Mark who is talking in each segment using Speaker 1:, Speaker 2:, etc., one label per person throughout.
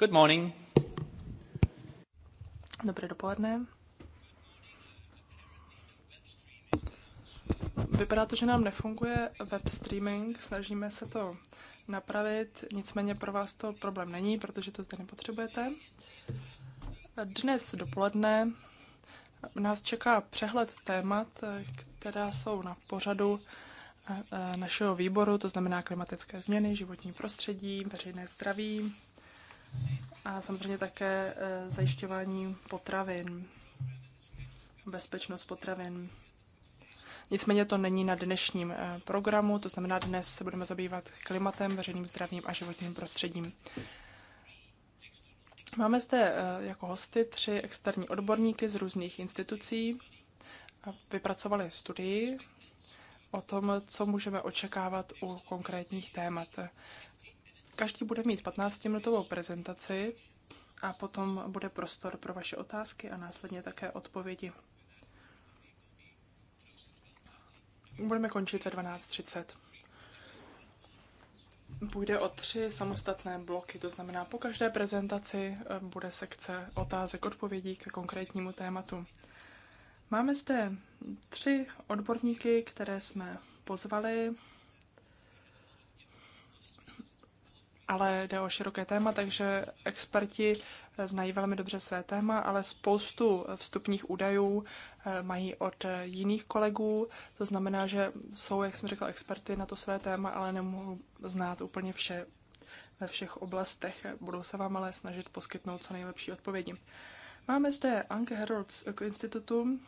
Speaker 1: Good morning. Dobré dopoledne. Vypadá to, že nám nefunguje web streaming, snažíme se to napravit, nicméně pro vás to problém není, protože to zde nepotřebujete. Dnes dopoledne nás čeká přehled témat, která jsou na pořadu eh, eh, našeho výboru, to znamená klimatické změny, životní prostředí, veřejné zdraví, a samozřejmě také eh, zajišťování potravin, bezpečnost potravin. Nicméně to není na dnešním eh, programu, to znamená, dnes se budeme zabývat klimatem, veřejným zdravím a životním prostředím. Máme zde eh, jako hosty tři externí odborníky z různých institucí. Vypracovali studii o tom, co můžeme očekávat u konkrétních témat. Každý bude mít 15-minutovou prezentaci a potom bude prostor pro vaše otázky a následně také odpovědi. Budeme končit ve 12.30. Půjde o tři samostatné bloky, to znamená, po každé prezentaci eh, bude sekce otázek odpovědí ke konkrétnímu tématu. Máme zde tři odborníky, které jsme pozvali ale jde o široké téma, takže experti eh, znají velmi dobře své téma, ale spoustu eh, vstupních údajů eh, mají od jiných kolegů. To znamená, že jsou, jak jsem řekla, experty na to své téma, ale nemohou znát úplně vše ve všech oblastech. Budou se vám ale snažit poskytnout co nejlepší odpovědi. Máme zde Anke Herolds k institutu,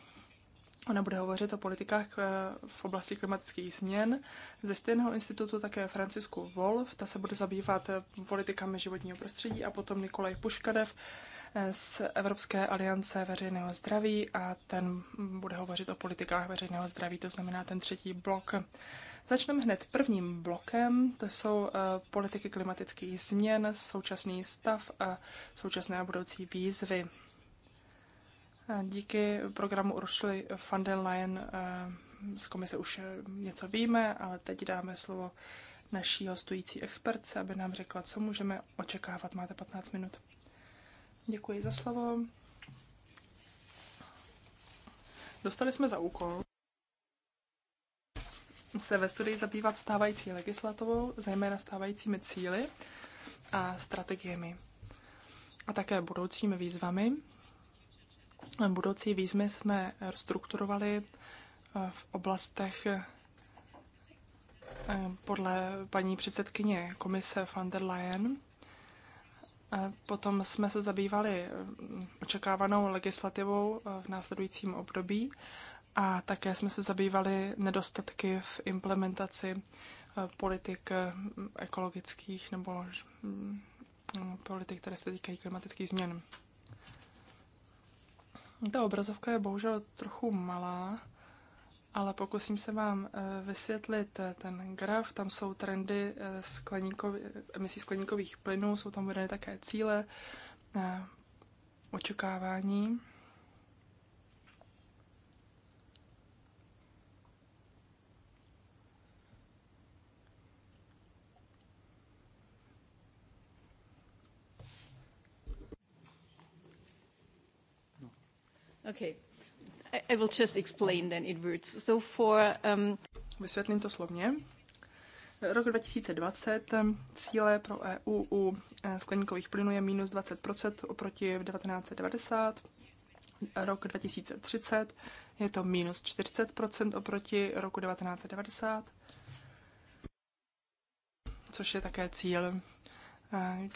Speaker 1: Ona bude hovořit o politikách eh, v oblasti klimatických změn. Ze stejného institutu také Francisku Wolf, ta se bude zabývat eh, politikami životního prostředí a potom Nikolaj Puškadev eh, z Evropské aliance veřejného zdraví a ten bude hovořit o politikách veřejného zdraví, to znamená ten třetí blok. Začneme hned prvním blokem, to jsou politiky klimatických změn, současný stav a současné a budoucí výzvy. Díky programu Uršuly von der Leyen eh, z komise už eh, něco víme, ale teď dáme slovo naší hostující expertce, aby nám řekla, co můžeme očekávat. Máte 15 minut. Děkuji za slovo. Dostali jsme za úkol se ve studii zabývat stávající legislativou, zejména stávajícími cíly a strategiemi a také budoucími výzvami, budoucí výzmy jsme strukturovali eh, v oblastech eh, podle paní předsedkyně komise van der Leyen. Eh, potom jsme se zabývali očekávanou legislativou v následujícím období a také jsme se zabývali nedostatky v implementaci politik ekologických nebo hm, politik, které se týkají klimatických změn. Ta obrazovka je bohužel trochu malá, ale pokusím se vám eh, vysvětlit eh, ten graf. Tam jsou trendy eh, skleníkov, emisí skleníkových plynů, jsou tam uvedeny také cíle, očekávání. Okay. I will just explain then in words. So for, um... Vysvětlím to slovně. Rok 2020 um, cíle pro EU u eh, skleníkových plynů je minus 20 oproti 1990. Rok 2030 je to minus 40 oproti roku 1990, což je také cíl, eh,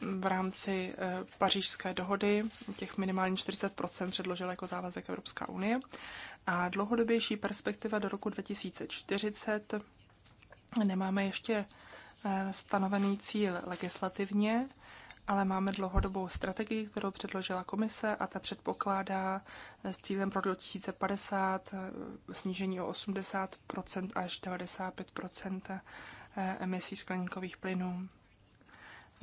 Speaker 1: v rámci eh, pařížské dohody těch minimálně 40 předložila jako závazek Evropská unie. A dlouhodobější perspektiva do roku 2040 nemáme ještě eh, stanovený cíl legislativně, ale máme dlouhodobou strategii, kterou předložila komise a ta předpokládá eh, s cílem pro 2050 snížení o 80 až 95 emisí skleníkových plynů.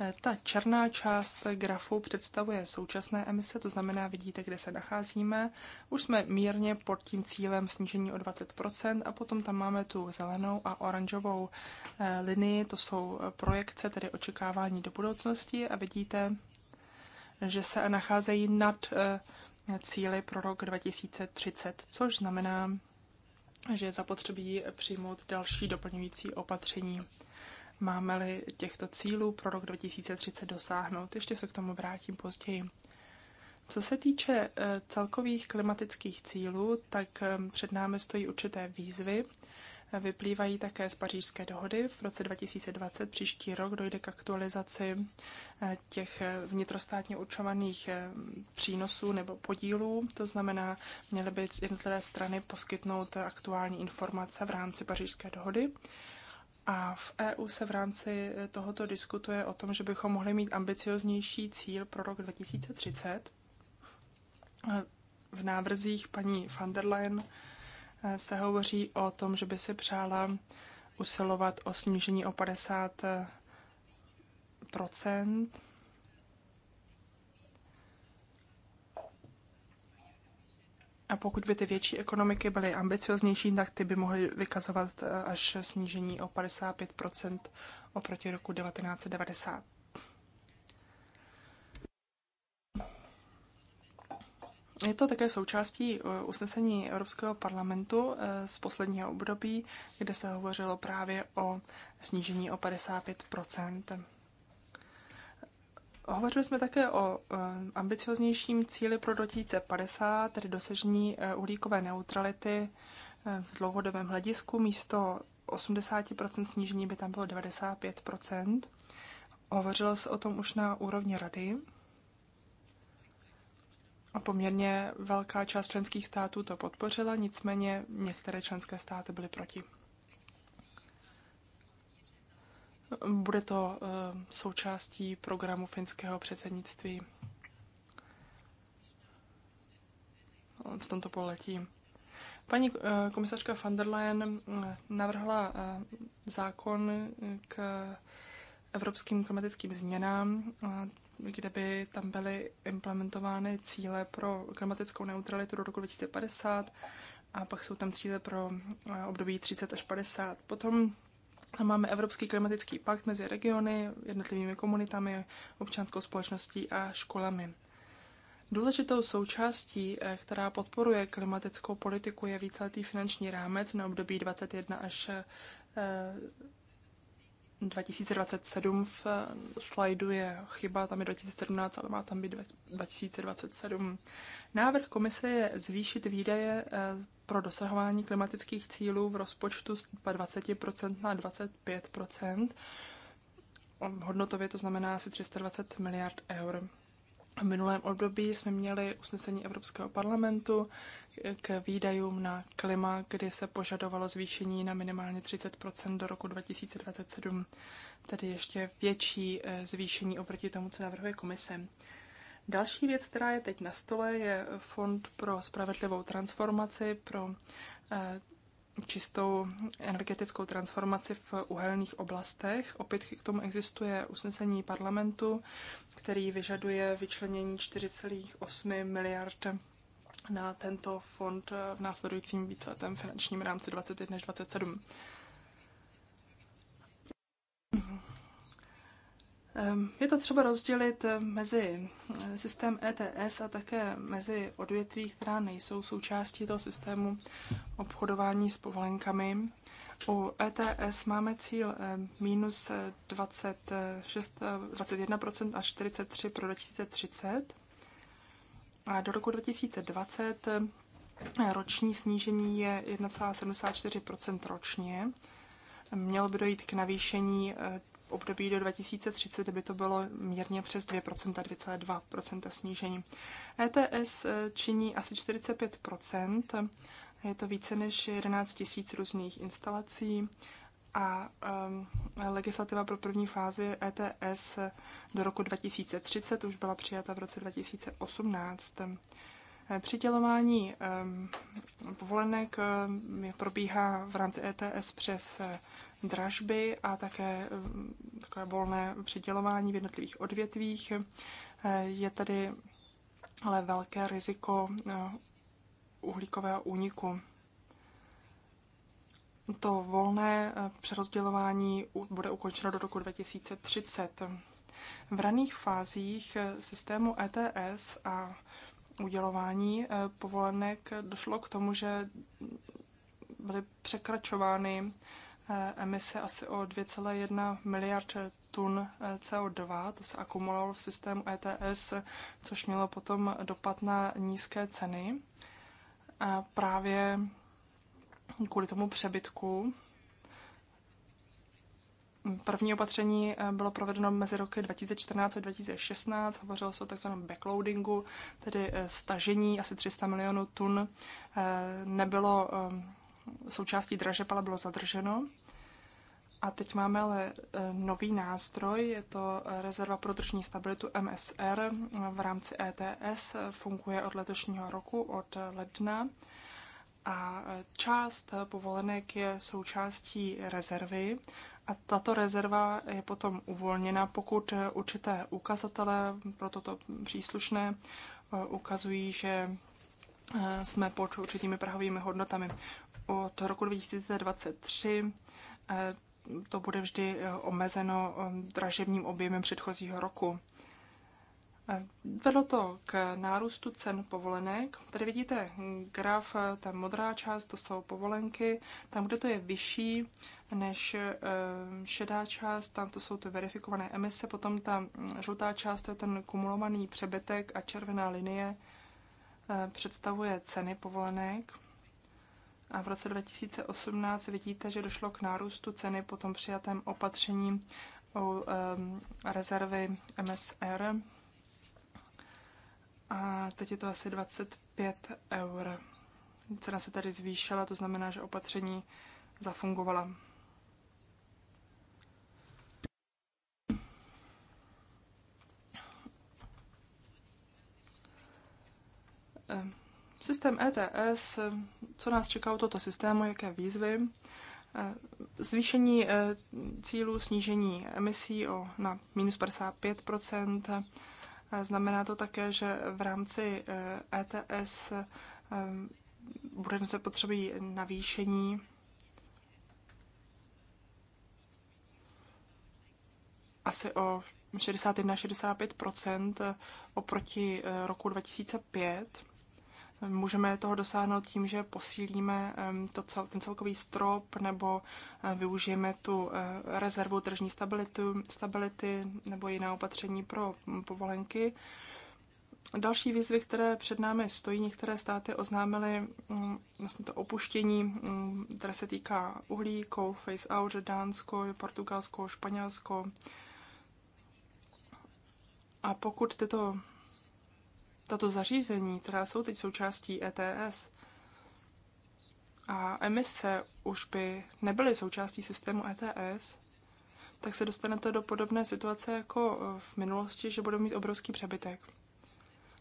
Speaker 1: Eh, ta černá část grafu představuje současné emise, to znamená, vidíte, kde se nacházíme. Už jsme mírně pod tím cílem snížení o 20 a potom tam máme tu zelenou a oranžovou eh, linii, to jsou eh, projekce, tedy očekávání do budoucnosti a vidíte, že se nacházejí nad cíly pro rok 2030, což znamená, že je zapotřebí přijmout další doplňující opatření máme-li těchto cílů pro rok 2030 dosáhnout. Ještě se k tomu vrátím později. Co se týče eh, celkových klimatických cílů, tak eh, před námi stojí určité výzvy. Eh, vyplývají také z pařížské dohody. V roce 2020 příští rok dojde k aktualizaci těch vnitrostátně určovaných přínosů nebo podílů. To znamená, měly by jednotlivé strany poskytnout aktuální informace v rámci pařížské dohody. A v EU se v rámci eh, tohoto diskutuje o tom, že bychom mohli mít ambicioznější cíl pro rok 2030. Eh, v návrzích paní van der Leyen eh, se hovoří o tom, že by si přála usilovat o snížení o 50 A pokud by ty větší ekonomiky byly ambicioznější, tak ty by mohly vykazovat eh, až snížení o 55 oproti roku 1990. Je to také součástí eh, usnesení Evropského parlamentu eh, z posledního období, kde se hovořilo právě o snížení o 55 Hovořili jsme také o eh, ambicioznějším cíli pro 2050, tedy dosažení eh, uhlíkové neutrality eh, v dlouhodobém hledisku. Místo 80% snížení by tam bylo 95%. Hovořilo se o tom už na úrovni rady. A poměrně velká část členských států to podpořila, nicméně některé členské státy byly proti. Bude to eh, součástí programu finského předsednictví v tomto poletí. Paní eh, komisařka van der Leyen eh, navrhla zákon k evropským klimatickým změnám, kde by tam byly implementovány cíle pro klimatickou neutralitu do roku 2050 a pak jsou tam cíle pro období 30 až 50. Potom máme Evropský klimatický pakt mezi regiony, jednotlivými komunitami, občanskou společností a školami. Důležitou součástí, eh, která podporuje klimatickou politiku, je víceletý finanční rámec na období 21 až eh, 2027 v eh, slajdu je chyba, tam je 2017, ale má tam být 2027. Návrh komise je zvýšit výdaje eh, pro dosahování klimatických cílů v rozpočtu z 20% na 25%. Hodnotově to znamená asi 320 miliard eur. V minulém období jsme měli usnesení Evropského parlamentu k výdajům na klima, kdy se požadovalo zvýšení na minimálně 30 do roku 2027, tedy ještě větší eh, zvýšení oproti tomu, co navrhuje komise. Další věc, která je teď na stole, je Fond pro spravedlivou transformaci pro eh, čistou energetickou transformaci v uhelných oblastech. Opět k tomu existuje usnesení parlamentu, který vyžaduje vyčlenění 4,8 miliard na tento fond v následujícím víceletém finančním rámci 21 až 27. Ehm, je to třeba rozdělit eh, mezi eh, systém ETS a také mezi odvětví, která nejsou součástí toho systému obchodování s povolenkami. U ETS máme cíl eh, minus 26, 21% a 43% pro 2030. A do roku 2020 roční snížení je 1,74% ročně. Mělo by dojít k navýšení v období do 2030, by to bylo mírně přes 2%, 2,2% snížení. ETS eh, činí asi 45%, je to více než 11 000 různých instalací a um, legislativa pro první fázi ETS do roku 2030 už byla přijata v roce 2018. Eh, přidělování eh, povolenek eh, probíhá v rámci ETS přes dražby a také takové volné přidělování v jednotlivých odvětvích. Je tady ale velké riziko uhlíkového úniku. To volné přerozdělování bude ukončeno do roku 2030. V raných fázích systému ETS a udělování eh, povolenek eh, došlo k tomu, že byly překračovány eh, emise asi o 2,1 miliard tun CO2, to se akumulovalo v systému ETS, což mělo potom dopad na nízké ceny. A právě kvůli tomu přebytku První opatření eh, bylo provedeno mezi roky 2014 a 2016. Hovořilo se o tzv. backloadingu, tedy eh, stažení asi 300 milionů tun eh, nebylo součástí dražeb, ale bylo zadrženo. A teď máme ale nový nástroj, je to rezerva pro tržní stabilitu MSR v rámci ETS, funguje od letošního roku, od ledna. A e, část e, povolenek je součástí rezervy a tato rezerva je potom uvolněna, pokud e, určité ukazatele pro toto příslušné ukazují, že jsme pod určitými prahovými hodnotami. Od roku 2023 to bude vždy omezeno dražebním objemem předchozího roku. Vedlo to k nárůstu cen povolenek. Tady vidíte graf, ta modrá část, to jsou povolenky. Tam, kde to je vyšší než eh, šedá část, tam to jsou ty verifikované emise. Potom ta žlutá část, to je ten kumulovaný přebytek a červená linie eh, představuje ceny povolenek. A v roce 2018 vidíte, že došlo k nárůstu ceny po tom přijatém opatření o eh, rezervy MSR a teď je to asi 25 eur. Cena se tady zvýšila, to znamená, že opatření zafungovala. Ehm, systém ETS, co nás čeká u tohoto systému, jaké výzvy? Ehm, zvýšení ehm, cílů snížení emisí o, na minus 55 Znamená to také, že v rámci ETS eh, e eh, budeme se potřebí navýšení asi o 61-65 oproti eh, roku 2005. Můžeme toho dosáhnout tím, že posílíme to cel, ten celkový strop nebo eh, využijeme tu eh, rezervu tržní stabilitu, stability nebo jiná opatření pro mm, povolenky. Další výzvy, které před námi stojí, některé státy oznámily mm, vlastně to opuštění, mm, které se týká uhlíku, face out, Dánsko, Portugalsko, Španělsko. A pokud tyto tato zařízení, která jsou teď součástí ETS, a emise už by nebyly součástí systému ETS, tak se dostanete do podobné situace jako v minulosti, že budou mít obrovský přebytek.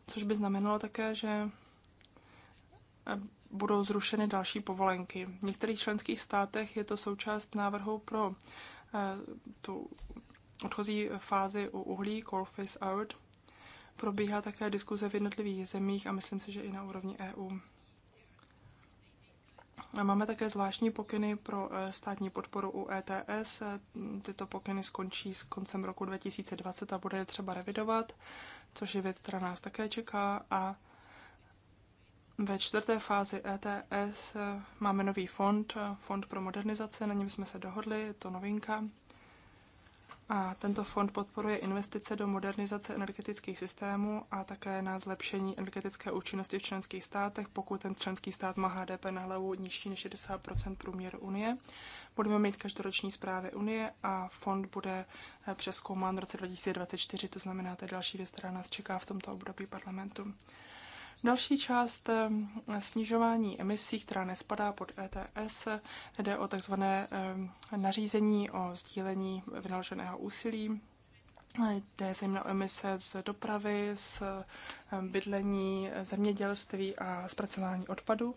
Speaker 1: Což by znamenalo také, že eh, budou zrušeny další povolenky. V některých členských státech je to součást návrhu pro eh, tu odchozí fázi u uhlí, coal phase out, probíhá také diskuze v jednotlivých zemích a myslím si, že i na úrovni EU. A máme také zvláštní pokyny pro eh, státní podporu u ETS. Tyto pokyny skončí s koncem roku 2020 a bude je třeba revidovat, což je věc, která nás také čeká. A ve čtvrté fázi ETS eh, máme nový fond, eh, fond pro modernizaci, na něm jsme se dohodli, je to novinka. A tento fond podporuje investice do modernizace energetických systémů a také na zlepšení energetické účinnosti v členských státech, pokud ten členský stát má HDP na hlavu nižší než 60 průměru Unie. Budeme mít každoroční zprávy Unie a fond bude eh, přeskoumán v roce 2024, to znamená, to je další věc, která nás čeká v tomto období parlamentu. Další část snižování emisí, která nespadá pod ETS, jde o tzv. nařízení o sdílení vynaloženého úsilí. Jde zejména o emise z dopravy, z bydlení, zemědělství a zpracování odpadu.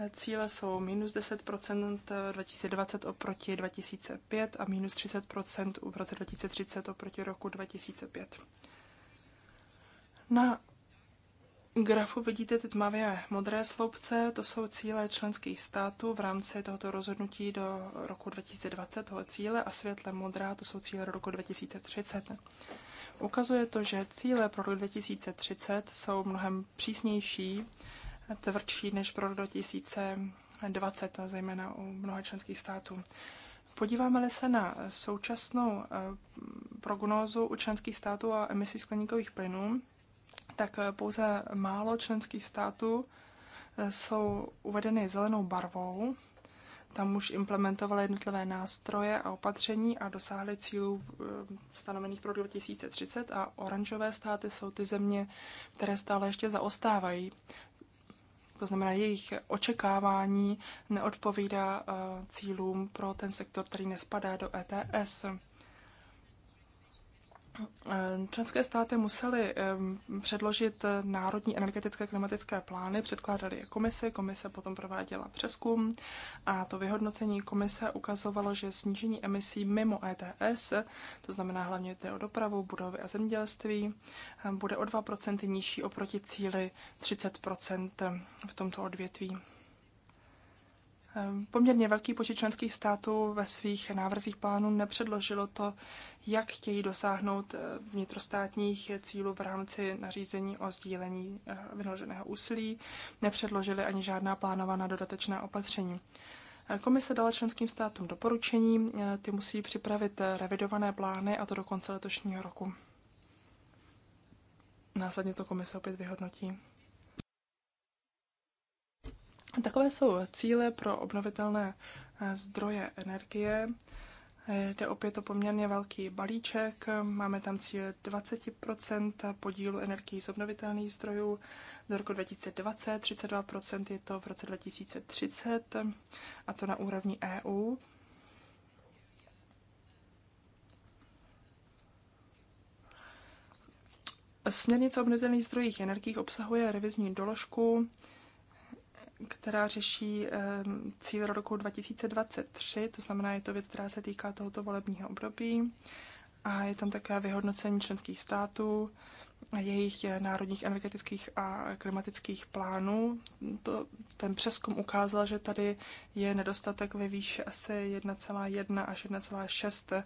Speaker 1: E, cíle jsou minus 10 2020 oproti 2005 a minus 30 v roce 2030 oproti roku 2005. Na grafu vidíte ty tmavě modré sloupce, to jsou cíle členských států v rámci tohoto rozhodnutí do roku 2020, toho cíle, a světle modrá, to jsou cíle do roku 2030. Ukazuje to, že cíle pro rok 2030 jsou mnohem přísnější, tvrdší než pro rok 2020, a zejména u mnoha členských států. Podíváme-li se na současnou eh, prognózu u členských států a emisí skleníkových plynů, tak eh, pouze málo členských států eh, jsou uvedeny zelenou barvou. Tam už implementovaly jednotlivé nástroje a opatření a dosáhly cílů eh, stanovených pro 2030 a oranžové státy jsou ty země, které stále ještě zaostávají. To znamená, jejich očekávání neodpovídá cílům pro ten sektor, který nespadá do ETS. Eh, členské státy musely eh, předložit národní energetické klimatické plány, předkládali je komisi, komise potom prováděla přeskum a to vyhodnocení komise ukazovalo, že snížení emisí mimo ETS, to znamená hlavně té o dopravu, budovy a zemědělství, eh, bude o 2% nižší oproti cíli 30% v tomto odvětví. Poměrně velký počet členských států ve svých návrzích plánů nepředložilo to, jak chtějí dosáhnout eh, vnitrostátních cílů v rámci nařízení o sdílení eh, vynaloženého úsilí, nepředložili ani žádná plánovaná dodatečná opatření. Eh, komise dala členským státům doporučení, ty musí připravit revidované plány a to do konce letošního roku. Následně to komise opět vyhodnotí. Takové jsou cíle pro obnovitelné eh, zdroje energie. Jde opět o poměrně velký balíček. Máme tam cíl 20 podílu energií z obnovitelných zdrojů do roku 2020, 32 je to v roce 2030, a to na úrovni EU. Směrnice o obnovitelných zdrojích energií obsahuje revizní doložku, která řeší ehm, cíl roku 2023, to znamená, je to věc, která se týká tohoto volebního období. A je tam také vyhodnocení členských států jejich národních energetických a klimatických plánů. To, ten přeskum ukázal, že tady je nedostatek ve výši asi 1,1 až 1,6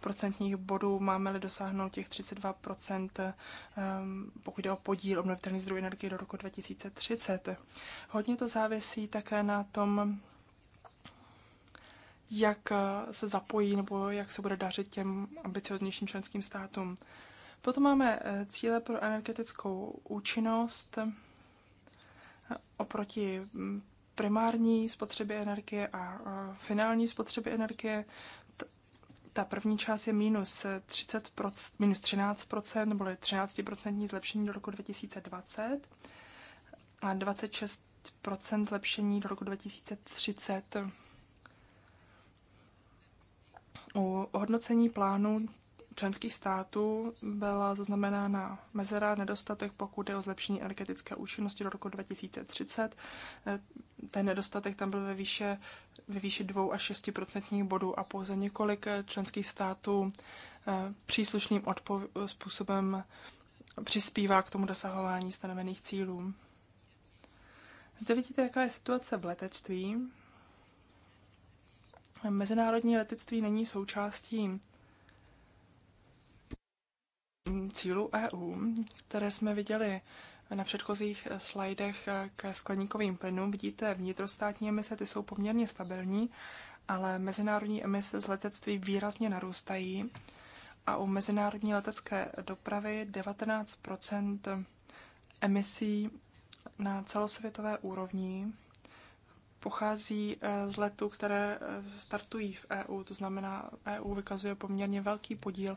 Speaker 1: procentních bodů. Máme-li dosáhnout těch 32 procent, ehm, pokud jde o podíl obnovitelných zdrojů energie do roku 2030. Hodně to závisí také na tom, jak se zapojí nebo jak se bude dařit těm ambicioznějším členským státům. Potom máme eh, cíle pro energetickou účinnost eh, oproti mm, primární spotřebě energie a finální spotřebě energie. Ta první část je minus, 30 eh, minus 13 nebo 13% zlepšení do roku 2020 a 26 zlepšení do roku 2030. U hodnocení plánu členských států byla zaznamenána mezera nedostatek, pokud je o zlepšení energetické účinnosti do roku 2030. Eh, ten nedostatek tam byl ve výše, ve výše 2 až 6 bodů a pouze několik členských států eh, příslušným způsobem přispívá k tomu dosahování stanovených cílů. Zde vidíte, jaká je situace v letectví. Mezinárodní letectví není součástí Mm, cílů EU, které jsme viděli na předchozích eh, slajdech eh, ke skleníkovým plynům, vidíte, vnitrostátní emise ty jsou poměrně stabilní, ale mezinárodní emise z letectví výrazně narůstají a u mezinárodní letecké dopravy 19 emisí na celosvětové úrovni pochází eh, z letů, které startují v EU, to znamená, EU vykazuje poměrně velký podíl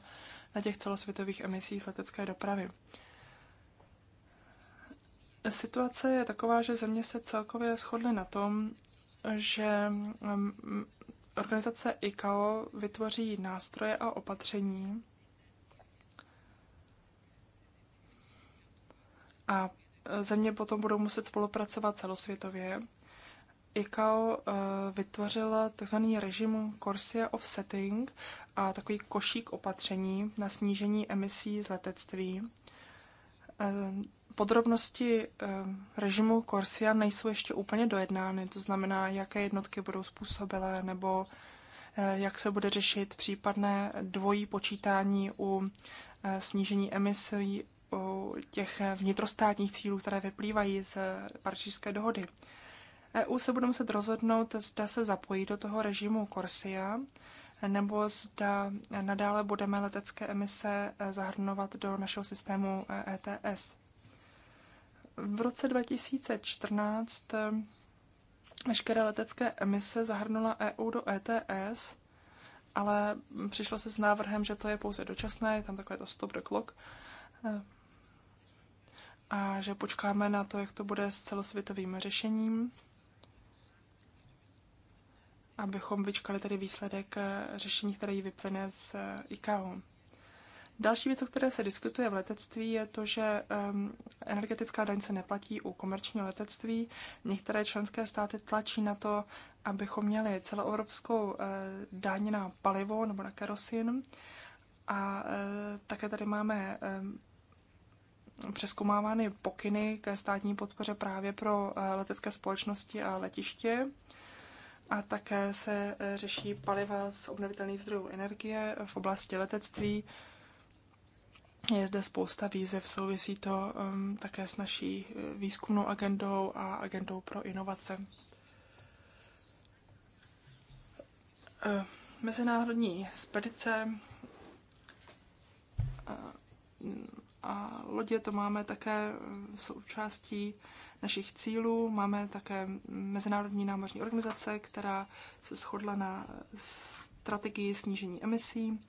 Speaker 1: na těch celosvětových emisích z letecké dopravy. Situace je taková, že země se celkově shodly na tom, že mm, organizace ICAO vytvoří nástroje a opatření a země potom budou muset spolupracovat celosvětově ICAO eh, vytvořila tzv. režim Corsia Offsetting a takový košík opatření na snížení emisí z letectví. Eh, podrobnosti eh, režimu Corsia nejsou ještě úplně dojednány, to znamená, jaké jednotky budou způsobilé nebo jak se bude řešit případné dvojí počítání u snížení emisí u těch vnitrostátních cílů, které vyplývají z pařížské dohody. EU se bude muset rozhodnout, zda se zapojí do toho režimu Corsia, nebo zda nadále budeme letecké emise e, zahrnovat do našeho systému ETS. E v roce 2014 e, veškeré letecké emise zahrnula EU do ETS, ale přišlo se s návrhem, že to je pouze dočasné, je tam takové to stop the clock, a že počkáme na to, jak to bude s celosvětovým řešením abychom vyčkali tady výsledek eh, řešení, které ji vyplyne z eh, ICAO. Další věc, o které se diskutuje v letectví, je to, že um, energetická daň se neplatí u komerčního letectví. Některé členské státy tlačí na to, abychom měli celoevropskou uh, daň na palivo nebo na kerosin. A uh, také tady máme um, ehm, přeskoumávány pokyny ke státní podpoře právě pro letecké společnosti a letiště. A také se e, řeší paliva z obnovitelných zdrojů energie v oblasti letectví. Je zde spousta výzev, souvisí to um, také s naší e, výzkumnou agendou a agendou pro inovace. E, mezinárodní spedice a lodě to máme také v eh, součástí našich cílů. Máme také Mezinárodní námořní organizace, která se shodla na eh, strategii snížení emisí.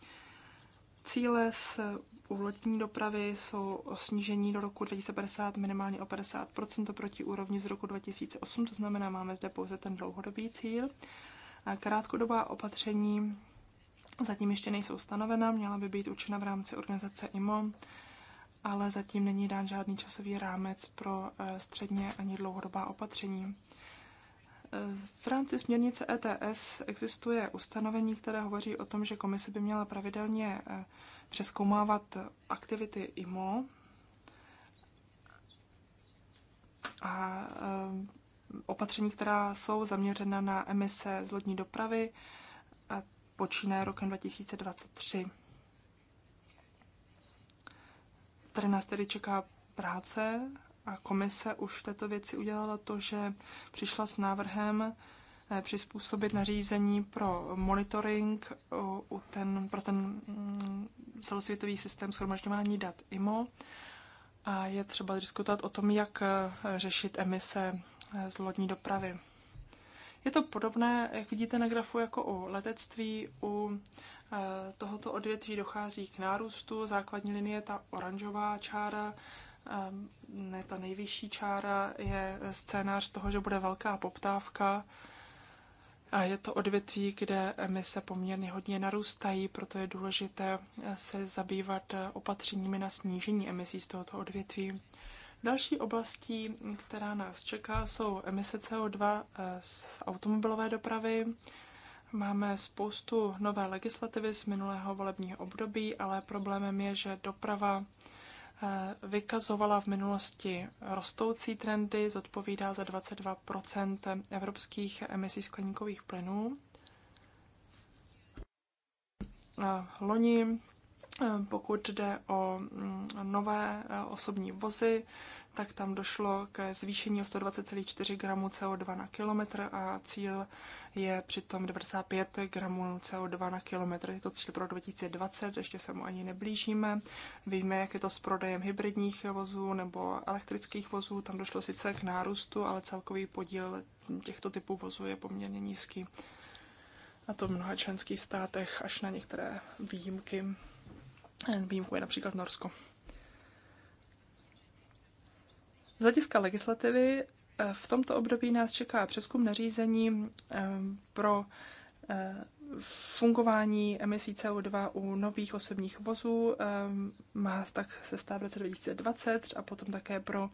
Speaker 1: Cíle z u lodní dopravy jsou o snížení do roku 2050 minimálně o 50 oproti úrovni z roku 2008, to znamená, máme zde pouze ten dlouhodobý cíl. Krátkodobá opatření zatím ještě nejsou stanovena, měla by být určena v rámci organizace IMO ale zatím není dán žádný časový rámec pro eh, středně ani dlouhodobá opatření. Eh, v rámci směrnice ETS existuje ustanovení, které hovoří o tom, že komise by měla pravidelně eh, přeskoumávat aktivity IMO a opatření, která jsou zaměřena na emise z lodní dopravy, počínaje rokem 2023. Tady nás tedy čeká práce a komise už v této věci udělala to, že přišla s návrhem eh, přizpůsobit nařízení pro monitoring eh, u ten, pro ten mm, celosvětový systém shromažďování dat IMO. A je třeba diskutovat o tom, jak eh, řešit emise z lodní dopravy. Je to podobné, jak vidíte na grafu, jako u letectví, u Eh, tohoto odvětví dochází k nárůstu. Základní linie, ta oranžová čára, eh, ne ta nejvyšší čára, je scénář toho, že bude velká poptávka. A je to odvětví, kde emise poměrně hodně narůstají, proto je důležité eh, se zabývat opatřeními na snížení emisí z tohoto odvětví. Další oblastí, která nás čeká, jsou emise CO2 z automobilové dopravy. Máme spoustu nové legislativy z minulého volebního období, ale problémem je, že doprava eh, vykazovala v minulosti rostoucí trendy, zodpovídá za 22 evropských emisí skleníkových plynů. Eh, loni Eh, pokud jde o mm, nové eh, osobní vozy, tak tam došlo k zvýšení o 120,4 gramů CO2 na kilometr a cíl je přitom 95 gramů CO2 na kilometr. Je to cíl pro 2020, ještě se mu ani neblížíme. Víme, jak je to s prodejem hybridních vozů nebo elektrických vozů. Tam došlo sice k nárůstu, ale celkový podíl těchto typů vozů je poměrně nízký. A to v mnoha členských státech, až na některé výjimky. Eh, Výjimku je například Norsko. Z hlediska legislativy eh, v tomto období nás čeká přeskum nařízení eh, pro fungování emisí CO2 u nových osobních vozů ehm, má tak se stát v roce 2020 a potom také pro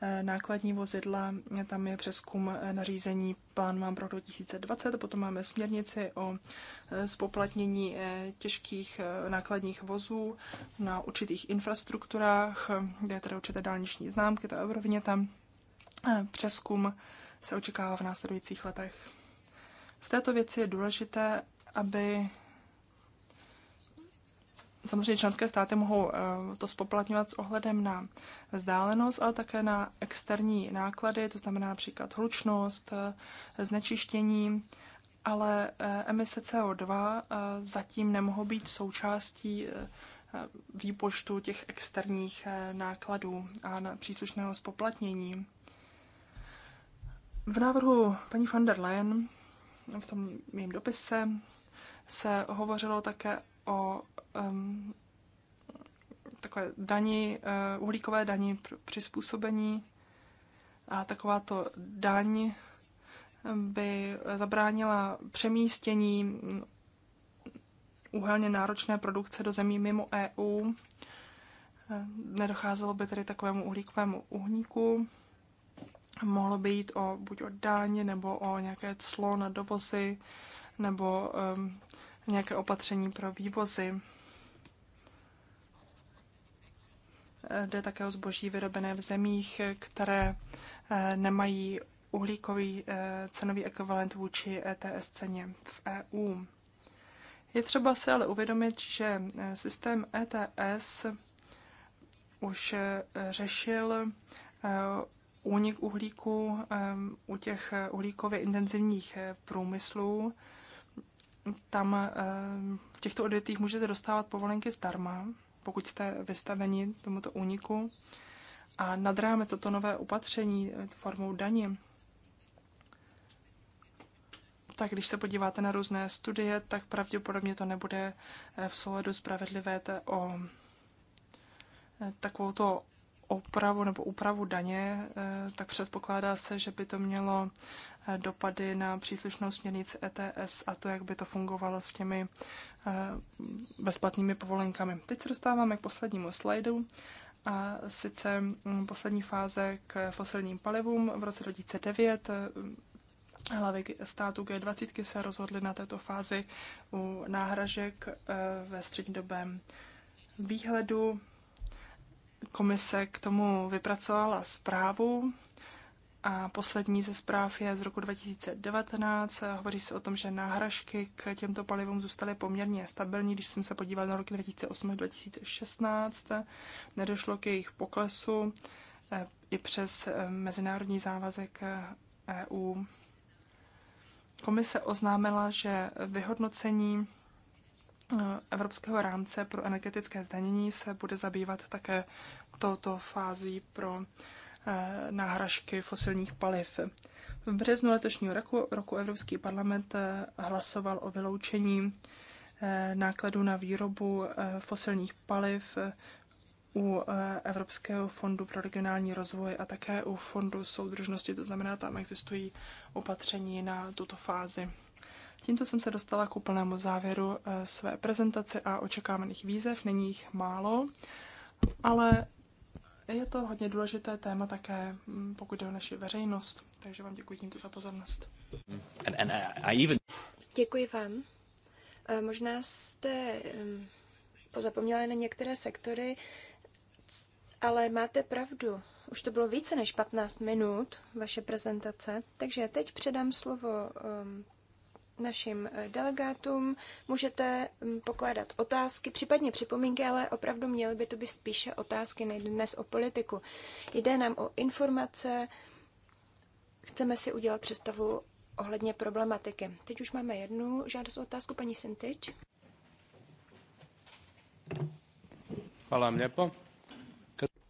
Speaker 1: eh, nákladní vozidla. Tam je přeskum eh, nařízení plán mám pro 2020, potom máme směrnici o spoplatnění eh, těžkých nákladních vozů na určitých infrastrukturách, kde je tedy určité dálniční známky, ta tam. Přeskum se očekává v následujících letech. V této věci je důležité, aby Samozřejmě členské státy mohou eh, to spoplatňovat s ohledem na vzdálenost, ale také na externí náklady, to znamená například hlučnost, eh, znečištění, ale eh, emise CO2 zatím nemohou být součástí výpočtu těch externích nákladů a na příslušného spoplatnění. V návrhu paní van der Leyen, v tom mém dopise, se hovořilo také o um, takové dani, uh, uhlíkové dani přizpůsobení a takováto daň by zabránila přemístění mm, uhelně náročné produkce do zemí mimo EU. Eh, nedocházelo by tedy takovému uhlíkovému uhníku. Mohlo by jít o buď o daň nebo o nějaké clo na dovozy nebo nějaké opatření pro vývozy. Jde také o zboží vyrobené v zemích, které eh, nemají uhlíkový eh, cenový ekvivalent vůči ETS ceně v EU. Je třeba si ale uvědomit, že eh, systém ETS už řešil únik uhlíku u těch uhlíkově intenzivních průmyslů tam eh, v těchto odvětvích můžete dostávat povolenky zdarma, pokud jste vystaveni tomuto úniku. A nadráme toto nové opatření eh, formou daní. Tak když se podíváte na různé studie, tak pravděpodobně to nebude eh, v souladu spravedlivé o to opravu nebo úpravu daně, tak předpokládá se, že by to mělo dopady na příslušnou směrnici ETS a to, jak by to fungovalo s těmi eh, bezplatnými povolenkami. Teď se dostáváme k poslednímu slajdu a sice mm, poslední fáze k fosilním palivům v roce 2009 eh, Hlavy státu G20 se rozhodly na této fázi u náhražek eh, ve střednědobém výhledu. Komise k tomu vypracovala zprávu a poslední ze zpráv je z roku 2019. Hovoří se o tom, že náhražky k těmto palivům zůstaly poměrně stabilní. Když jsem se podíval na roky 2008 2016, nedošlo k jejich poklesu eh, i přes eh, mezinárodní závazek EU. Eh, e Komise oznámila, že vyhodnocení Evropského rámce pro energetické zdanění se bude zabývat také touto fází pro Eh, náhražky fosilních paliv. V březnu letošního roku, roku Evropský parlament eh, hlasoval o vyloučení eh, nákladu na výrobu fosilních paliv u Evropského fondu pro regionální rozvoj a také u fondu soudržnosti, to znamená, tam existují opatření na tuto fázi. Tímto jsem se dostala k úplnému závěru své prezentace a očekávaných výzev, není jich málo, ale je to hodně důležité téma také, mm, pokud jde o naši veřejnost. Takže vám děkuji tímto za pozornost. And, and I even... Děkuji vám. Eh, možná jste mm,
Speaker 2: pozapomněla na některé sektory, ale máte pravdu. Už to bylo více než 15 minut vaše prezentace, takže teď předám slovo ehm, našim eh, delegátům. Můžete hm, pokládat otázky, případně připomínky, ale opravdu měly by to být spíše otázky než dnes o politiku. Jde nám o informace, chceme si udělat představu ohledně problematiky. Teď už máme jednu žádost otázku, paní Sintič.
Speaker 1: Hvala vám lepo.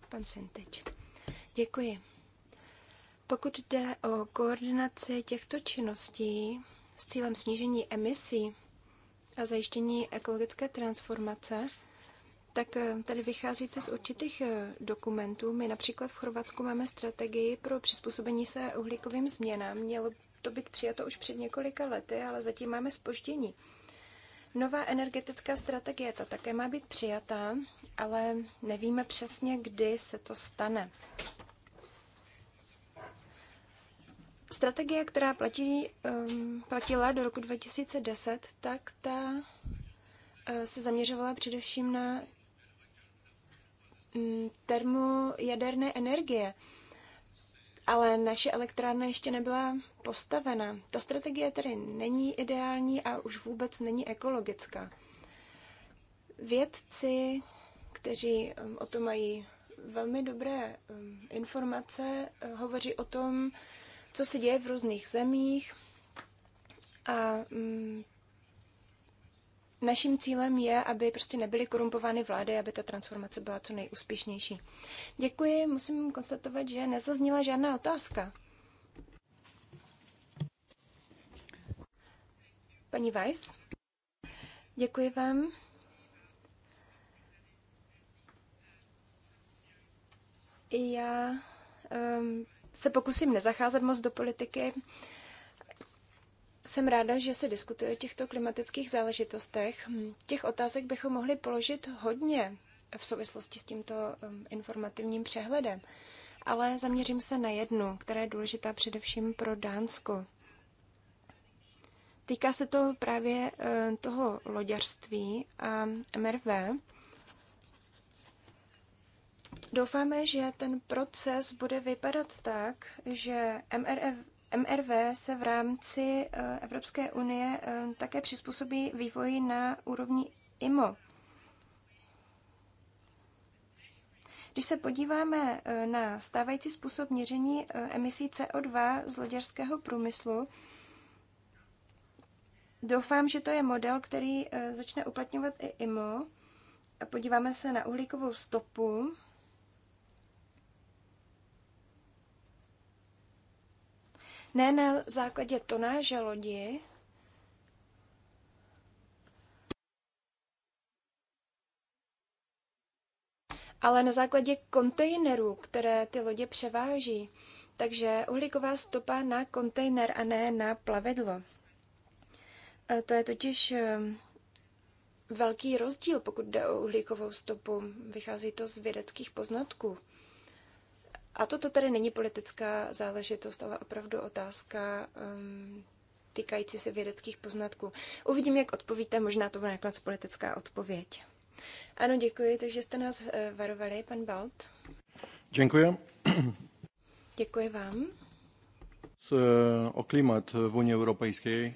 Speaker 2: Pan Sintič. Děkuji. Pokud jde o koordinaci těchto činností, s cílem snížení emisí a zajištění ekologické transformace, tak eh, tady vycházíte z určitých eh, dokumentů. My například v Chorvatsku máme strategii pro přizpůsobení se uhlíkovým změnám. Mělo to být přijato už před několika lety, ale zatím máme spoždění. Nová energetická strategie, ta také má být přijatá, ale nevíme přesně, kdy se to stane. Strategie, která platí, um, platila do roku 2010, tak ta uh, se zaměřovala především na um, mm, termojaderné energie. Ale naše elektrárna ještě nebyla postavena. Ta strategie tedy není ideální a už vůbec není ekologická. Vědci, kteří ehm, o tom mají velmi dobré ehm, informace, eh, hovoří o tom, co se děje v různých zemích. A mm, naším cílem je, aby prostě nebyly korumpovány vlády, aby ta transformace byla co nejúspěšnější. Děkuji, musím konstatovat, že nezazněla žádná otázka. Paní Weiss, děkuji vám. Já um, se pokusím nezacházet moc do politiky. Jsem ráda, že se diskutuje o těchto klimatických záležitostech. Těch otázek bychom mohli položit hodně v souvislosti s tímto um, informativním přehledem, ale zaměřím se na jednu, která je důležitá především pro Dánsko. Týká se to právě eh, toho loďařství a MRV. Doufáme, že ten proces bude vypadat tak, že MRF, MRV se v rámci eh, Evropské unie eh, také přizpůsobí vývoji na úrovni IMO. Když se podíváme eh, na stávající způsob měření emisí CO2 z loděřského průmyslu, doufám, že to je model, který začne uplatňovat i IMO. Podíváme se na uhlíkovou stopu ne na základě tonáže lodi, ale na základě kontejnerů, které ty lodě převáží. Takže uhlíková stopa na kontejner a ne na plavidlo. E, to je totiž e, velký rozdíl, pokud jde o uhlíkovou stopu. Vychází to z vědeckých poznatků. A toto tedy není politická záležitost, ale opravdu otázka um, týkající se vědeckých poznatků. Uvidím, jak odpovíte, možná to bude nakonec politická odpověď. Ano, děkuji, takže jste nás eh, varovali, pan Balt. Děkuji. Děkuji vám.
Speaker 1: S eh, O klimat v Unii Evropské.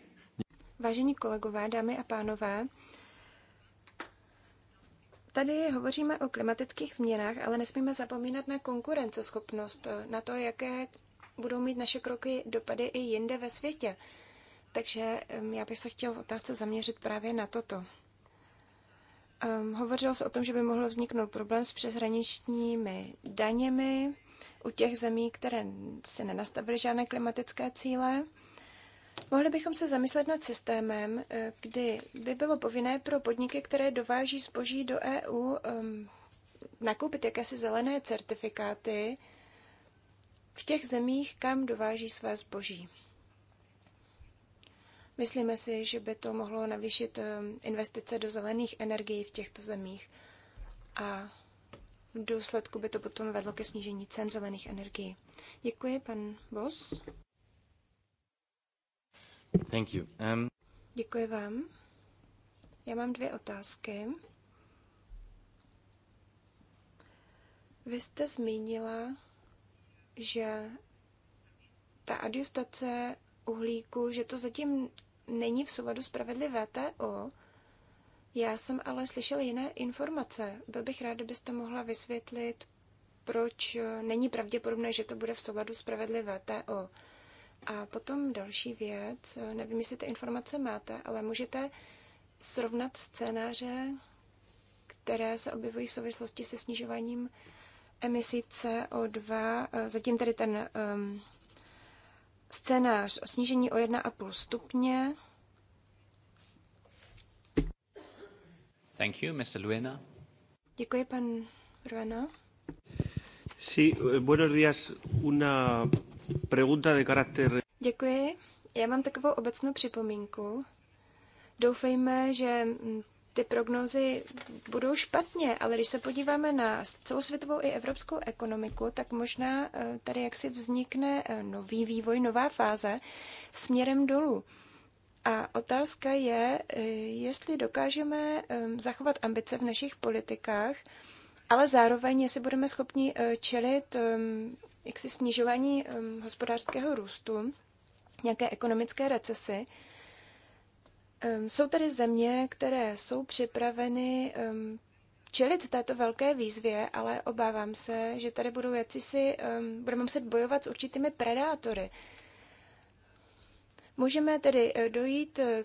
Speaker 2: Vážení kolegové, dámy a pánové, Tady hovoříme o klimatických změnách, ale nesmíme zapomínat na konkurenceschopnost, eh, na to, jaké budou mít naše kroky dopady i jinde ve světě. Takže já bych se chtěl v otázce zaměřit právě na toto. Um, hovořilo se o tom, že by mohl vzniknout problém s přeshraničními daněmi u těch zemí, které si nenastavily žádné klimatické cíle. Mohli bychom se zamyslet nad systémem, eh, kdy by bylo povinné pro podniky, které dováží zboží do EU, ehm, nakoupit jakési zelené certifikáty v těch zemích, kam dováží své zboží. Myslíme si, že by to mohlo navýšit ehm, investice do zelených energií v těchto zemích a v důsledku by to potom vedlo ke snížení cen zelených energií. Děkuji, pan Bos.
Speaker 1: Thank you. Um...
Speaker 2: Děkuji vám. Já mám dvě otázky. Vy jste zmínila, že ta adjustace uhlíku, že to zatím není v souladu s pravidly VTO. Já jsem ale slyšel jiné informace. Byl bych rád, kdybyste mohla vysvětlit, proč není pravděpodobné, že to bude v souladu s pravidly VTO. A potom další věc, nevím, jestli ty informace máte, ale můžete srovnat scénáře, které se objevují v souvislosti se snižováním emisí CO2. Eh, zatím tedy ten um, scénář o snížení o 1,5 stupně.
Speaker 1: Thank you, Mr. Luena.
Speaker 2: Děkuji, pan Ruena.
Speaker 1: Sí, eh, buenos días.
Speaker 2: Una Děkuji. Já mám takovou obecnou připomínku. Doufejme, že mm, ty prognózy budou špatně, ale když se podíváme na celosvětovou i evropskou ekonomiku, tak možná eh, tady jaksi vznikne eh, nový vývoj, nová fáze směrem dolů. A otázka je, eh, jestli dokážeme zachovat ambice v našich politikách, ale zároveň, jestli budeme schopni čelit jaksi snižování um, hospodářského růstu, nějaké ekonomické recesy. Um, jsou tady země, které jsou připraveny um, čelit této velké výzvě, ale obávám se, že tady budou si um, budeme muset bojovat s určitými predátory. Můžeme tedy eh, dojít eh,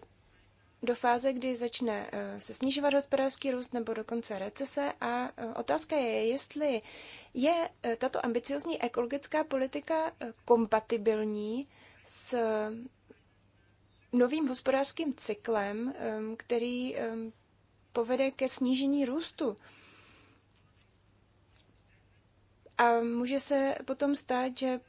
Speaker 2: do fáze, kdy začne eh, se snižovat hospodářský růst nebo dokonce recese. A eh, otázka je, jestli je eh, tato ambiciozní ekologická politika kompatibilní s novým hospodářským cyklem, který povede ke snížení růstu. A může se potom stát, že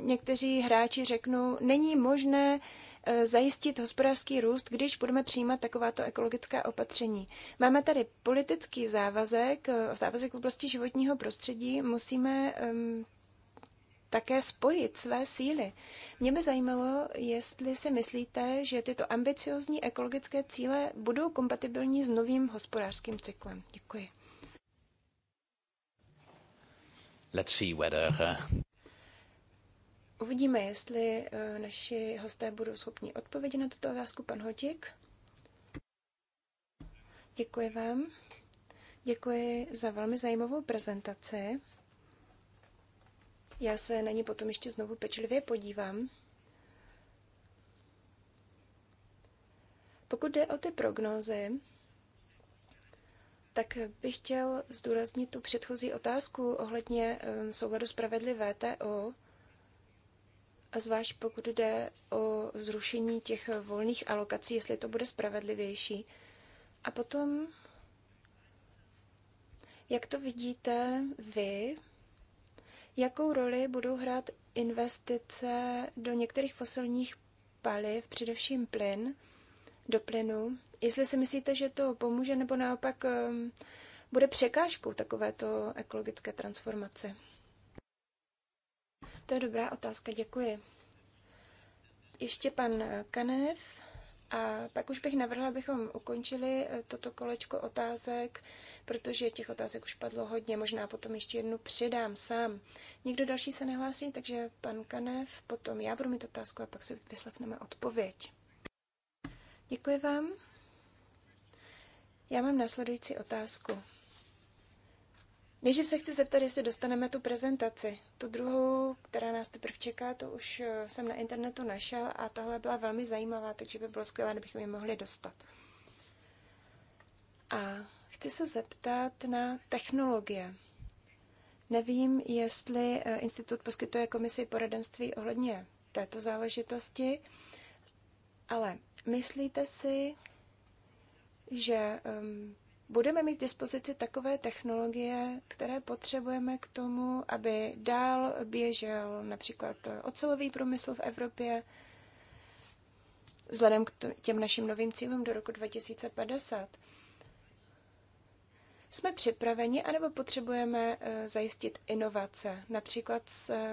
Speaker 2: někteří hráči řeknou, není možné Eh, zajistit hospodářský růst, když budeme přijímat takováto ekologická opatření. Máme tady politický závazek, eh, závazek v oblasti životního prostředí, musíme také spojit své síly. Mě by zajímalo, jestli si myslíte, že tyto ambiciozní ekologické cíle budou kompatibilní s novým hospodářským cyklem. Děkuji.
Speaker 1: Let's see whether, uh...
Speaker 2: Uvidíme, jestli eh, naši hosté budou schopni odpovědět na tuto otázku. Pan Hodík. Děkuji vám. Děkuji za velmi zajímavou prezentaci. Já se na ní potom ještě znovu pečlivě podívám. Pokud jde o ty prognózy, tak bych chtěl zdůraznit tu předchozí otázku ohledně eh, souhledu spravedlivé TO. A zvlášť pokud jde o zrušení těch volných alokací, jestli to bude spravedlivější. A potom, jak to vidíte vy, jakou roli budou hrát investice do některých fosilních paliv, především plyn, do plynu, jestli si myslíte, že to pomůže nebo naopak um, bude překážkou takovéto ekologické transformace. To je dobrá otázka, děkuji. Ještě pan Kanev a pak už bych navrhla, abychom ukončili eh, toto kolečko otázek, protože těch otázek už padlo hodně, možná potom ještě jednu přidám sám. Nikdo další se nehlásí, takže pan Kanev, potom já budu mít otázku a pak si vyslechneme odpověď. Děkuji vám. Já mám následující otázku. Nejdřív se chci zeptat, jestli dostaneme tu prezentaci. Tu druhou, která nás teprve čeká, to už eh, jsem na internetu našel a tahle byla velmi zajímavá, takže by bylo skvělé, kdybychom ji mohli dostat. A chci se zeptat na technologie. Nevím, jestli eh, institut poskytuje komisi poradenství ohledně této záležitosti, ale myslíte si, že um, budeme mít dispozici takové technologie, které potřebujeme k tomu, aby dál běžel například ocelový průmysl v Evropě, vzhledem k těm našim novým cílům do roku 2050. Jsme připraveni, anebo potřebujeme eh, zajistit inovace. Například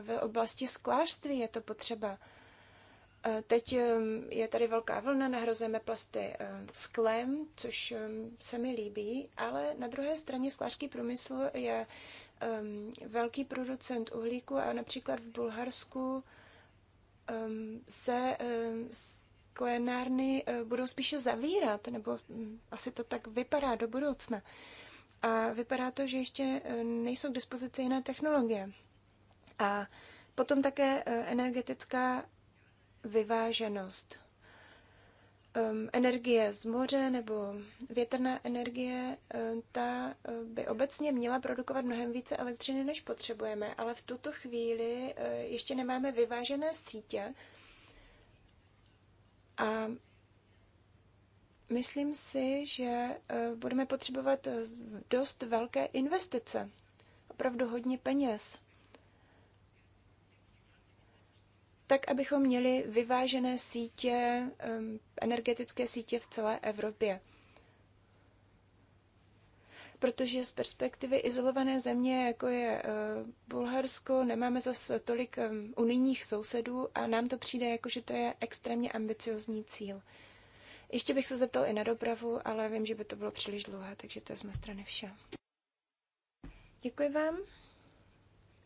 Speaker 2: v oblasti sklářství je to potřeba. Eh, teď je tady velká vlna, nahrazujeme plasty sklem, což se mi líbí, ale na druhé straně sklářský průmysl je velký producent uhlíku a například v Bulharsku se sklenárny eh, budou spíše zavírat, nebo mm, asi to tak vypadá do budoucna. A vypadá to, že ještě eh, nejsou k dispozici jiné technologie. A potom také energetická vyváženost. Um, energie z moře nebo větrná energie, um, ta by obecně měla produkovat mnohem více elektřiny, než potřebujeme, ale v tuto chvíli um, ještě nemáme vyvážené sítě. A myslím si, že um, budeme potřebovat eh, dost velké investice, opravdu hodně peněz tak abychom měli vyvážené sítě, energetické sítě v celé Evropě. Protože z perspektivy izolované země, jako je eh, Bulharsko, nemáme zase tolik unijních sousedů a nám to přijde jako, že to je extrémně ambiciozní cíl. Ještě bych se zeptal i na dopravu, ale vím, že by to bylo příliš dlouhé, takže to je z mé strany vše. Děkuji vám.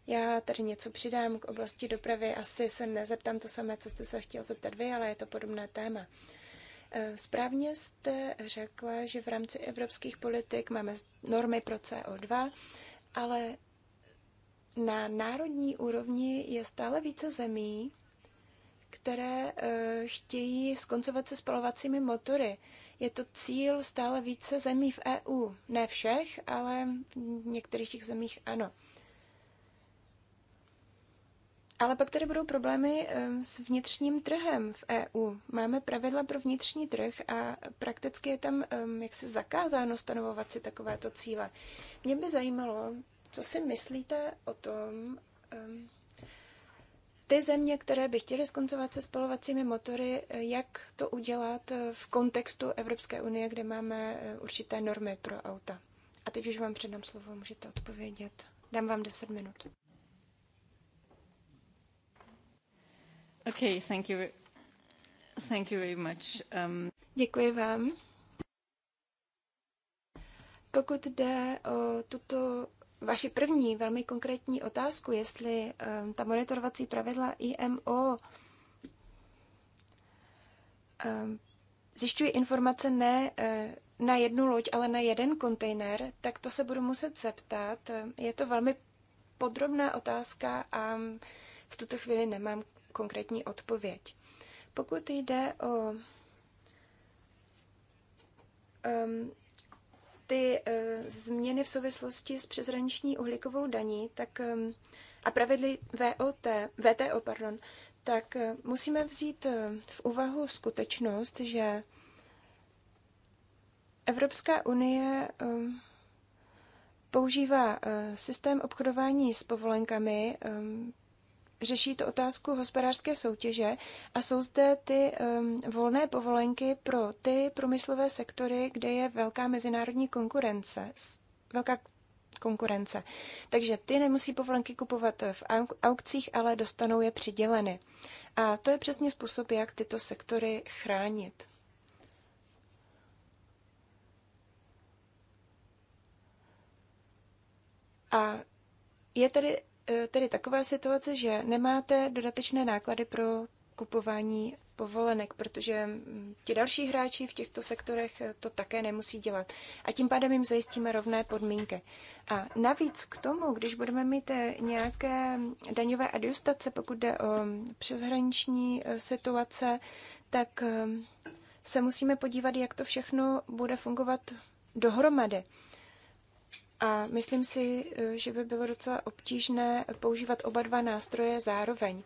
Speaker 2: Já tady něco přidám k oblasti dopravy. Asi se nezeptám to samé, co jste se chtěl zeptat vy, ale je to podobné téma. Eh, správně jste řekla, že v rámci evropských politik máme normy pro CO2, ale na národní úrovni je stále více zemí, které eh, chtějí skoncovat se spalovacími motory. Je to cíl stále více zemí v EU. Ne všech, ale v některých těch zemích ano. Ale pak tady budou problémy s vnitřním trhem v EU. Máme pravidla pro vnitřní trh a prakticky je tam jaksi zakázáno stanovovat si takovéto cíle. Mě by zajímalo, co si myslíte o tom, ty země, které by chtěly skoncovat se spalovacími motory, jak to udělat eh, v kontextu Evropské unie, kde máme eh, určité normy pro auta. A teď už vám předám slovo, můžete odpovědět. Dám vám 10 minut. Um, Děkuji vám. Pokud jde o tuto vaši první velmi konkrétní otázku, jestli um, ta monitorovací pravidla IMO um, zjišťují informace ne uh, na jednu loď, ale na jeden kontejner, tak to se budu muset zeptat. Je to velmi podrobná otázka a v tuto chvíli nemám konkrétní odpověď. Pokud jde o um, ty uh, změny v souvislosti s přezraniční uhlíkovou daní tak, um, a pravidly VOT, VTO, pardon, tak uh, musíme vzít uh, v úvahu skutečnost, že Evropská unie um, používá uh, systém obchodování s povolenkami um, řeší to otázku hospodářské soutěže a jsou zde ty um, volné povolenky pro ty průmyslové sektory, kde je velká mezinárodní konkurence. Velká konkurence. Takže ty nemusí povolenky kupovat v aukcích, ale dostanou je přiděleny. A to je přesně způsob, jak tyto sektory chránit. A je tedy E, tedy taková situace, že nemáte dodatečné náklady pro kupování povolenek, protože ti další hráči v těchto sektorech e, to také nemusí dělat. A tím pádem jim zajistíme rovné podmínky. A navíc k tomu, když budeme mít e, nějaké daňové adjustace, pokud jde o přeshraniční situace, tak se musíme podívat, jak to všechno bude fungovat dohromady. A myslím si, eh, že by bylo docela obtížné používat oba dva nástroje zároveň.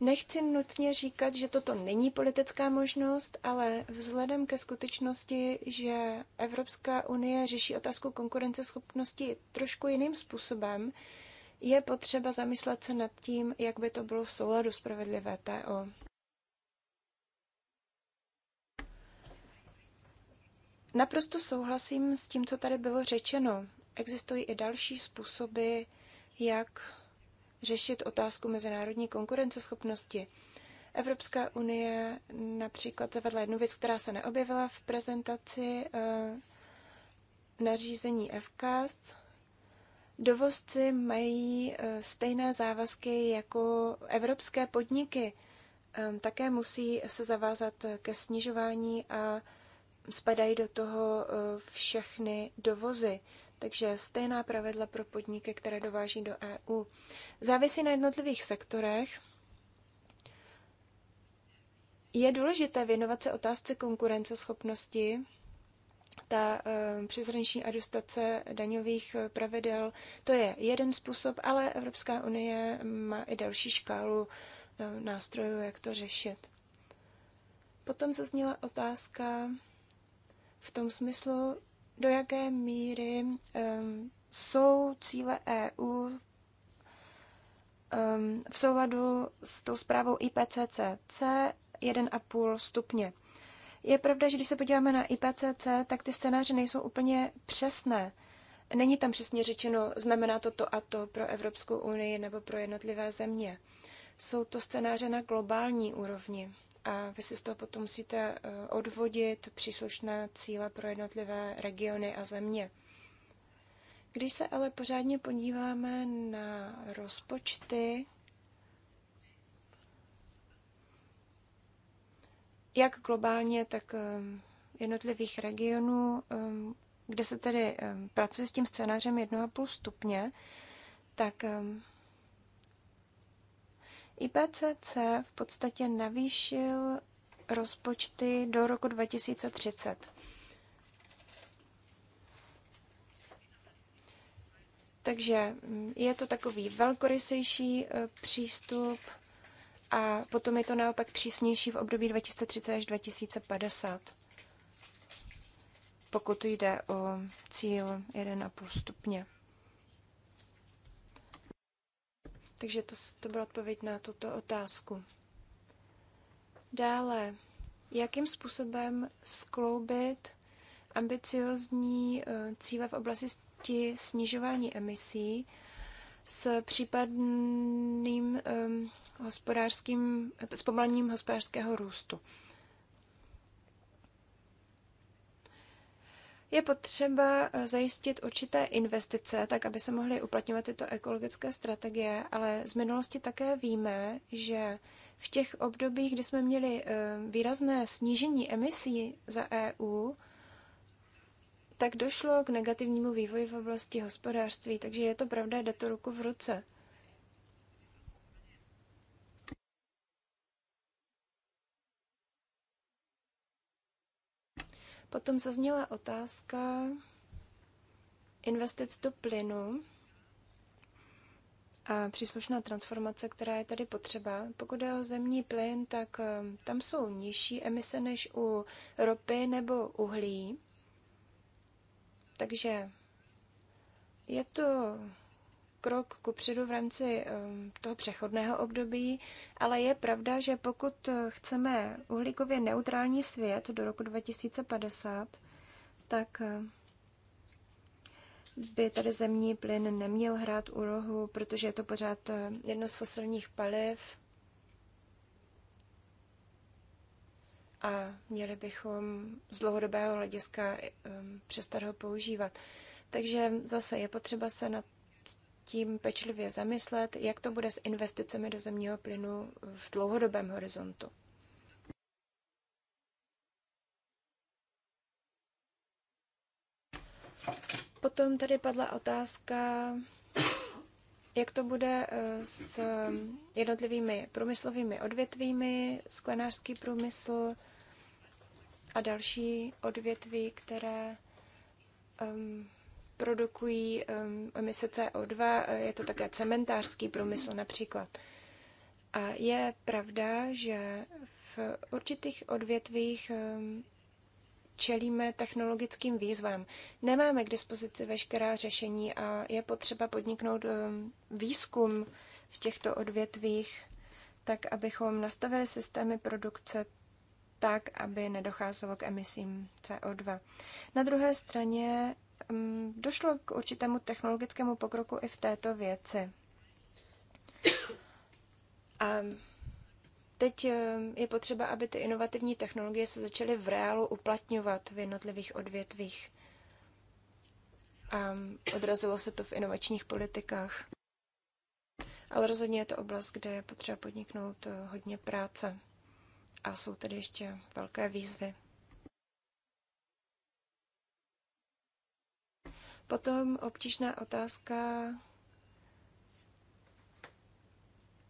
Speaker 2: Nechci nutně říkat, že toto není politická možnost, ale vzhledem ke skutečnosti, že Evropská unie řeší otázku konkurenceschopnosti trošku jiným způsobem, je potřeba zamyslet se nad tím, jak by to bylo v souladu s TO. Naprosto souhlasím s tím, co tady bylo řečeno. Existují i další způsoby, jak řešit otázku mezinárodní konkurenceschopnosti. Evropská unie například zavedla jednu věc, která se neobjevila v prezentaci eh, nařízení FKS. Dovozci mají eh, stejné závazky jako evropské podniky. Ehm, také musí se zavázat ke snižování a spadají do toho e, všechny dovozy, takže stejná pravidla pro podniky, které dováží do EU. Závisí na jednotlivých sektorech. Je důležité věnovat se otázce konkurenceschopnosti. Ta e, přeshraniční adustace daňových e, pravidel, to je jeden způsob, ale Evropská unie má i další škálu nástrojů, jak to řešit. Potom zazněla otázka v tom smyslu, do jaké míry um, jsou cíle EU um, v souladu s tou zprávou IPCCC 1,5 stupně. Je pravda, že když se podíváme na IPCC, tak ty scénáře nejsou úplně přesné. Není tam přesně řečeno, znamená to to a to pro Evropskou unii nebo pro jednotlivé země. Jsou to scénáře na globální úrovni a vy si z toho potom musíte eh, odvodit příslušné cíle pro jednotlivé regiony a země. Když se ale pořádně podíváme na rozpočty, jak globálně, tak eh, jednotlivých regionů, eh, kde se tedy pracuje s tím scénářem 1,5 stupně, tak IPCC v podstatě navýšil rozpočty do roku 2030. Takže mm, je to takový velkorysejší e, přístup a potom je to naopak přísnější v období 2030 až 2050, pokud jde o cíl 1,5 stupně. Takže to, to byla odpověď na tuto otázku. Dále, jakým způsobem skloubit ambiciozní eh, cíle v oblasti snižování emisí s případným um, hospodářským, pomalením hospodářského růstu. je potřeba eh, zajistit určité investice, tak aby se mohly uplatňovat tyto ekologické strategie, ale z minulosti také víme, že v těch obdobích, kdy jsme měli eh, výrazné snížení emisí za EU, tak došlo k negativnímu vývoji v oblasti hospodářství, takže je to pravda, jde to ruku v ruce. Potom zazněla otázka investic do plynu a příslušná transformace, která je tady potřeba. Pokud je o zemní plyn, tak eh, tam jsou nižší emise než u ropy nebo uhlí. Takže je to krok předu v rámci ehm, toho přechodného období, ale je pravda, že pokud chceme uhlíkově neutrální svět do roku 2050, tak ehm, by tady zemní plyn neměl hrát úlohu, protože je to pořád ehm, jedno z fosilních paliv a měli bychom z dlouhodobého hlediska přestat ho používat. Takže zase je potřeba se na tím pečlivě zamyslet, jak to bude s investicemi do zemního plynu v dlouhodobém horizontu. Potom tady padla otázka, jak to bude eh, s jednotlivými průmyslovými odvětvími, sklenářský průmysl a další odvětví, které um, produkují emise CO2, eh, je to také cementářský průmysl například. A je pravda, že v určitých odvětvích čelíme technologickým výzvám. Nemáme k dispozici veškerá řešení a je potřeba podniknout výzkum v těchto odvětvích, tak abychom nastavili systémy produkce tak, aby nedocházelo k emisím CO2. Na druhé straně Mm, došlo k určitému technologickému pokroku i v této věci. A teď eh, je potřeba, aby ty inovativní technologie se začaly v reálu uplatňovat v jednotlivých odvětvích. A odrazilo se to v inovačních politikách. Ale rozhodně je to oblast, kde je potřeba podniknout eh, hodně práce. A jsou tady ještě velké výzvy. Potom obtížná otázka,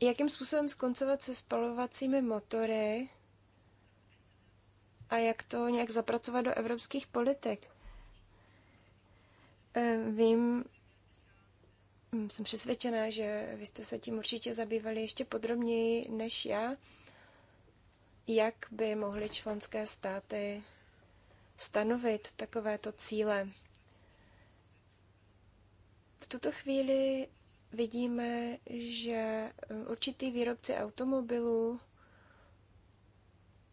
Speaker 2: jakým způsobem skoncovat se spalovacími motory a jak to nějak zapracovat do evropských politik. Eh, vím, hm, jsem přesvědčená, že vy jste se tím určitě zabývali ještě podrobněji než já, jak by mohly členské státy stanovit takovéto cíle. V tuto chvíli vidíme, že eh, určitý výrobci automobilů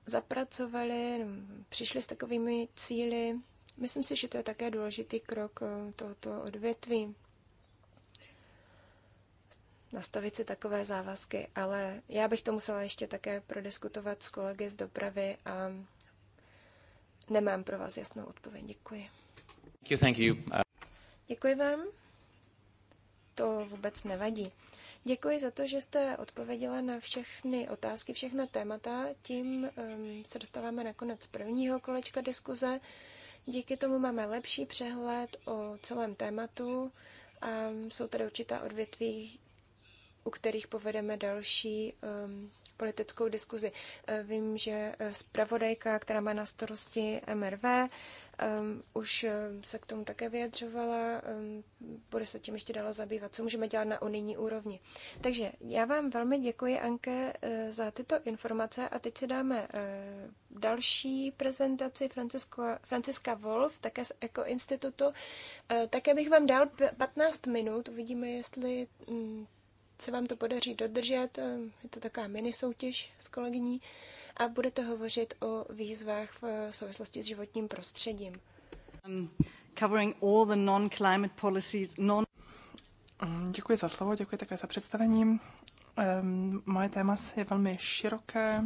Speaker 2: zapracovali, přišli s takovými cíly. Myslím si, že to je také důležitý krok eh, tohoto odvětví. Nastavit si takové závazky, ale já bych to musela ještě také prodiskutovat s kolegy z dopravy a nemám pro vás jasnou odpověď. Děkuji. Thank you, thank you. Děkuji vám to vůbec nevadí. Děkuji za to, že jste odpověděla na všechny otázky, všechna témata. Tím um, se dostáváme na konec prvního kolečka diskuze. Díky tomu máme lepší přehled o celém tématu a jsou tady určitá odvětví, u kterých povedeme další um, politickou diskuzi. Uh, vím, že uh, zpravodajka, která má na starosti MRV, Um, už se k tomu také vyjadřovala, um, bude se tím ještě dala zabývat, co můžeme dělat na unijní úrovni. Takže já vám velmi děkuji, Anke, eh, za tyto informace a teď si dáme uh, další prezentaci Franciska, Franciska Wolf, také z Eko institutu. Uh, eh, také bych vám dal 15 minut, uvidíme, jestli um, se vám to podaří dodržet. Uh, je to taková mini soutěž s kolegyní. Uh, a budete hovořit o výzvách v souvislosti s životním prostředím.
Speaker 1: Um, covering all the non-climate policies, Děkuji za slovo, děkuji také za představení. Um, moje téma je velmi široké.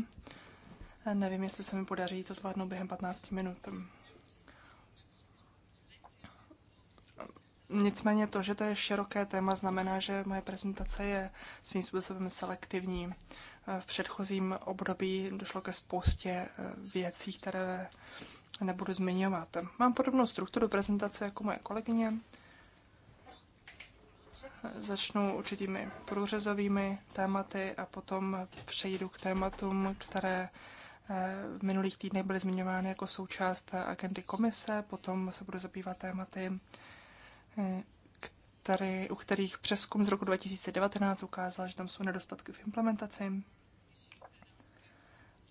Speaker 1: Nevím, jestli se mi podaří to zvládnout během 15 minut. Nicméně to, že to je široké téma, znamená, že moje prezentace je svým způsobem selektivní. V předchozím období došlo ke spoustě eh, věcí, které nebudu zmiňovat. Mám podobnou strukturu prezentace jako moje kolegyně. Začnu určitými průřezovými tématy a potom přejdu k tématům, které eh, v minulých týdnech byly zmiňovány jako součást agendy komise, potom se budu zabývat tématy, eh, který, u kterých přeskum z roku 2019 ukázal, že tam jsou nedostatky v implementaci.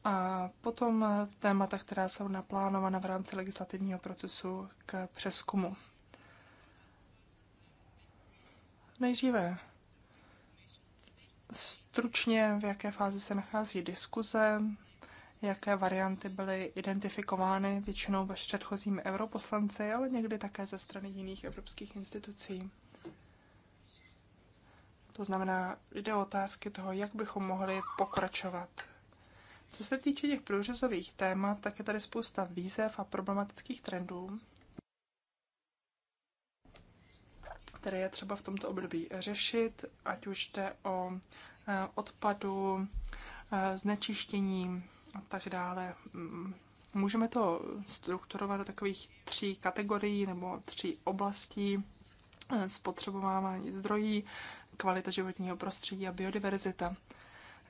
Speaker 1: A potom eh, témata, která jsou naplánována v rámci legislativního procesu k přeskumu. Nejdříve stručně, v jaké fázi se nachází diskuze, jaké varianty byly identifikovány většinou ve předchozími europoslanci, ale někdy také ze strany jiných evropských institucí. To znamená, jde o otázky toho, jak bychom mohli pokračovat co se týče těch průřezových témat, tak je tady spousta výzev a problematických trendů, které je třeba v tomto období řešit, ať už jde o eh, odpadu, eh, znečištění a tak dále. Mm, můžeme to strukturovat do takových tří kategorií nebo tří oblastí eh, spotřebovávání zdrojí, kvalita životního prostředí a biodiverzita.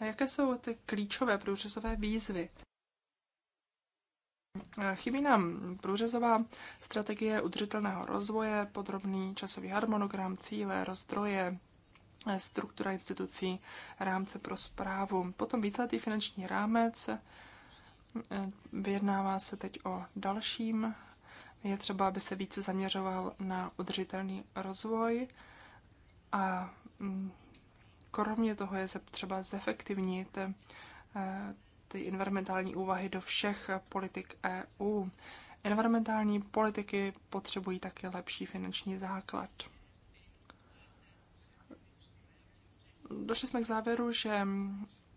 Speaker 1: A jaké jsou ty klíčové průřezové výzvy? Eh, chybí nám průřezová strategie udržitelného rozvoje, podrobný časový harmonogram, cíle, rozdroje, eh, struktura institucí, rámce pro zprávu. Potom víceletý finanční rámec. Eh, vyjednává se teď o dalším. Je třeba, aby se více zaměřoval na udržitelný rozvoj a mm, Kromě toho je třeba zefektivnit eh, ty environmentální úvahy do všech politik EU. Environmentální politiky potřebují také lepší finanční základ. Došli jsme k závěru, že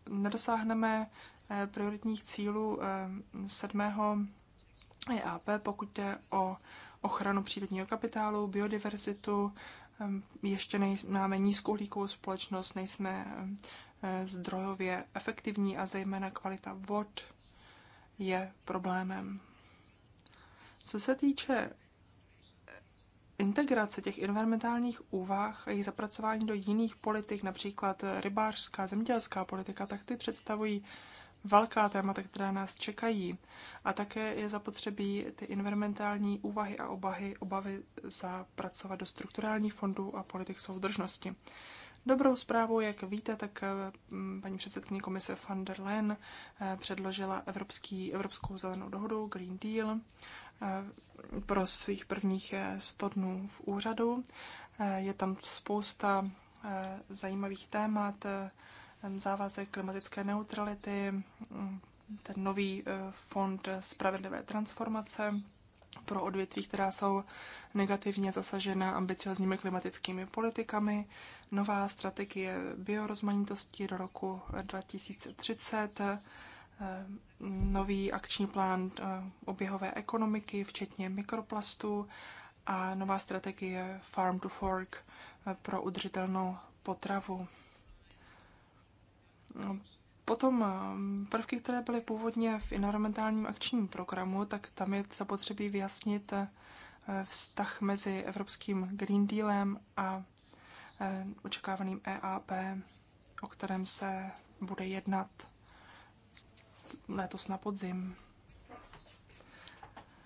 Speaker 1: nedosáhneme eh, prioritních cílů eh, sedmého EAP, pokud jde o ochranu přírodního kapitálu, biodiverzitu, Ehm, ještě máme nízkouhlíkovou společnost, nejsme ehm, e, zdrojově efektivní a zejména kvalita vod je problémem. Co se týče integrace těch environmentálních úvah a jejich zapracování do jiných politik, například rybářská, zemědělská politika, tak ty představují velká témata, která nás čekají. A také je zapotřebí ty environmentální úvahy a obahy, obavy zapracovat do strukturálních fondů a politik soudržnosti. Dobrou zprávou, jak víte, tak mm, paní předsedkyně komise van der Leyen eh, předložila Evropský, Evropskou zelenou dohodu Green Deal eh, pro svých prvních 100 eh, dnů v úřadu. Je tam spousta zajímavých témat, závazek klimatické neutrality, mm, ten nový eh, fond spravedlivé transformace pro odvětví, která jsou negativně zasažena ambiciozními klimatickými politikami, nová strategie biorozmanitosti do roku 2030, nový akční plán eh, oběhové ekonomiky, včetně mikroplastů a nová strategie Farm to Fork eh, pro udržitelnou potravu. Potom um, prvky, které byly původně v environmentálním akčním programu, tak tam je zapotřebí vyjasnit eh, vztah mezi Evropským Green Dealem a eh, očekávaným EAP, o kterém se bude jednat letos na podzim.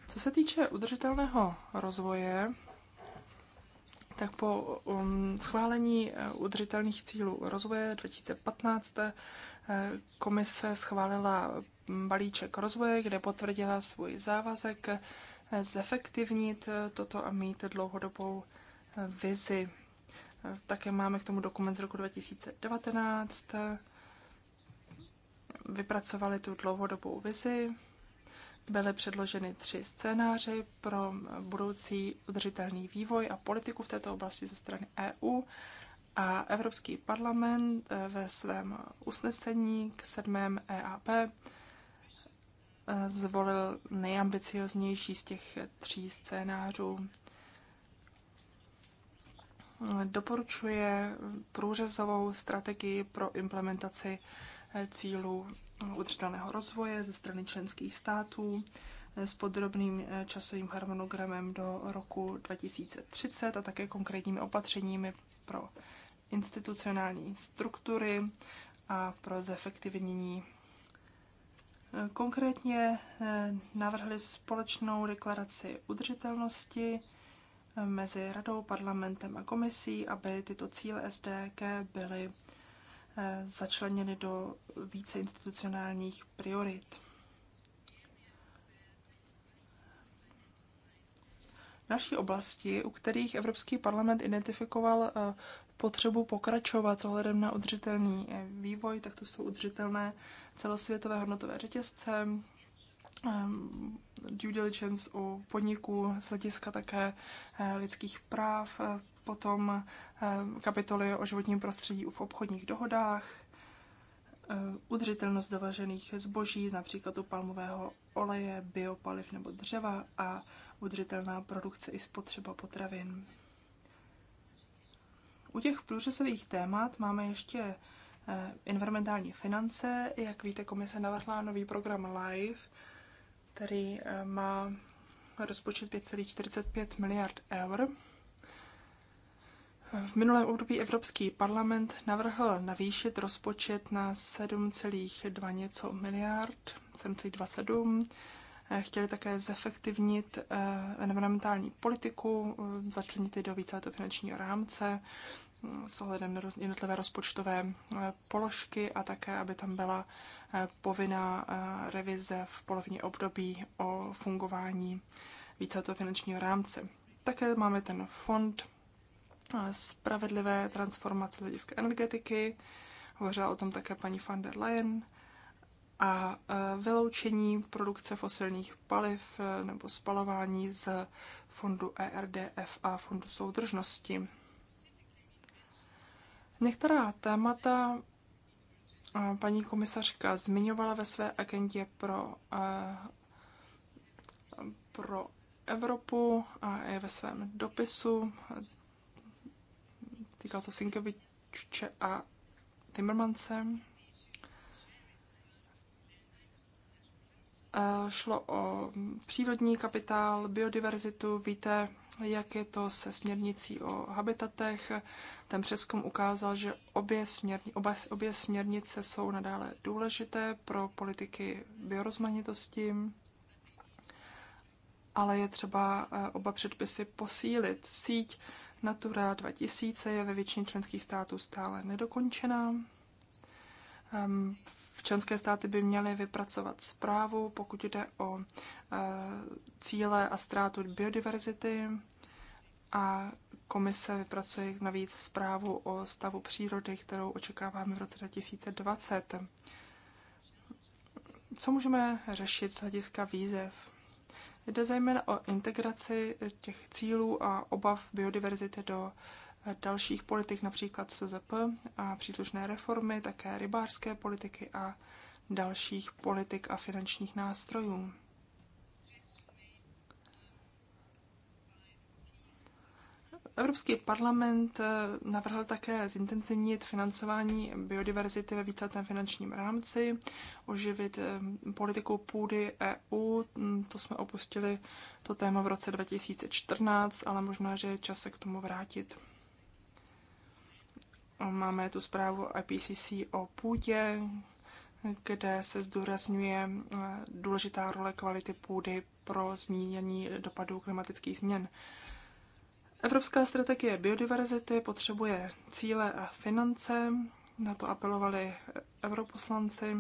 Speaker 1: Co se týče udržitelného rozvoje, tak po um, schválení eh, udržitelných cílů rozvoje 2015 eh, komise schválila mm, balíček rozvoje, kde potvrdila svůj závazek eh, zefektivnit toto a mít dlouhodobou vizi. Také máme k tomu dokument z roku 2019. Vypracovali tu dlouhodobou vizi byly předloženy tři scénáře pro budoucí udržitelný vývoj a politiku v této oblasti ze strany EU. A Evropský parlament eh, ve svém usnesení k sedmém EAP eh, zvolil nejambicioznější z těch tří scénářů. Doporučuje průřezovou strategii pro implementaci eh, cílů udržitelného rozvoje ze strany členských států eh, s podrobným eh, časovým harmonogramem do roku 2030 a také konkrétními opatřeními pro institucionální struktury a pro zefektivnění. Eh, konkrétně navrhli společnou deklaraci udržitelnosti mezi Radou, parlamentem a komisí, aby tyto cíle SDK byly Eh, začleněny do více institucionálních priorit. Další oblasti, u kterých Evropský parlament identifikoval eh, potřebu pokračovat s ohledem na udržitelný eh, vývoj, tak to jsou udržitelné celosvětové hodnotové řetězce, ehm, due diligence u podniků z hlediska také lidských práv, potom eh, kapitoly o životním prostředí v obchodních dohodách, eh, udržitelnost dovažených zboží, například u palmového oleje, biopaliv nebo dřeva a udržitelná produkce i spotřeba potravin. U těch průřezových témat máme ještě eh, environmentální finance. Jak víte, komise navrhla nový program LIFE, který má rozpočet 5,45 miliard eur. V minulém období Evropský parlament navrhl navýšit rozpočet na 7,2 něco miliard, 7,27. Chtěli také zefektivnit eh, environmentální politiku, eh, začlenit ji do víceletého finančního rámce mm, s ohledem na jednotlivé rozpočtové eh, položky a také, aby tam byla povinná revize v polovině období o fungování víceletého finančního rámce. Také máme ten fond spravedlivé transformace hlediska energetiky, hovořila o tom také paní van der Leyen, a e, vyloučení produkce fosilních paliv e, nebo spalování z fondu ERDF a fondu soudržnosti. Některá témata e, paní komisařka zmiňovala ve své agendě pro, pro Evropu a i ve svém dopisu Týkalo to Sinkoviče a Timmermance. Eh, šlo o přírodní kapitál, biodiverzitu. Víte, jak je to se směrnicí o habitatech. Ten přeskum ukázal, že obě, směrni, oba, obě směrnice jsou nadále důležité pro politiky biorozmanitosti, ale je třeba eh, oba předpisy posílit. Síť Natura 2000 je ve většině členských států stále nedokončená. Ehm, v členské státy by měly vypracovat zprávu, pokud jde o eh, cíle a ztrátu biodiverzity a komise vypracuje navíc zprávu o stavu přírody, kterou očekáváme v roce 2020. Co můžeme řešit z hlediska výzev? Jde zejména o integraci těch cílů a obav biodiverzity do dalších politik, například SZP a příslušné reformy, také rybářské politiky a dalších politik a finančních nástrojů. Evropský parlament eh, navrhl také zintenzivnit financování biodiverzity ve výtletném finančním rámci, oživit eh, politiku půdy EU. Mm, to jsme opustili to téma v roce 2014, ale možná, že je čas se k tomu vrátit. Máme tu zprávu IPCC o půdě, kde se zdůrazňuje eh, důležitá role kvality půdy pro zmínění dopadů klimatických změn. Evropská strategie biodiverzity potřebuje cíle a finance, na to apelovali europoslanci.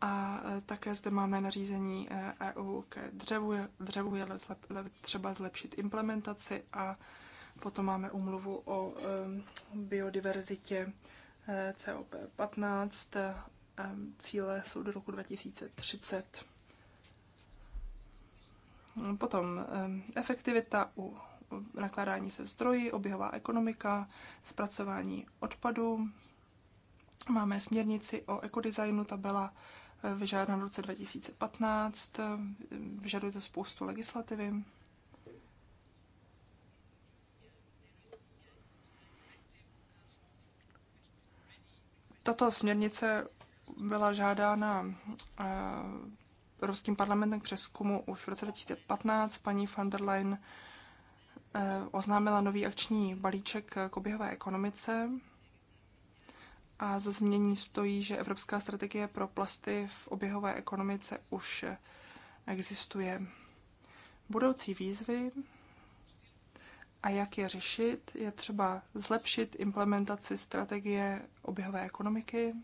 Speaker 1: A e, také zde máme nařízení EU e ke dřevu. Dřevu je zlep, třeba zlepšit implementaci a potom máme umluvu o e, biodiverzitě COP15. Cíle jsou do roku 2030. Potom efektivita u nakládání se zdroji, oběhová ekonomika, zpracování odpadů. Máme směrnici o ekodesignu, ta byla eh, vyžádána v roce 2015, eh, vyžaduje to spoustu legislativy. Tato směrnice byla žádána eh, Evropským parlamentem k přeskumu už v roce 2015. Paní van der Leyen eh, oznámila nový akční balíček k oběhové ekonomice. A za změní stojí, že Evropská strategie pro plasty v oběhové ekonomice už existuje. Budoucí výzvy a jak je řešit, je třeba zlepšit implementaci strategie oběhové ekonomiky,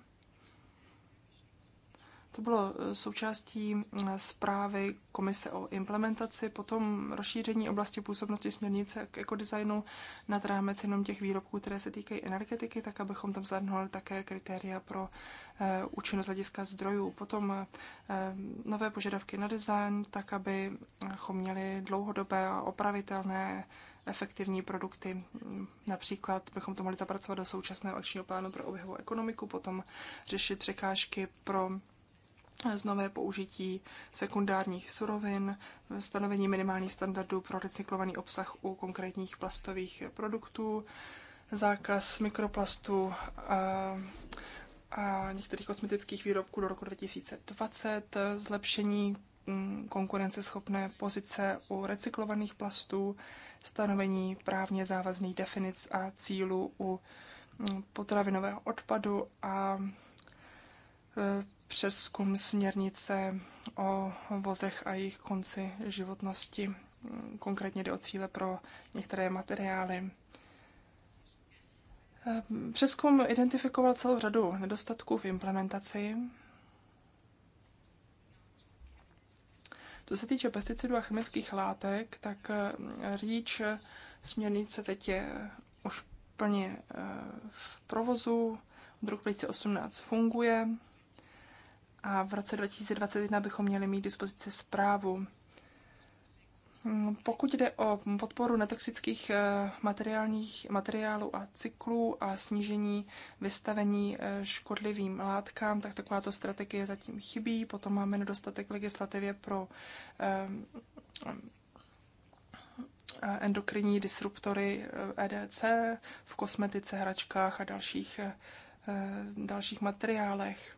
Speaker 1: to bylo eh, součástí eh, zprávy Komise o implementaci, potom rozšíření oblasti působnosti směrnice k ekodesignu nad rámec jenom těch výrobků, které se týkají energetiky, tak abychom tam zahrnuli také kritéria pro eh, účinnost hlediska zdrojů. Potom nové požadavky na design, tak abychom měli dlouhodobé a opravitelné efektivní produkty. Například bychom to mohli zapracovat do současného akčního plánu pro oběhovou ekonomiku, potom řešit překážky pro znové použití sekundárních surovin, stanovení minimálních standardů pro recyklovaný obsah u konkrétních plastových produktů, zákaz mikroplastů a, a některých kosmetických výrobků do roku 2020, zlepšení mm, konkurenceschopné pozice u recyklovaných plastů, stanovení právně závazných definic a cílů u mm, potravinového odpadu a e, přeskum směrnice o vozech a jejich konci životnosti. Konkrétně jde o cíle pro některé materiály. Přeskum identifikoval celou řadu nedostatků v implementaci. Co se týče pesticidů a chemických látek, tak REACH směrnice teď je už plně eh, v provozu. Od roku 2018 funguje a v roce 2021 bychom měli mít dispozici zprávu. Mm, pokud jde o podporu netoxických eh, materiálních, materiálů a cyklů a snížení vystavení eh, škodlivým látkám, tak takováto strategie zatím chybí. Potom máme nedostatek legislativě pro eh, endokrinní disruptory EDC e v kosmetice, hračkách a dalších, dalších materiálech.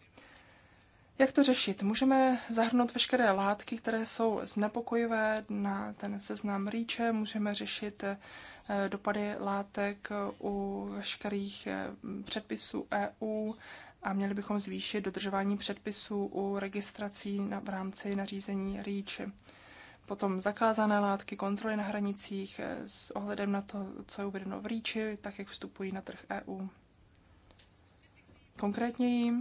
Speaker 1: Jak to řešit? Můžeme zahrnout veškeré látky, které jsou znepokojivé na ten seznam rýče, můžeme řešit eh, dopady látek eh, u veškerých eh, předpisů EU a měli bychom zvýšit dodržování předpisů u registrací na, v rámci nařízení REACH. Potom zakázané látky, kontroly na hranicích s ohledem na to, co je uvedeno v REACH, tak jak vstupují na trh EU. Konkrétněji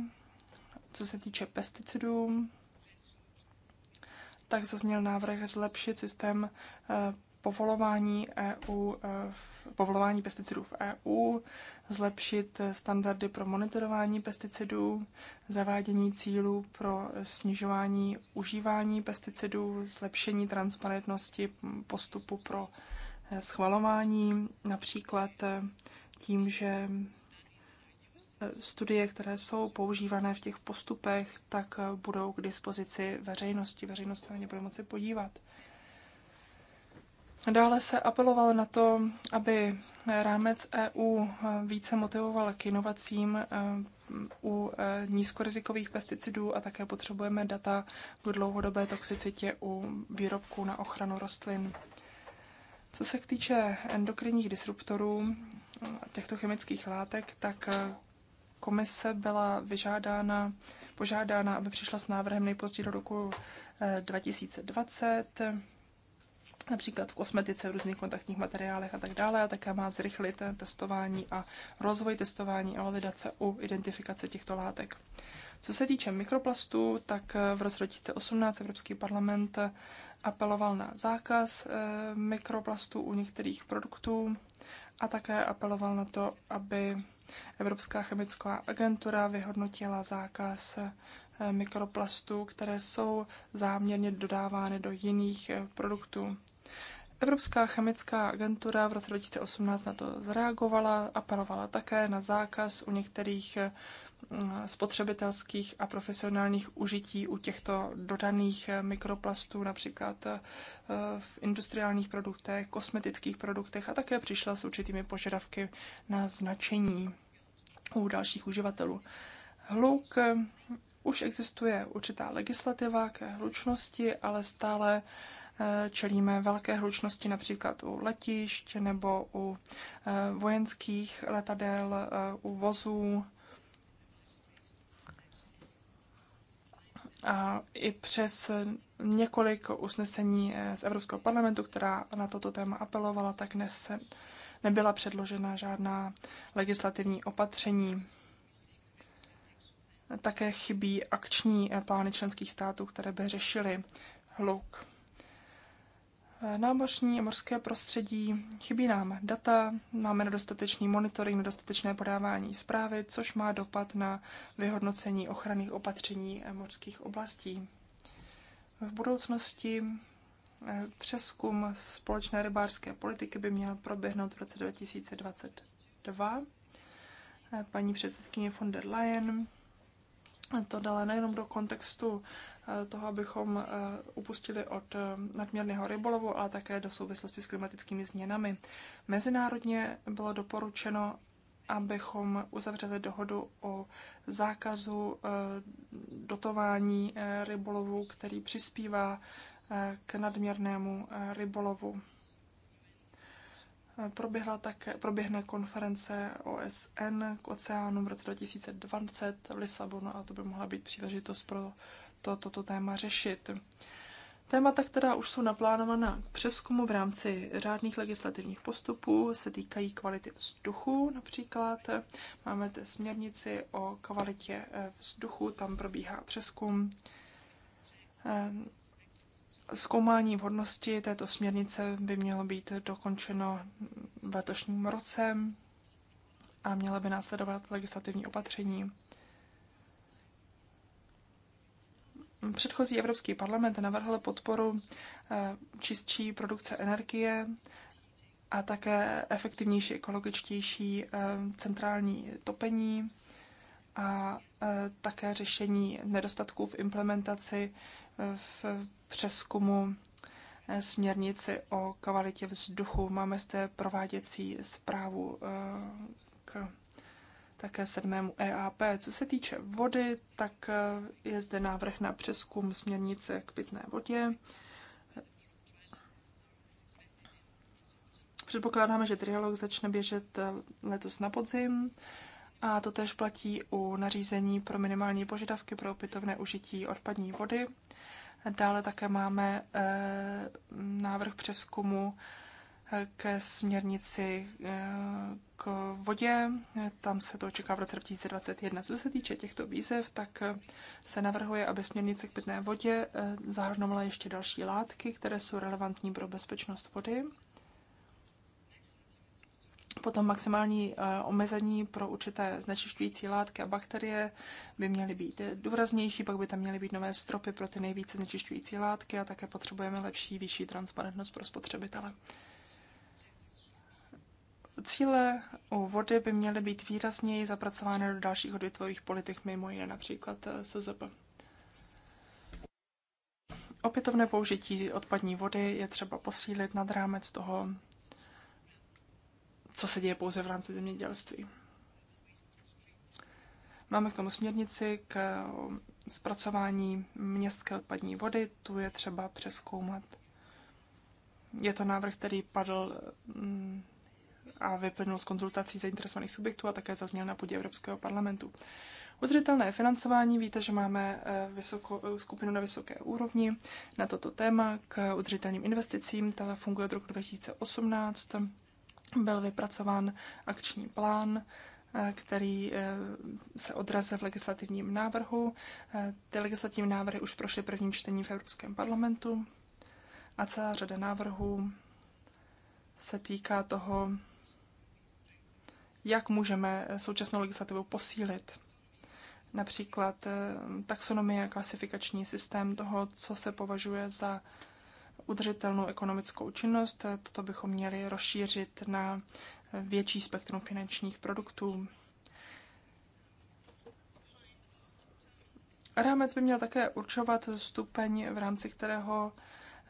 Speaker 1: co se týče pesticidů, tak zazněl návrh zlepšit systém eh, povolování, EU, eh, povolování pesticidů v EU, zlepšit eh, standardy pro monitorování pesticidů, zavádění cílů pro snižování užívání pesticidů, zlepšení transparentnosti postupu pro schvalování, například tím, že studie, které jsou používané v těch postupech, tak eh, budou k dispozici veřejnosti. Veřejnost se na ně bude moci podívat. Dále se apelovalo na to, aby rámec EU eh, více motivoval k inovacím eh, u nízkorizikových pesticidů a také potřebujeme data k dlouhodobé toxicitě u výrobků na ochranu rostlin. Co se týče endokrinních disruptorů, těchto chemických látek, tak komise byla vyžádána, požádána, aby přišla s návrhem nejpozději do roku 2020, eh, například v kosmetice, v různých kontaktních materiálech a tak dále, a také má zrychlit testování a rozvoj testování a validace u identifikace těchto látek. Co se týče mikroplastů, tak eh, v roce 2018 Evropský parlament eh, apeloval na zákaz mikroplastů u některých produktů a také apeloval na to, aby Evropská chemická agentura vyhodnotila zákaz eh, mikroplastů, které jsou záměrně dodávány do jiných eh, produktů. Evropská chemická agentura v roce 2018 na to zareagovala a parovala také na zákaz u některých eh, spotřebitelských a profesionálních užití u těchto dodaných mikroplastů, například v industriálních produktech, kosmetických produktech a také přišla s určitými požadavky na značení u dalších uživatelů. Hluk eh, už existuje určitá legislativa ke hlučnosti, ale stále eh, čelíme velké hlučnosti například u letišť nebo u eh, vojenských letadel, u vozů. A i přes několik usnesení z Evropského parlamentu, která na toto téma apelovala, tak dnes se nebyla předložena žádná legislativní opatření. Také chybí akční plány členských států, které by řešily hluk. Námořní a mořské prostředí chybí nám data, máme nedostatečný monitoring, nedostatečné podávání zprávy, což má dopad na vyhodnocení ochranných opatření mořských oblastí. V budoucnosti Přeskum společné rybářské politiky by měl proběhnout v roce 2022. Paní předsedkyně von der Leyen to dala nejenom do kontextu eh, toho, abychom eh, upustili od eh, nadměrného rybolovu, ale také do souvislosti s klimatickými změnami. Mezinárodně bylo doporučeno, abychom uzavřeli dohodu o zákazu dotování rybolovu, který přispívá k nadměrnému eh, rybolovu. Eh, proběhla také, proběhne konference OSN k oceánům v roce 2020 v Lisabonu a to by mohla být příležitost pro to, toto téma řešit. Témata, která už jsou naplánovaná k přeskumu v rámci řádných legislativních postupů, se týkají kvality vzduchu například. Máme zde směrnici o kvalitě eh, vzduchu, tam probíhá přeskum. Zkoumání vhodnosti této směrnice by mělo být dokončeno letošním rocem a měla by následovat legislativní opatření. Předchozí Evropský parlament navrhl podporu eh, čistší produkce energie a také efektivnější, ekologičtější eh, centrální topení a eh, také řešení nedostatků v implementaci v přeskumu eh, směrnici o kvalitě vzduchu. Máme zde prováděcí zprávu eh, k také sedmému EAP. Co se týče vody, tak eh, je zde návrh na přeskum směrnice k pitné vodě. Předpokládáme, že trialog začne běžet letos na podzim a to tež platí u nařízení pro minimální požadavky pro opětovné užití odpadní vody. Dále také máme eh, návrh přeskumu eh, ke směrnici eh, k vodě. Tam se to očeká v roce 2021. Co se týče těchto výzev, tak se navrhuje, aby směrnice k pitné vodě zahrnovala ještě další látky, které jsou relevantní pro bezpečnost vody. Potom maximální eh, omezení pro určité znečišťující látky a bakterie by měly být důraznější, pak by tam měly být nové stropy pro ty nejvíce znečišťující látky a také potřebujeme lepší, vyšší transparentnost pro spotřebitele. Cíle u vody by měly být výrazněji zapracovány do dalších odvětvových politik, mimo jiné například eh, SZP. Opětovné použití odpadní vody je třeba posílit nad rámec toho co se děje pouze v rámci zemědělství. Máme k tomu směrnici k zpracování městské odpadní vody, tu je třeba přeskoumat. Je to návrh, který padl mm, a vyplnil z konzultací zainteresovaných subjektů a také zazněl na půdě Evropského parlamentu. Udržitelné financování, víte, že máme eh, vysoko, eh, skupinu na vysoké úrovni na toto téma k udržitelným investicím, ta funguje od roku 2018 byl vypracován akční plán, eh, který eh, se odrazil v legislativním návrhu. Eh, ty legislativní návrhy už prošly prvním čtení v Evropském parlamentu a celá řada návrhů se týká toho, jak můžeme současnou legislativu posílit. Například taxonomie, klasifikační systém toho, co se považuje za udržitelnou ekonomickou činnost. Toto bychom měli rozšířit na větší spektrum finančních produktů. Rámec by měl také určovat stupeň, v rámci kterého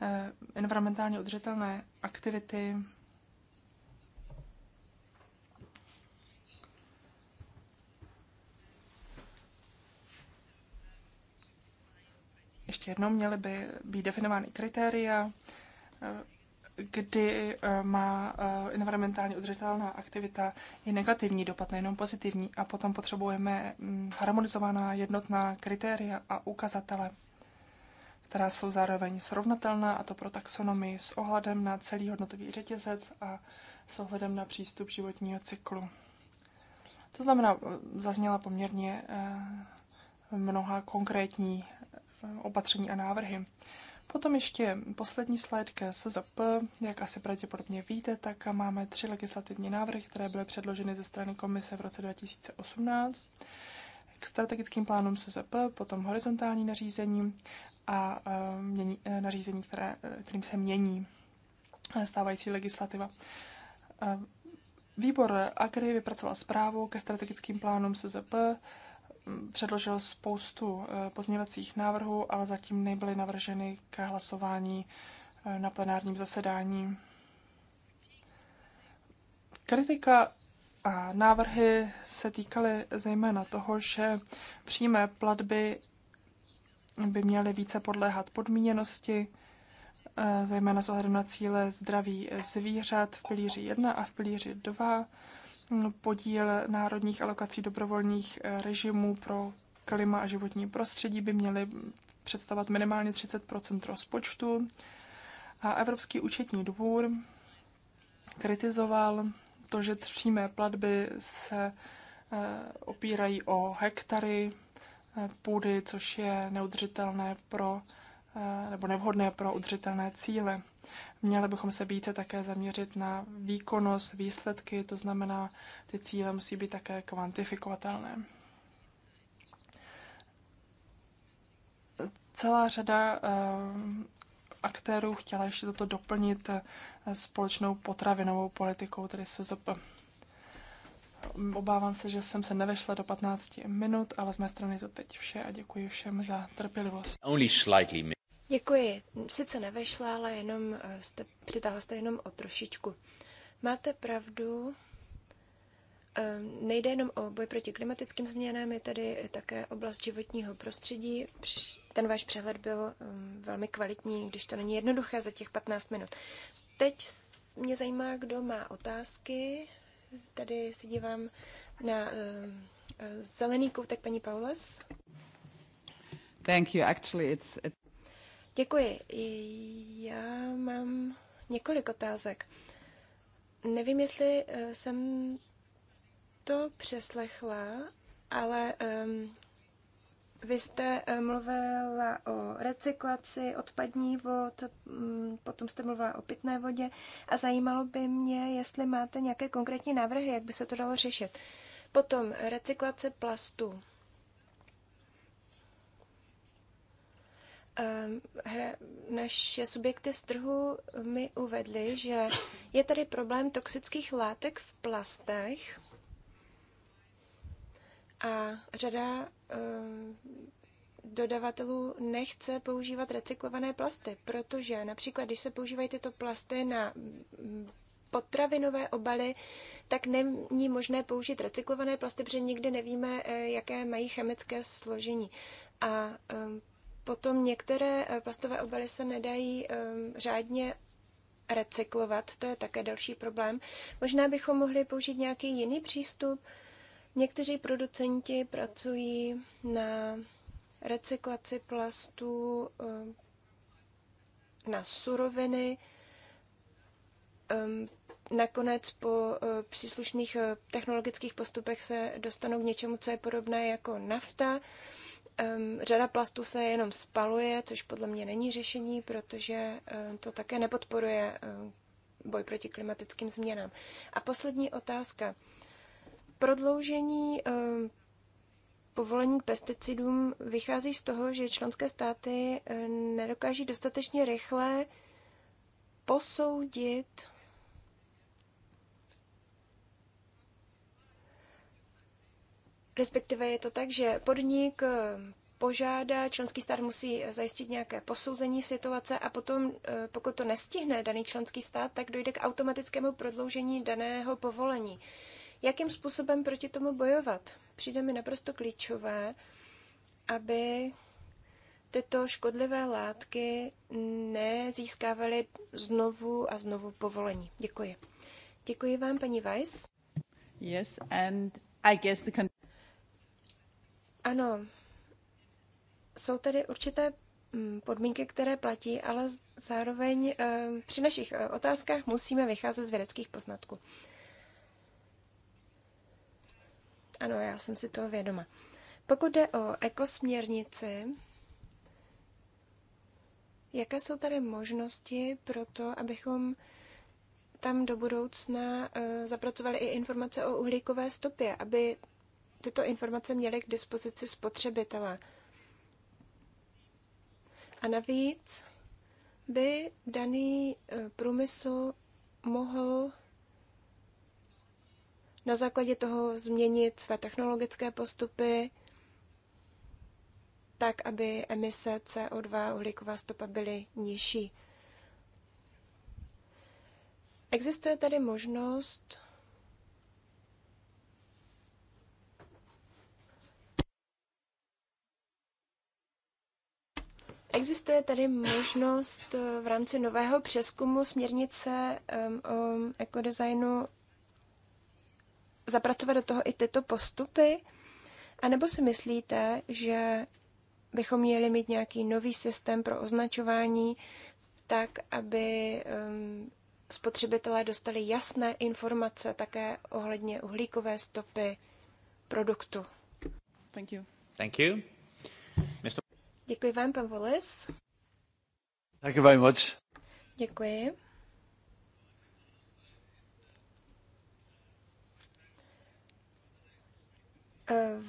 Speaker 1: eh, environmentálně udržitelné aktivity Ještě jednou měly by být definovány kritéria, eh, kdy eh, má eh, environmentálně udržitelná aktivita i negativní dopad, nejenom pozitivní. A potom potřebujeme mm, harmonizovaná jednotná kritéria a ukazatele, která jsou zároveň srovnatelná, a to pro taxonomii s ohledem na celý hodnotový řetězec a s ohledem na přístup životního cyklu. To znamená, zazněla poměrně mnoha konkrétní opatření a návrhy. Potom ještě poslední slide k SZP. Jak asi pravděpodobně víte, tak máme tři legislativní návrhy, které byly předloženy ze strany komise v roce 2018 k strategickým plánům SZP, potom horizontální nařízení a e, mění, e, nařízení, které, e, kterým se mění stávající legislativa. Výbor Agri vypracoval zprávu ke strategickým plánům SZP, předložil spoustu eh, pozměňovacích návrhů, ale zatím nebyly navrženy k hlasování eh, na plenárním zasedání. Kritika a návrhy se týkaly zejména toho, že přímé platby by měly více podléhat podmíněnosti, eh, zejména s ohledem na cíle zdraví zvířat v pilíři 1 a v pilíři 2 podíl národních alokací dobrovolných eh, režimů pro klima a životní prostředí by měly představovat minimálně 30 rozpočtu. A Evropský účetní dvůr kritizoval to, že přímé platby se eh, opírají o hektary eh, půdy, což je neudržitelné pro nebo nevhodné pro udržitelné cíle. Měli bychom se více také zaměřit na výkonnost, výsledky, to znamená, ty cíle musí být také kvantifikovatelné. Celá řada eh, aktérů chtěla ještě toto doplnit eh, společnou potravinovou politikou, tedy SZP. Obávám se, že jsem se nevešla do 15 minut, ale z mé strany to teď vše a děkuji všem za trpělivost. Only Děkuji.
Speaker 2: Sice nevešla, ale jenom eh, jste, přitáhla jste jenom o trošičku. Máte pravdu, ehm, Nejde jenom o boj proti klimatickým změnám, je tady také oblast životního prostředí. Ten váš přehled byl ehm, velmi kvalitní, když to není jednoduché za těch 15 minut. Teď mě zajímá, kdo má otázky. Tady se dívám na ehm, eh, zelený koutek paní Paulas.
Speaker 1: Thank you. Actually, it's, it's...
Speaker 2: Děkuji. Já mám několik otázek. Nevím, jestli eh, jsem to přeslechla, ale um, vy jste eh, mluvila o recyklaci odpadní vod, mm, potom jste mluvila o pitné vodě a zajímalo by mě, jestli máte nějaké konkrétní návrhy, jak by se to dalo řešit. Potom recyklace plastu. Ehm, naše subjekty z trhu mi uvedli, že je tady problém toxických látek v plastech a řada ehm, dodavatelů nechce používat recyklované plasty, protože například, když se používají tyto plasty na mm, potravinové obaly, tak není možné použít recyklované plasty, protože nikdy nevíme, eh, jaké mají chemické složení. A ehm, Potom některé eh, plastové obaly se nedají ehm, řádně recyklovat, to je také další problém. Možná bychom mohli použít nějaký jiný přístup. Někteří producenti pracují na recyklaci plastů ehm, na suroviny. Ehm, nakonec po eh, příslušných eh, technologických postupech se dostanou k něčemu, co je podobné jako nafta. Um, řada plastů se jenom spaluje, což podle mě není řešení, protože um, to také nepodporuje um, boj proti klimatickým změnám. A poslední otázka. Prodloužení um, povolení k pesticidům vychází z toho, že členské státy nedokáží dostatečně rychle posoudit Respektive je to tak, že podnik ehm, požádá, členský stát musí eh, zajistit nějaké posouzení situace a potom, eh, pokud to nestihne daný členský stát, tak dojde k automatickému prodloužení daného povolení. Jakým způsobem proti tomu bojovat? Přijde mi naprosto klíčové, aby tyto škodlivé látky nezískávaly znovu a znovu povolení. Děkuji. Děkuji vám, paní Weiss.
Speaker 1: Yes, and I guess the
Speaker 2: ano, jsou tedy určité mm, podmínky, které platí, ale zároveň eh, při našich eh, otázkách musíme vycházet z vědeckých poznatků. Ano, já jsem si toho vědoma. Pokud jde o ekosměrnici, jaké jsou tady možnosti pro to, abychom tam do budoucna eh, zapracovali i informace o uhlíkové stopě, aby tyto informace měli k dispozici spotřebitelé. A navíc by daný e, průmysl mohl na základě toho změnit své technologické postupy tak, aby emise CO2 uhlíková stopa byly nižší. Existuje tady možnost Existuje tady možnost eh, v rámci nového přeskumu směrnice o ekodesignu zapracovat do toho i tyto postupy? A nebo si myslíte, že bychom měli mít nějaký nový systém pro označování, tak aby spotřebitelé dostali jasné informace také ohledně uhlíkové stopy produktu? Thank you. Thank you. Děkuji vám, pan Volis.
Speaker 1: Děkuji vám moc.
Speaker 2: Děkuji.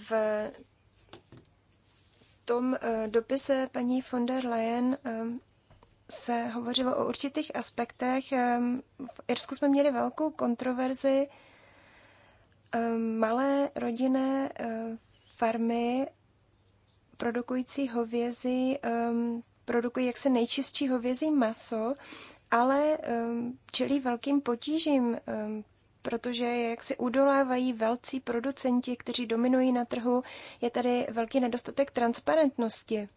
Speaker 2: V tom eh, dopise paní von der Leyen eh, se hovořilo o určitých aspektech. Eh, v Irsku jsme měli velkou kontroverzi. Malé rodinné farmy produkující hovězí um, ehm, produkují jaksi nejčistší hovězí maso, ale um, čelí velkým potížím, um, protože jak si udolávají velcí producenti, kteří dominují na trhu, je tady velký nedostatek transparentnosti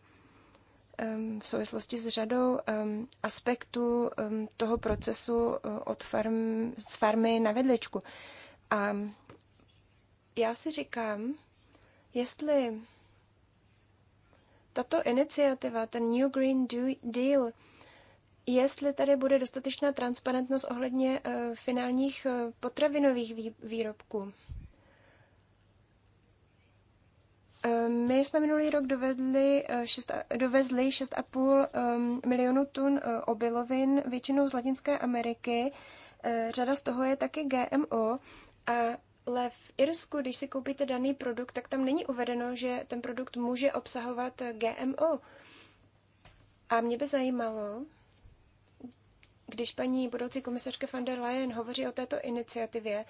Speaker 2: um, v souvislosti s řadou um, aspektů um, toho procesu um, od farm, z farmy na vedličku. A já si říkám, jestli tato iniciativa, ten New Green Deal, jestli tady bude dostatečná transparentnost ohledně eh, finálních eh, potravinových výrobků. Eh, my jsme minulý rok dovedli 6, dovezli 6,5 milionu tun obilovin, většinou z Latinské Ameriky. Řada z toho je taky GMO. A ale v Irsku, když si koupíte daný produkt, tak tam není uvedeno, že ten produkt může obsahovat GMO. A mě by zajímalo, když paní budoucí komisařka van der Leyen hovoří o této iniciativě,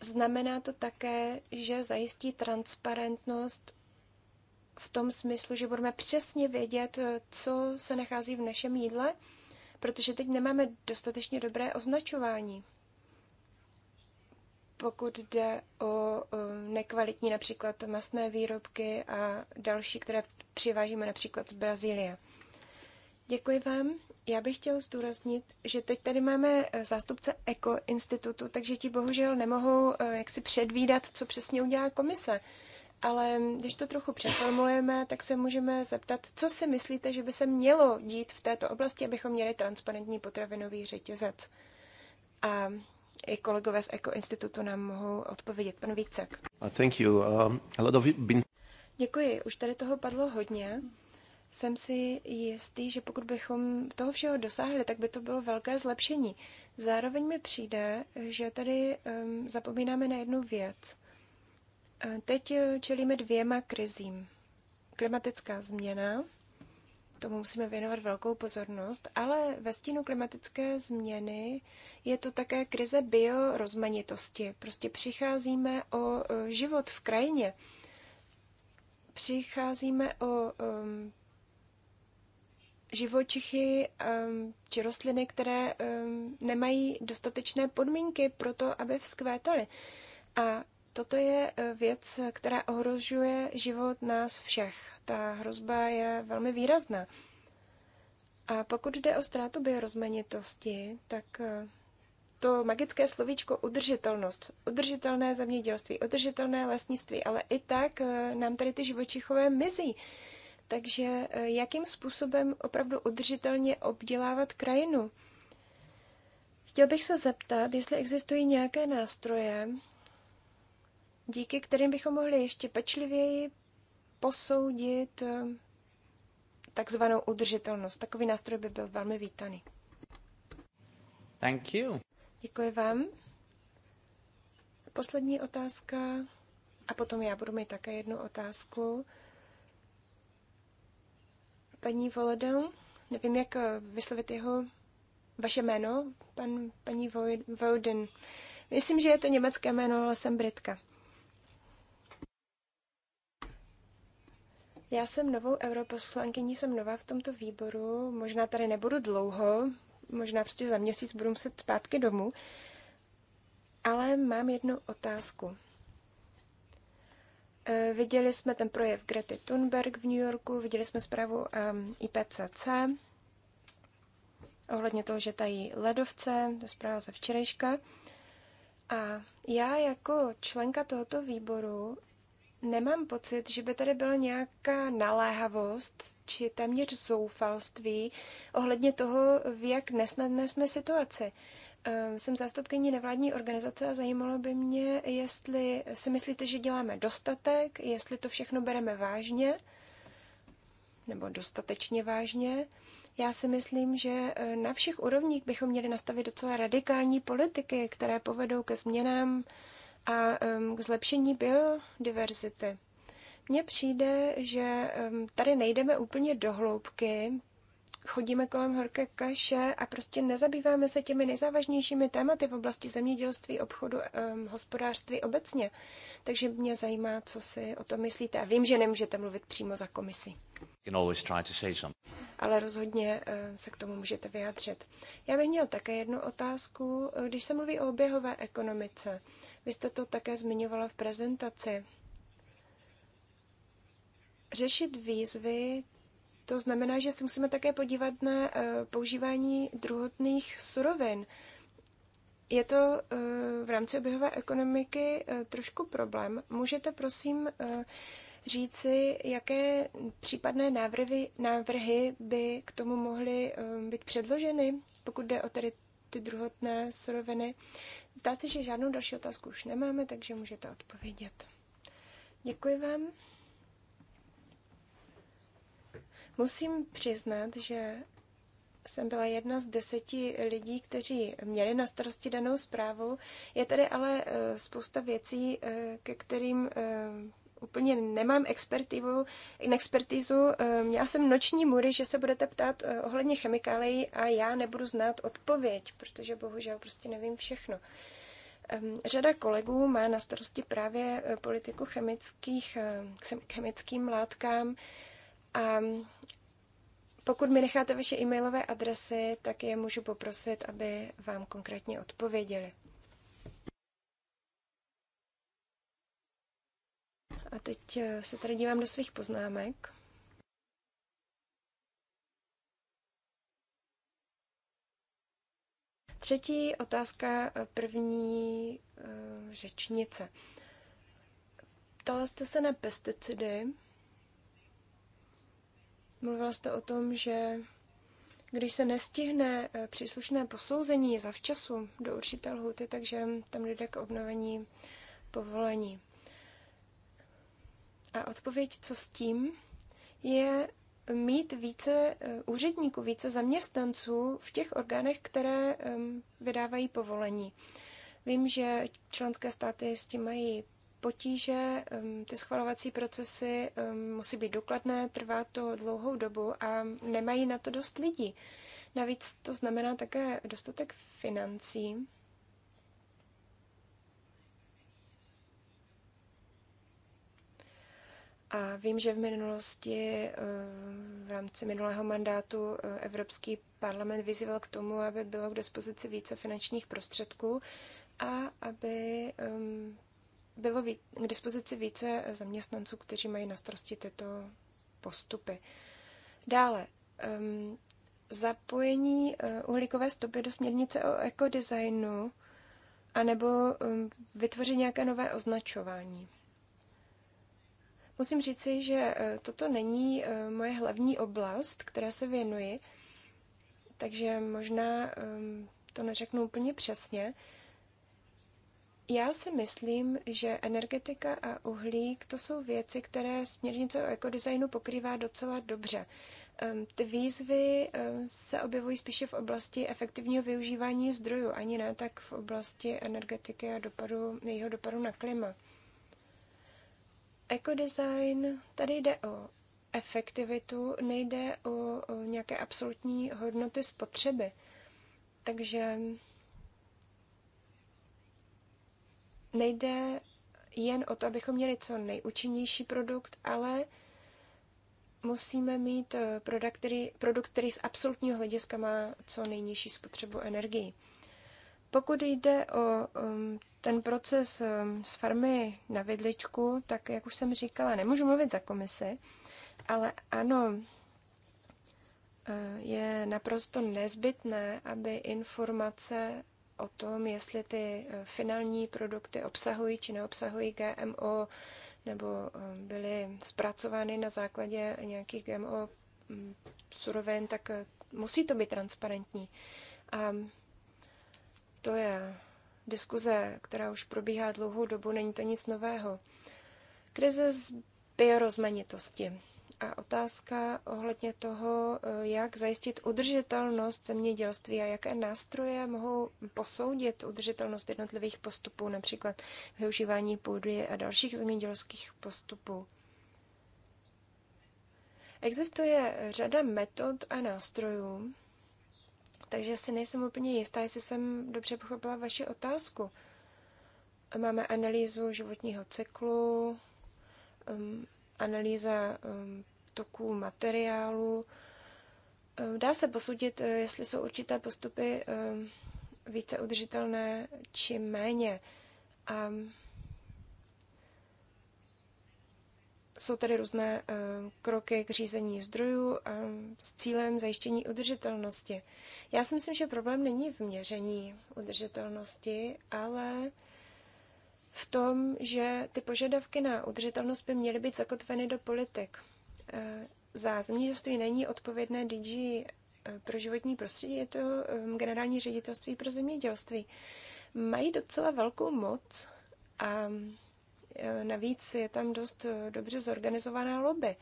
Speaker 2: znamená to také, že zajistí transparentnost v tom smyslu, že budeme přesně vědět, co se nachází v našem jídle, protože teď nemáme dostatečně dobré označování pokud jde o nekvalitní například masné výrobky a další, které přivážíme například z Brazílie. Děkuji vám. Já bych chtěl zdůraznit, že teď tady máme eh, zástupce Eko institutu, takže ti bohužel nemohou eh, jaksi předvídat, co přesně udělá komise. Ale když to trochu přeformulujeme, tak se můžeme zeptat, co si myslíte, že by se mělo dít v této oblasti, abychom měli transparentní potravinový řetězec. A i kolegové z Eko institutu nám mohou odpovědět. Pan Vícek. Uh, thank you. Um, a lot of been... Děkuji, už tady toho padlo hodně. Jsem si jistý, že pokud bychom toho všeho dosáhli, tak by to bylo velké zlepšení. Zároveň mi přijde, že tady um, zapomínáme na jednu věc. Uh, teď uh, čelíme dvěma krizím. Klimatická změna tomu musíme věnovat velkou pozornost, ale ve stínu klimatické změny je to také krize biorozmanitosti. Prostě přicházíme o e, život v krajině. Přicházíme o um, živočichy um, či rostliny, které um, nemají dostatečné podmínky pro to, aby vzkvétaly. A Toto je eh, věc, která ohrožuje život nás všech. Ta hrozba je velmi výrazná. A pokud jde o ztrátu biorozmanitosti, tak eh, to magické slovíčko udržitelnost, udržitelné zemědělství, udržitelné lesnictví, ale i tak eh, nám tady ty živočichové mizí. Takže jakým způsobem opravdu udržitelně obdělávat krajinu? Chtěl bych se zeptat, jestli existují nějaké nástroje, díky kterým bychom mohli ještě pečlivěji posoudit eh, takzvanou udržitelnost. Takový nástroj by byl velmi vítaný.
Speaker 1: Thank you.
Speaker 2: Děkuji vám. Poslední otázka a potom já budu mít také jednu otázku. Paní Volodou, nevím, jak eh, vyslovit jeho vaše jméno, pan, paní Vojden. Myslím, že je to německé jméno, ale jsem Britka. Já jsem novou europoslankyní, jsem nová v tomto výboru, možná tady nebudu dlouho, možná prostě za měsíc budu muset zpátky domů, ale mám jednu otázku. Eh, viděli jsme ten projev Grety Thunberg v New Yorku, viděli jsme zprávu ehm, IPCC ohledně toho, že tají ledovce, to je zpráva ze včerejška. A já jako členka tohoto výboru nemám pocit, že by tady byla nějaká naléhavost či téměř zoufalství ohledně toho, v jak nesnadné jsme situaci. Ehm, jsem zástupkyní nevládní organizace a zajímalo by mě, jestli si myslíte, že děláme dostatek, jestli to všechno bereme vážně nebo dostatečně vážně. Já si myslím, že eh, na všech úrovních bychom měli nastavit docela radikální politiky, které povedou ke změnám a k zlepšení biodiverzity. Mně přijde, že tady nejdeme úplně do hloubky, chodíme kolem horké kaše a prostě nezabýváme se těmi nejzávažnějšími tématy v oblasti zemědělství, obchodu, um, hospodářství obecně. Takže mě zajímá, co si o tom myslíte. A vím, že nemůžete mluvit přímo za komisi. Ale rozhodně uh, se k tomu můžete vyjádřit. Já bych měl také jednu otázku, eh, když se mluví o oběhové ekonomice. Vy jste to také zmiňovala v prezentaci. Řešit výzvy, to znamená, že se musíme také podívat na eh, používání druhotných surovin. Je to eh, v rámci oběhové ekonomiky eh, trošku problém. Můžete prosím říci, jaké případné návrhy, návrhy by k tomu mohly být předloženy, pokud jde o tedy ty druhotné suroviny. Zdá se, že žádnou další otázku už nemáme, takže můžete odpovědět. Děkuji vám. Musím přiznat, že jsem byla jedna z deseti lidí, kteří měli na starosti danou zprávu. Je tady ale eh, spousta věcí, eh, ke kterým eh, úplně nemám expertivu, expertizu. Eh, měla jsem noční mury, že se budete ptát eh, ohledně chemikálií a já nebudu znát odpověď, protože bohužel prostě nevím všechno. Ehm, řada kolegů má na starosti právě eh, politiku chemických, chemickým látkám a pokud mi necháte vaše e-mailové adresy, tak je můžu poprosit, aby vám konkrétně odpověděli. A teď eh, se tady dívám do svých poznámek. Třetí otázka eh, první eh, řečnice. Ptala jste se na pesticidy. Mluvila jste o tom, že když se nestihne příslušné posouzení za včasu do určité lhuty, takže tam jde k obnovení povolení. A odpověď, co s tím, je mít více eh, úředníků, více zaměstnanců v těch orgánech, které vydávají povolení. Vím, že členské státy s tím mají potíže, ty schvalovací procesy musí být důkladné, trvá to dlouhou dobu a nemají na to dost lidí. Navíc to znamená také dostatek financí A vím, že v minulosti, eh, v rámci minulého mandátu, eh, Evropský parlament vyzýval k tomu, aby bylo k dispozici více finančních prostředků a aby ehm, bylo k dispozici více zaměstnanců, kteří mají na starosti tyto postupy. Dále, ehm, zapojení eh, uhlíkové stopy do směrnice o ekodesignu anebo ehm, vytvoření nějaké nové označování. Musím říci, že e, toto není e, moje hlavní oblast, která se věnuji, takže možná to neřeknu úplně přesně. Já si myslím, že energetika a uhlík to jsou věci, které směrnice o ekodesignu pokrývá docela dobře. Ty výzvy e, se objevují spíše v oblasti efektivního využívání zdrojů, ani ne tak v oblasti energetiky a dopadu, jejího dopadu na klima ekodesign, tady jde o efektivitu, nejde o, o nějaké absolutní hodnoty spotřeby. Takže nejde jen o to, abychom měli co nejúčinnější produkt, ale musíme mít eh, produkt, který, produkt, který z absolutního hlediska má co nejnižší spotřebu energii. Pokud jde o um, ten proces um, s farmy na vidličku, tak jak už jsem říkala, nemůžu mluvit za komisi, ale ano, eh, je naprosto nezbytné, aby informace o tom, jestli ty eh, finální produkty obsahují či neobsahují GMO, nebo eh, byly zpracovány na základě nějakých GMO mm, surovin, tak musí to být transparentní. A to je diskuze, která už probíhá dlouhou dobu, není to nic nového. Krize z biorozmanitosti a otázka ohledně toho, eh, jak zajistit udržitelnost zemědělství a jaké nástroje mohou posoudit udržitelnost jednotlivých postupů, například využívání půdy a dalších zemědělských postupů. Existuje řada metod a nástrojů, takže si nejsem úplně jistá, jestli jsem dobře pochopila vaši otázku. Máme analýzu životního cyklu, um, analýza um, toků materiálu. Um, dá se posudit, eh, jestli jsou určité postupy um, více udržitelné či méně. Um, Jsou tady různé eh, kroky k řízení zdrojů eh, s cílem zajištění udržitelnosti. Já si myslím, že problém není v měření udržitelnosti, ale v tom, že ty požadavky na udržitelnost by měly být zakotveny do politik. Eh, za zemědělství není odpovědné DG pro životní prostředí, je to generální ředitelství pro zemědělství. Mají docela velkou moc a Eh, navíc je tam dost eh, dobře zorganizovaná lobby.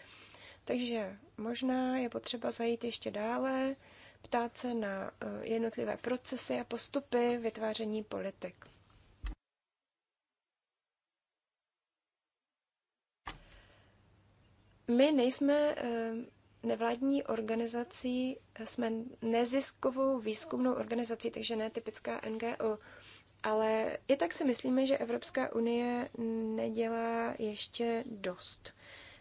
Speaker 2: Takže možná je potřeba zajít ještě dále, ptát se na eh, jednotlivé procesy a postupy vytváření politik. My nejsme nevládní organizací, jsme neziskovou výzkumnou organizací, takže ne typická NGO. Ale i tak si myslíme, že Evropská unie nedělá ještě dost.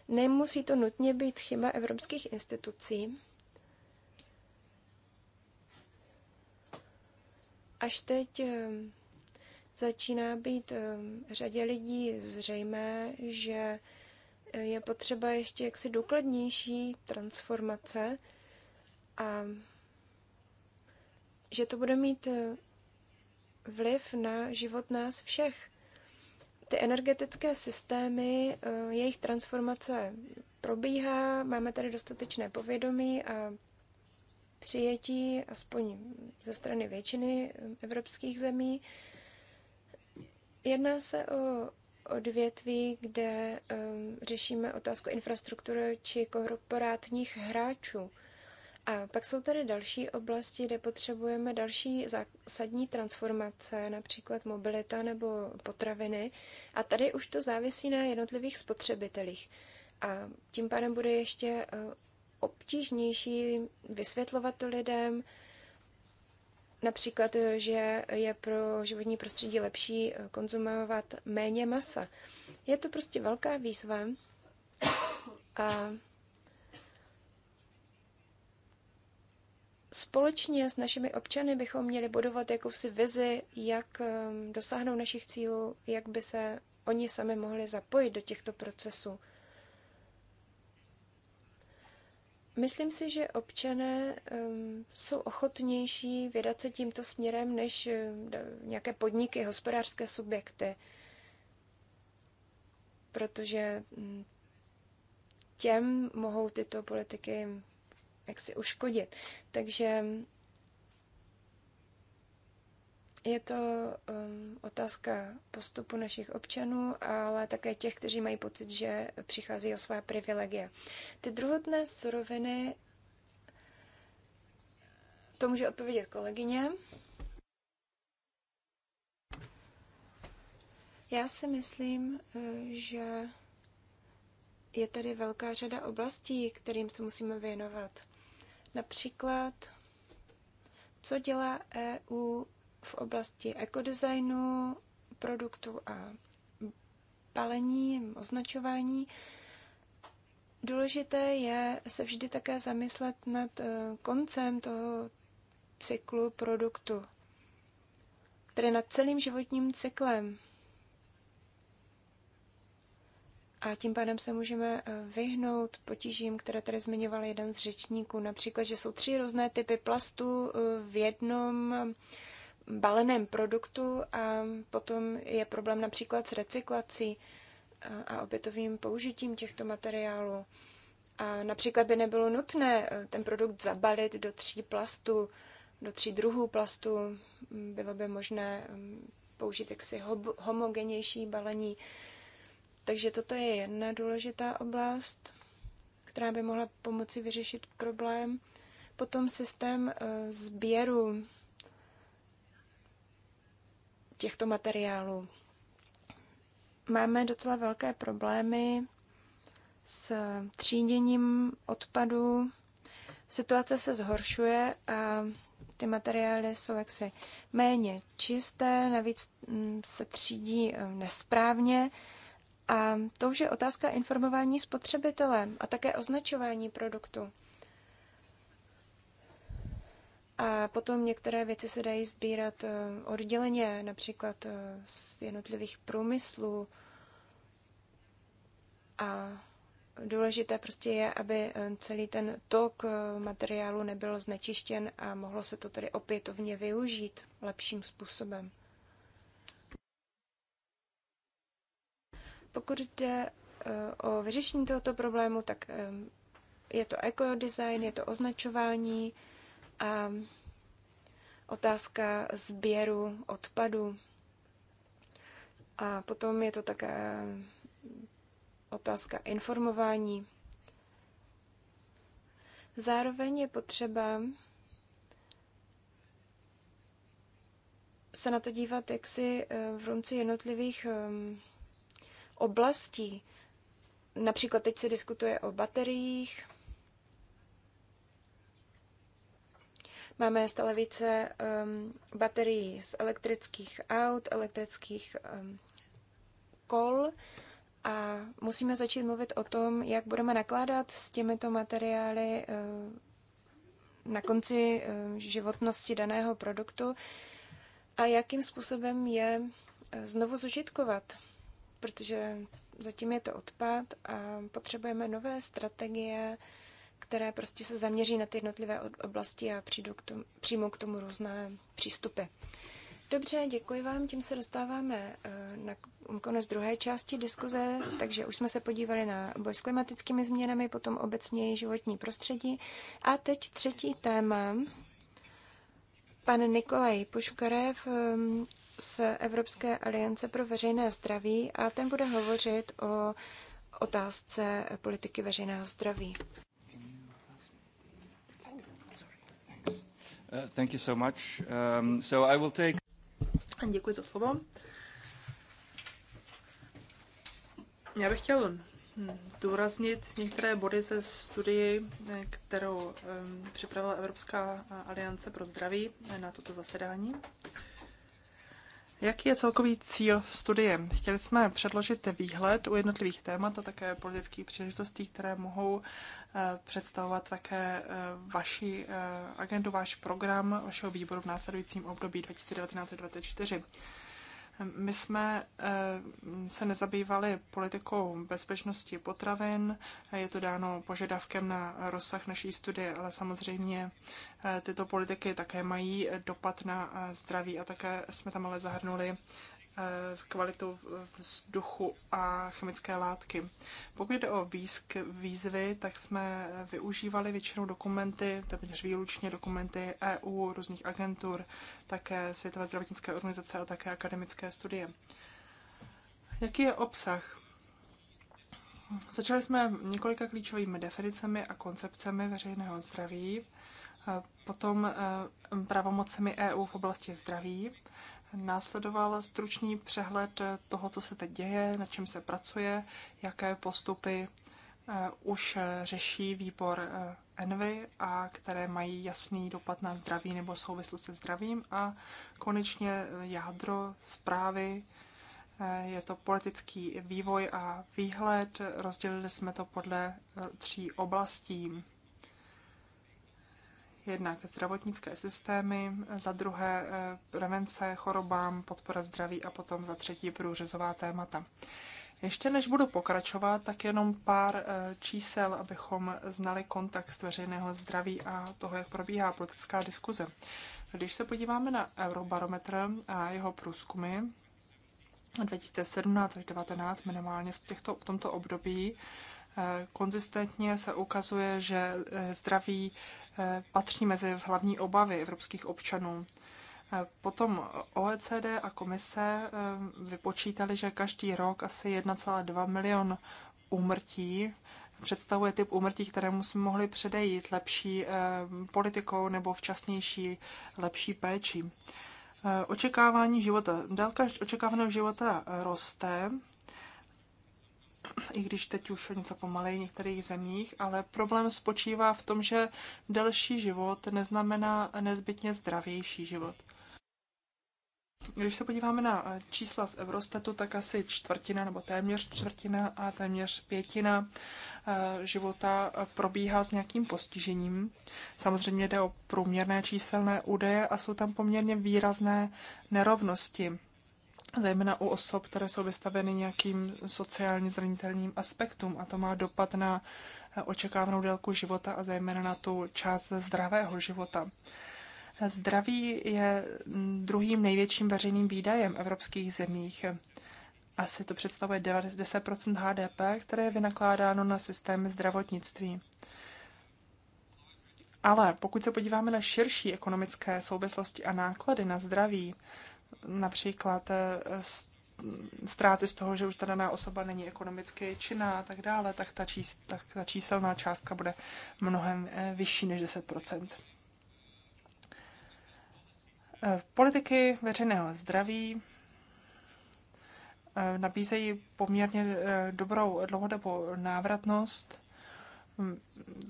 Speaker 2: Nemusí to nutně být chyba evropských institucí. Až teď eh, začíná být eh, řadě lidí zřejmé, že eh, je potřeba ještě jaksi důkladnější transformace a že to bude mít vliv na život nás všech. Ty energetické systémy, eh, jejich transformace probíhá, máme tady dostatečné povědomí a přijetí, aspoň ze strany většiny eh, evropských zemí. Jedná se o odvětví, kde um, řešíme otázku infrastruktury či korporátních hráčů. A pak jsou tady další oblasti, kde potřebujeme další zásadní transformace, například mobilita nebo potraviny. A tady už to závisí na jednotlivých spotřebitelích. A tím pádem bude ještě e, obtížnější vysvětlovat to lidem, například, e, že je pro životní prostředí lepší e, konzumovat méně masa. Je to prostě velká výzva a Společně s našimi občany bychom měli budovat jakousi vizi, jak ehm, dosáhnout našich cílů, jak by se oni sami mohli zapojit do těchto procesů. Myslím si, že občané ehm, jsou ochotnější vydat se tímto směrem než ehm, nějaké podniky, hospodářské subjekty, protože hm, těm mohou tyto politiky jak si uškodit. Takže je to um, otázka postupu našich občanů, ale také těch, kteří mají pocit, že přichází o své privilegie. Ty druhotné suroviny, to může odpovědět kolegyně. Já si myslím, eh, že je tady velká řada oblastí, kterým se musíme věnovat. Například, co dělá EU v oblasti ekodesignu, produktu a balení, označování. Důležité je se vždy také zamyslet nad e, koncem toho cyklu produktu, tedy nad celým životním cyklem A tím pádem se můžeme eh, vyhnout potížím, které tady zmiňoval jeden z řečníků. Například, že jsou tři různé typy plastů eh, v jednom baleném produktu a potom je problém například s recyklací eh, a opětovným použitím těchto materiálů. A například by nebylo nutné ten produkt zabalit do tří plastů, do tří druhů plastů. Bylo by možné mm, použít jaksi homogenější balení takže toto je jedna důležitá oblast, která by mohla pomoci vyřešit problém. Potom systém eh, sběru těchto materiálů. Máme docela velké problémy s tříděním odpadu. Situace se zhoršuje a ty materiály jsou jaksi méně čisté, navíc mm, se třídí eh, nesprávně. A to už je otázka informování spotřebitele a také označování produktu. A potom některé věci se dají sbírat eh, odděleně, například eh, z jednotlivých průmyslů. A důležité prostě je, aby eh, celý ten tok materiálu nebyl znečištěn a mohlo se to tedy opětovně využít lepším způsobem. Pokud jde e, o vyřešení tohoto problému, tak e, je to ekodesign, je to označování a otázka sběru odpadu. A potom je to také otázka informování. Zároveň je potřeba se na to dívat jak si e, v rámci jednotlivých oblastí. Například teď se diskutuje o bateriích. Máme stále více um, baterií z elektrických aut, elektrických um, kol a musíme začít mluvit o tom, jak budeme nakládat s těmito materiály uh, na konci uh, životnosti daného produktu a jakým způsobem je uh, znovu zužitkovat protože zatím je to odpad a potřebujeme nové strategie, které prostě se zaměří na ty jednotlivé oblasti a přijdou k tomu, přímo k tomu různé přístupy. Dobře, děkuji vám. Tím se dostáváme eh, na konec druhé části diskuze, takže už jsme se podívali na boj s klimatickými změnami, potom obecněji životní prostředí. A teď třetí téma, Pan Nikolaj Puškarev um, z Evropské aliance pro veřejné zdraví a ten bude hovořit o otázce politiky veřejného zdraví.
Speaker 1: Uh, thank you so much. Um, so I will take... Děkuji za slovo. Já bych chtěl důraznit některé body ze studii, kterou připravila Evropská aliance pro zdraví na toto zasedání. Jaký je celkový cíl studie? Chtěli jsme předložit výhled u jednotlivých témat a také politických příležitostí, které mohou eh, představovat také eh, vaši eh, agendu, váš program vašeho výboru v následujícím období 2019-2024. My jsme eh, se nezabývali politikou bezpečnosti potravin, je to dáno požadavkem na rozsah naší studie, ale samozřejmě eh, tyto politiky také mají dopad na eh, zdraví a také jsme tam ale zahrnuli Eh, kvalitu vzduchu a chemické látky. Pokud jde o výzk, výzvy, tak jsme využívali většinou dokumenty, téměř výlučně dokumenty EU, různých agentur, také Světové zdravotnické organizace a také akademické studie. Jaký je obsah? Začali jsme několika klíčovými definicemi a koncepcemi veřejného zdraví, eh, potom eh, pravomocemi EU v oblasti zdraví Následoval stručný přehled toho, co se teď děje, na čem se pracuje, jaké postupy eh, už řeší výbor eh, Envy a které mají jasný dopad na zdraví nebo souvislost se zdravím. A konečně jádro zprávy, eh, je to politický vývoj a výhled. Rozdělili jsme to podle tří oblastí jednak zdravotnické systémy, za druhé eh, prevence chorobám, podpora zdraví a potom za třetí průřezová témata. Ještě než budu pokračovat, tak jenom pár eh, čísel, abychom znali kontext veřejného zdraví a toho, jak probíhá politická diskuze. Když se podíváme na Eurobarometr a jeho průzkumy, 2017 až 2019 minimálně v, těchto, v tomto období, eh, konzistentně se ukazuje, že zdraví Eh, patří mezi hlavní obavy evropských občanů. Eh, potom OECD a komise eh, vypočítali, že každý rok asi 1,2 milion úmrtí představuje typ úmrtí, kterému jsme mohli předejít lepší politikou nebo včasnější lepší péčí. Očekávání života. Délka očekávaného života roste, i když teď už o něco pomalej v některých zemích, ale problém spočívá v tom, že delší život neznamená nezbytně zdravější život. Když se podíváme na čísla z Eurostatu, tak asi čtvrtina nebo téměř čtvrtina a téměř pětina eh, života probíhá s nějakým postižením. Samozřejmě jde o průměrné číselné údaje a jsou tam poměrně výrazné nerovnosti zejména u osob, které jsou vystaveny nějakým sociálně zranitelným aspektům a to má dopad na eh, očekávanou délku života a zejména na tu část zdravého života. Zdraví je mm, druhým největším veřejným výdajem evropských zemích. Asi to představuje 10 HDP, které je vynakládáno na systém zdravotnictví. Ale pokud se podíváme na širší ekonomické souvislosti a náklady na zdraví, například eh, ztráty z toho, že už ta daná osoba není ekonomicky činná a tak dále, tak ta, čís, tak ta číselná částka bude mnohem eh, vyšší než 10 eh, Politiky veřejného zdraví nabízejí poměrně dobrou dlouhodobou návratnost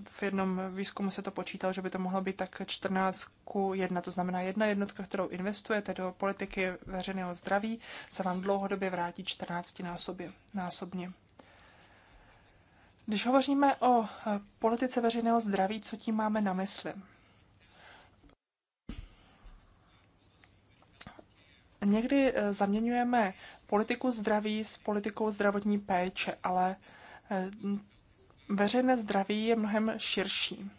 Speaker 1: v jednom výzkumu se to počítalo, že by to mohlo být tak 14 ku 1, to znamená jedna jednotka, kterou investujete do politiky veřejného zdraví, se vám dlouhodobě vrátí 14 násobě, násobně. Když hovoříme o politice veřejného zdraví, co tím máme na mysli? Někdy eh, zaměňujeme politiku zdraví s politikou zdravotní péče, ale eh, veřejné zdraví je mnohem širší.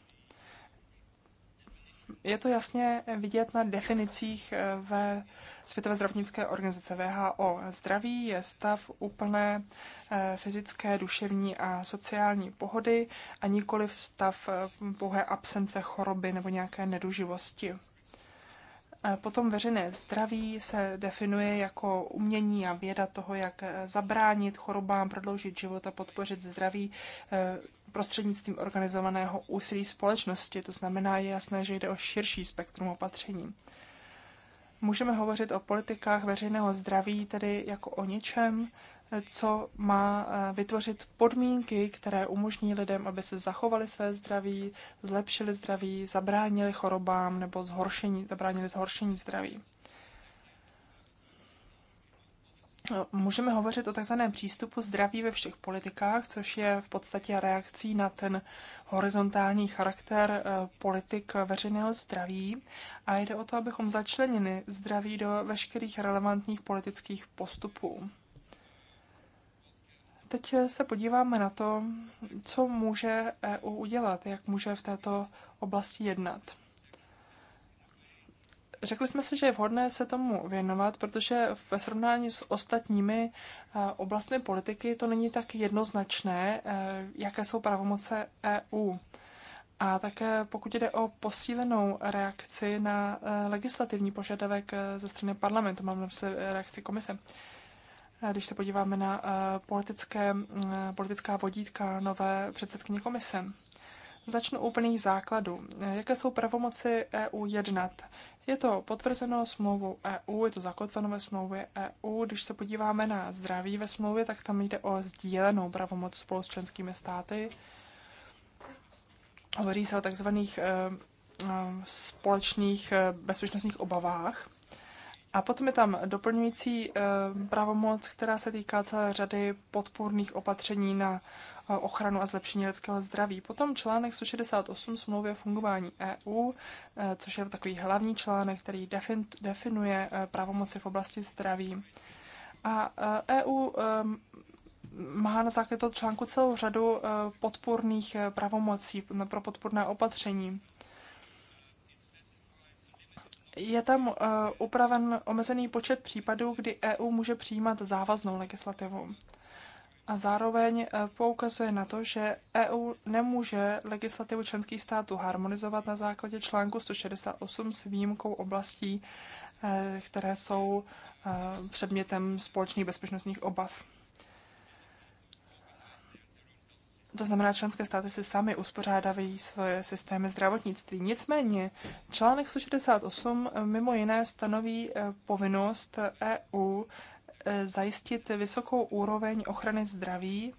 Speaker 1: Je to jasně vidět na definicích eh, ve Světové zdravotnické organizace VHO. Zdraví je stav úplné eh, fyzické, duševní a sociální pohody a nikoli stav eh, pouhé absence choroby nebo nějaké neduživosti. Eh, potom veřejné zdraví se definuje jako umění a věda toho, jak eh, zabránit chorobám, prodloužit život a podpořit zdraví eh, prostřednictvím organizovaného úsilí společnosti. To znamená, je jasné, že jde o širší spektrum opatření. Můžeme hovořit o politikách veřejného zdraví, tedy jako o něčem, co má eh, vytvořit podmínky, které umožní lidem, aby se zachovali své zdraví, zlepšili zdraví, zabránili chorobám nebo zhoršení, zabránili zhoršení zdraví. Můžeme hovořit o takzvaném přístupu zdraví ve všech politikách, což je v podstatě reakcí na ten horizontální charakter eh, politik veřejného zdraví. A jde o to, abychom začlenili zdraví do veškerých relevantních politických postupů. Teď se podíváme na to, co může EU udělat, jak může v této oblasti jednat. Řekli jsme si, že je vhodné se tomu věnovat, protože ve srovnání s ostatními eh, oblastmi politiky to není tak jednoznačné, eh, jaké jsou pravomoce EU. A také pokud jde o posílenou reakci na eh, legislativní požadavek ze strany parlamentu, mám na mysli reakci komise, když se podíváme na eh, politické, mm, eh, politická vodítka nové předsedkyně komise. Začnu úplných základů. Eh, jaké jsou pravomoci EU jednat? Je to potvrzeno smlouvou EU, je to zakotveno ve smlouvě EU. Když se podíváme na zdraví ve smlouvě, tak tam jde o sdílenou pravomoc spolu s členskými státy. Hovoří se o takzvaných společných bezpečnostních obavách. A potom je tam doplňující eh, pravomoc, která se týká celé řady podpůrných opatření na eh, ochranu a zlepšení lidského zdraví. Potom článek 168 smlouvy o fungování EU, eh, což je takový hlavní článek, který definuje pravomoci v oblasti zdraví. A EU e má na základě toho článku celou řadu podpůrných pravomocí pro podpůrné opatření je tam eh, upraven omezený počet případů, kdy EU může přijímat závaznou legislativu. A zároveň eh, poukazuje na to, že EU nemůže legislativu členských států harmonizovat na základě článku 168 s výjimkou oblastí, eh, které jsou předmětem společných bezpečnostních obav. To znamená, členské státy si sami uspořádávají svoje systémy zdravotnictví. Nicméně článek 168 eh, mimo jiné stanoví eh, povinnost EU eh, zajistit vysokou úroveň ochrany zdraví,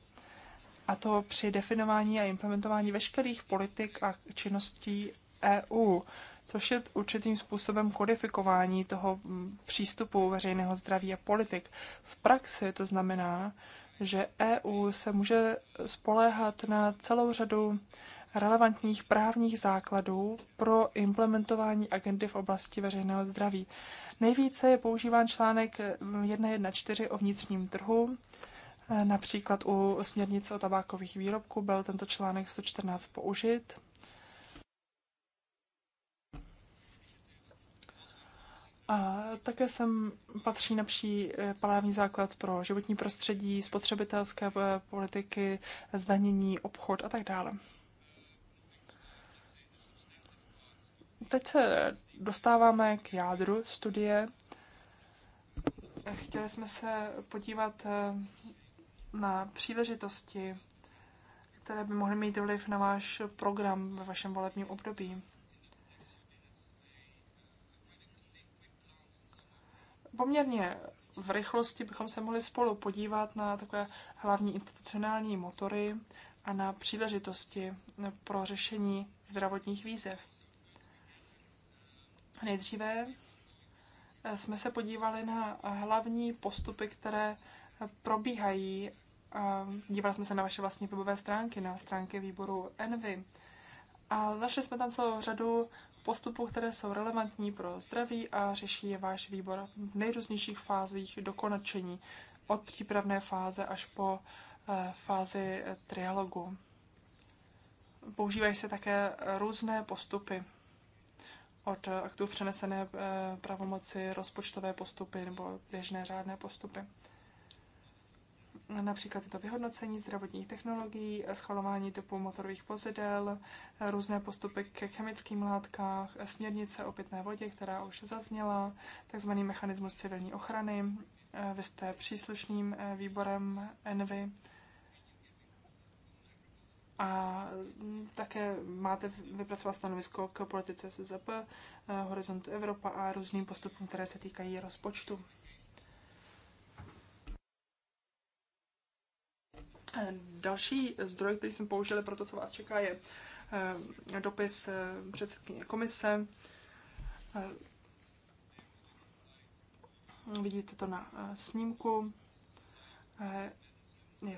Speaker 1: a to při definování a implementování veškerých politik a činností EU, což je určitým způsobem kodifikování toho mm, přístupu veřejného zdraví a politik. V praxi to znamená, že EU se může spoléhat na celou řadu relevantních právních základů pro implementování agendy v oblasti veřejného zdraví. Nejvíce je používán článek 1.1.4 o vnitřním trhu. Například u směrnice o tabákových výrobků byl tento článek 114 použit. A také sem patří napří eh, právní základ pro životní prostředí, spotřebitelské eh, politiky, zdanění, obchod a tak dále. Teď se dostáváme k jádru studie. Chtěli jsme se podívat eh, na příležitosti, které by mohly mít vliv na váš program ve vašem volebním období. poměrně v rychlosti bychom se mohli spolu podívat na takové hlavní institucionální motory a na příležitosti pro řešení zdravotních výzev. Nejdříve eh, jsme se podívali na hlavní postupy, které probíhají. Dívali jsme se na vaše vlastní webové stránky, na stránky výboru Envy. A našli jsme tam celou řadu postupů, které jsou relevantní pro zdraví a řeší je váš výbor v nejrůznějších fázích dokončení, od přípravné fáze až po eh, fázi eh, trialogu. Používají se také různé postupy od aktů přenesené eh, pravomoci, rozpočtové postupy nebo běžné řádné postupy. Například to vyhodnocení zdravotních technologií, schvalování typu motorových vozidel, různé postupy ke chemickým látkách, směrnice o pitné vodě, která už zazněla, takzvaný mechanismus civilní ochrany. Vy jste příslušným eh, výborem ENVY. A mm, také máte vypracovat stanovisko k politice SZP, eh, Horizontu Evropa a různým postupům, které se týkají rozpočtu. Eh, další zdroj, který jsem použila pro to, co vás čeká, je eh, dopis eh, předsedkyně komise. Vidíte to na snímku.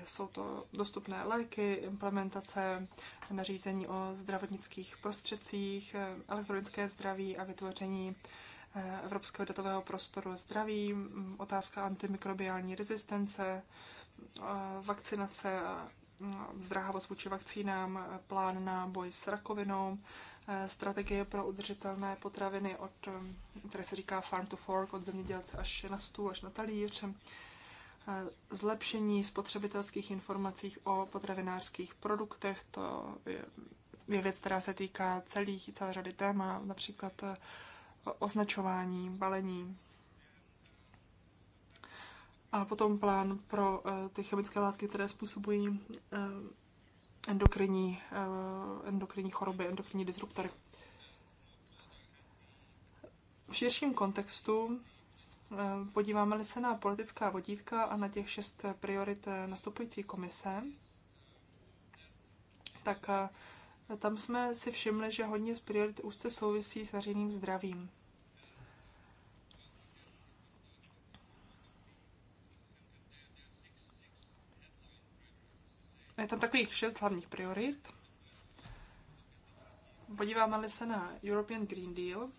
Speaker 1: Jsou to dostupné léky, implementace nařízení o zdravotnických prostředcích, elektronické zdraví a vytvoření Evropského datového prostoru zdraví, mm, otázka antimikrobiální rezistence, vakcinace, no, zdráhavost vůči vakcínám, plán na boj s rakovinou, strategie pro udržitelné potraviny, od, které se říká farm to fork, od zemědělce až na stůl, až na talíř, zlepšení spotřebitelských informací o potravinářských produktech, to je, je věc, která se týká celých, celé řady téma, například označování, balení, a potom plán pro eh, ty chemické látky, které způsobují eh, endokrinní, eh, endokrinní choroby, endokrinní disruptory. V širším kontextu podíváme-li se na politická vodítka a na těch šest priorit nastupující komise, tak tam jsme si všimli, že hodně z priorit úzce souvisí s veřejným zdravím. Je tam takových šest hlavních priorit. Podíváme-li se na European Green Deal,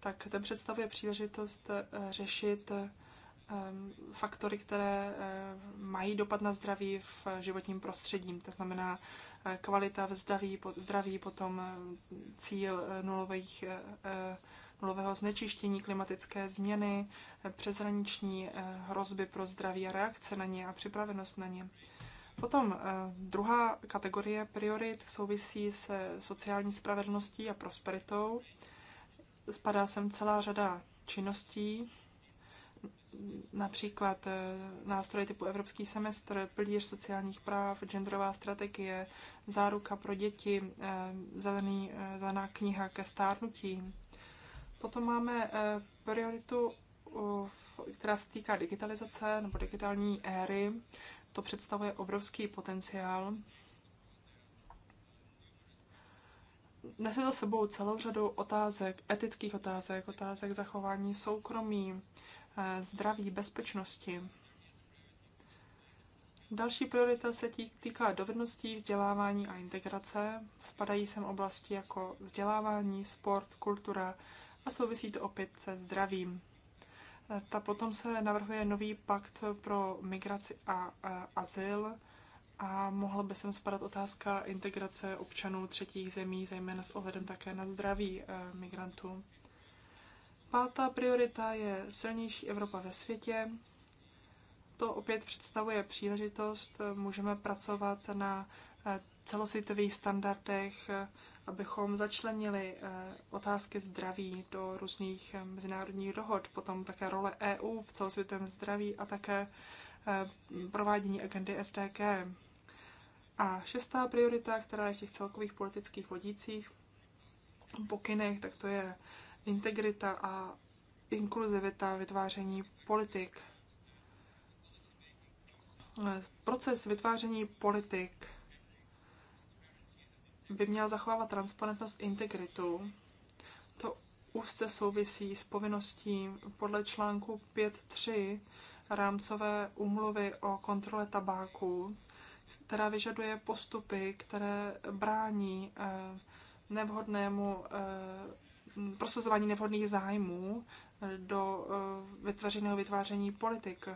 Speaker 1: tak ten představuje příležitost eh, řešit eh, faktory, které eh, mají dopad na zdraví v životním prostředí. To znamená kvalita v zdraví, zdraví potom cíl nulových, nulového znečištění, klimatické změny, přeshraniční hrozby pro zdraví a reakce na ně a připravenost na ně. Potom eh, druhá kategorie priorit souvisí se sociální spravedlností a prosperitou. Spadá sem celá řada činností, například eh, nástroje typu Evropský semestr, pilíř sociálních práv, genderová strategie, záruka pro děti, eh, zelený, zelená kniha ke stárnutí. Potom máme prioritu, která se týká digitalizace nebo digitální éry to představuje obrovský potenciál. Nese za sebou celou řadu otázek, etických otázek, otázek zachování soukromí, eh, zdraví, bezpečnosti. Další priorita se týká dovedností, vzdělávání a integrace. Spadají sem oblasti jako vzdělávání, sport, kultura a souvisí to opět se zdravím. Ta potom se navrhuje nový pakt pro migraci a, azyl a mohla by sem spadat otázka integrace občanů třetích zemí, zejména s ohledem také na zdraví eh, migrantů. Pátá priorita je silnější Evropa ve světě. To opět představuje příležitost. Můžeme pracovat na eh, celosvětových standardech abychom začlenili eh, otázky zdraví do různých eh, mezinárodních dohod, potom také role EU v celosvětovém zdraví a také eh, provádění agendy SDG. A šestá priorita, která je v těch celkových politických vodících, pokynech, tak to je integrita a inkluzivita vytváření politik. Proces vytváření politik by měl zachovávat transparentnost, integritu. To úzce souvisí s povinností podle článku 5.3 rámcové úmluvy o kontrole tabáku, která vyžaduje postupy, které brání eh, nevhodnému eh, prosazování nevhodných zájmů eh, do vytvořeného vytváření politik.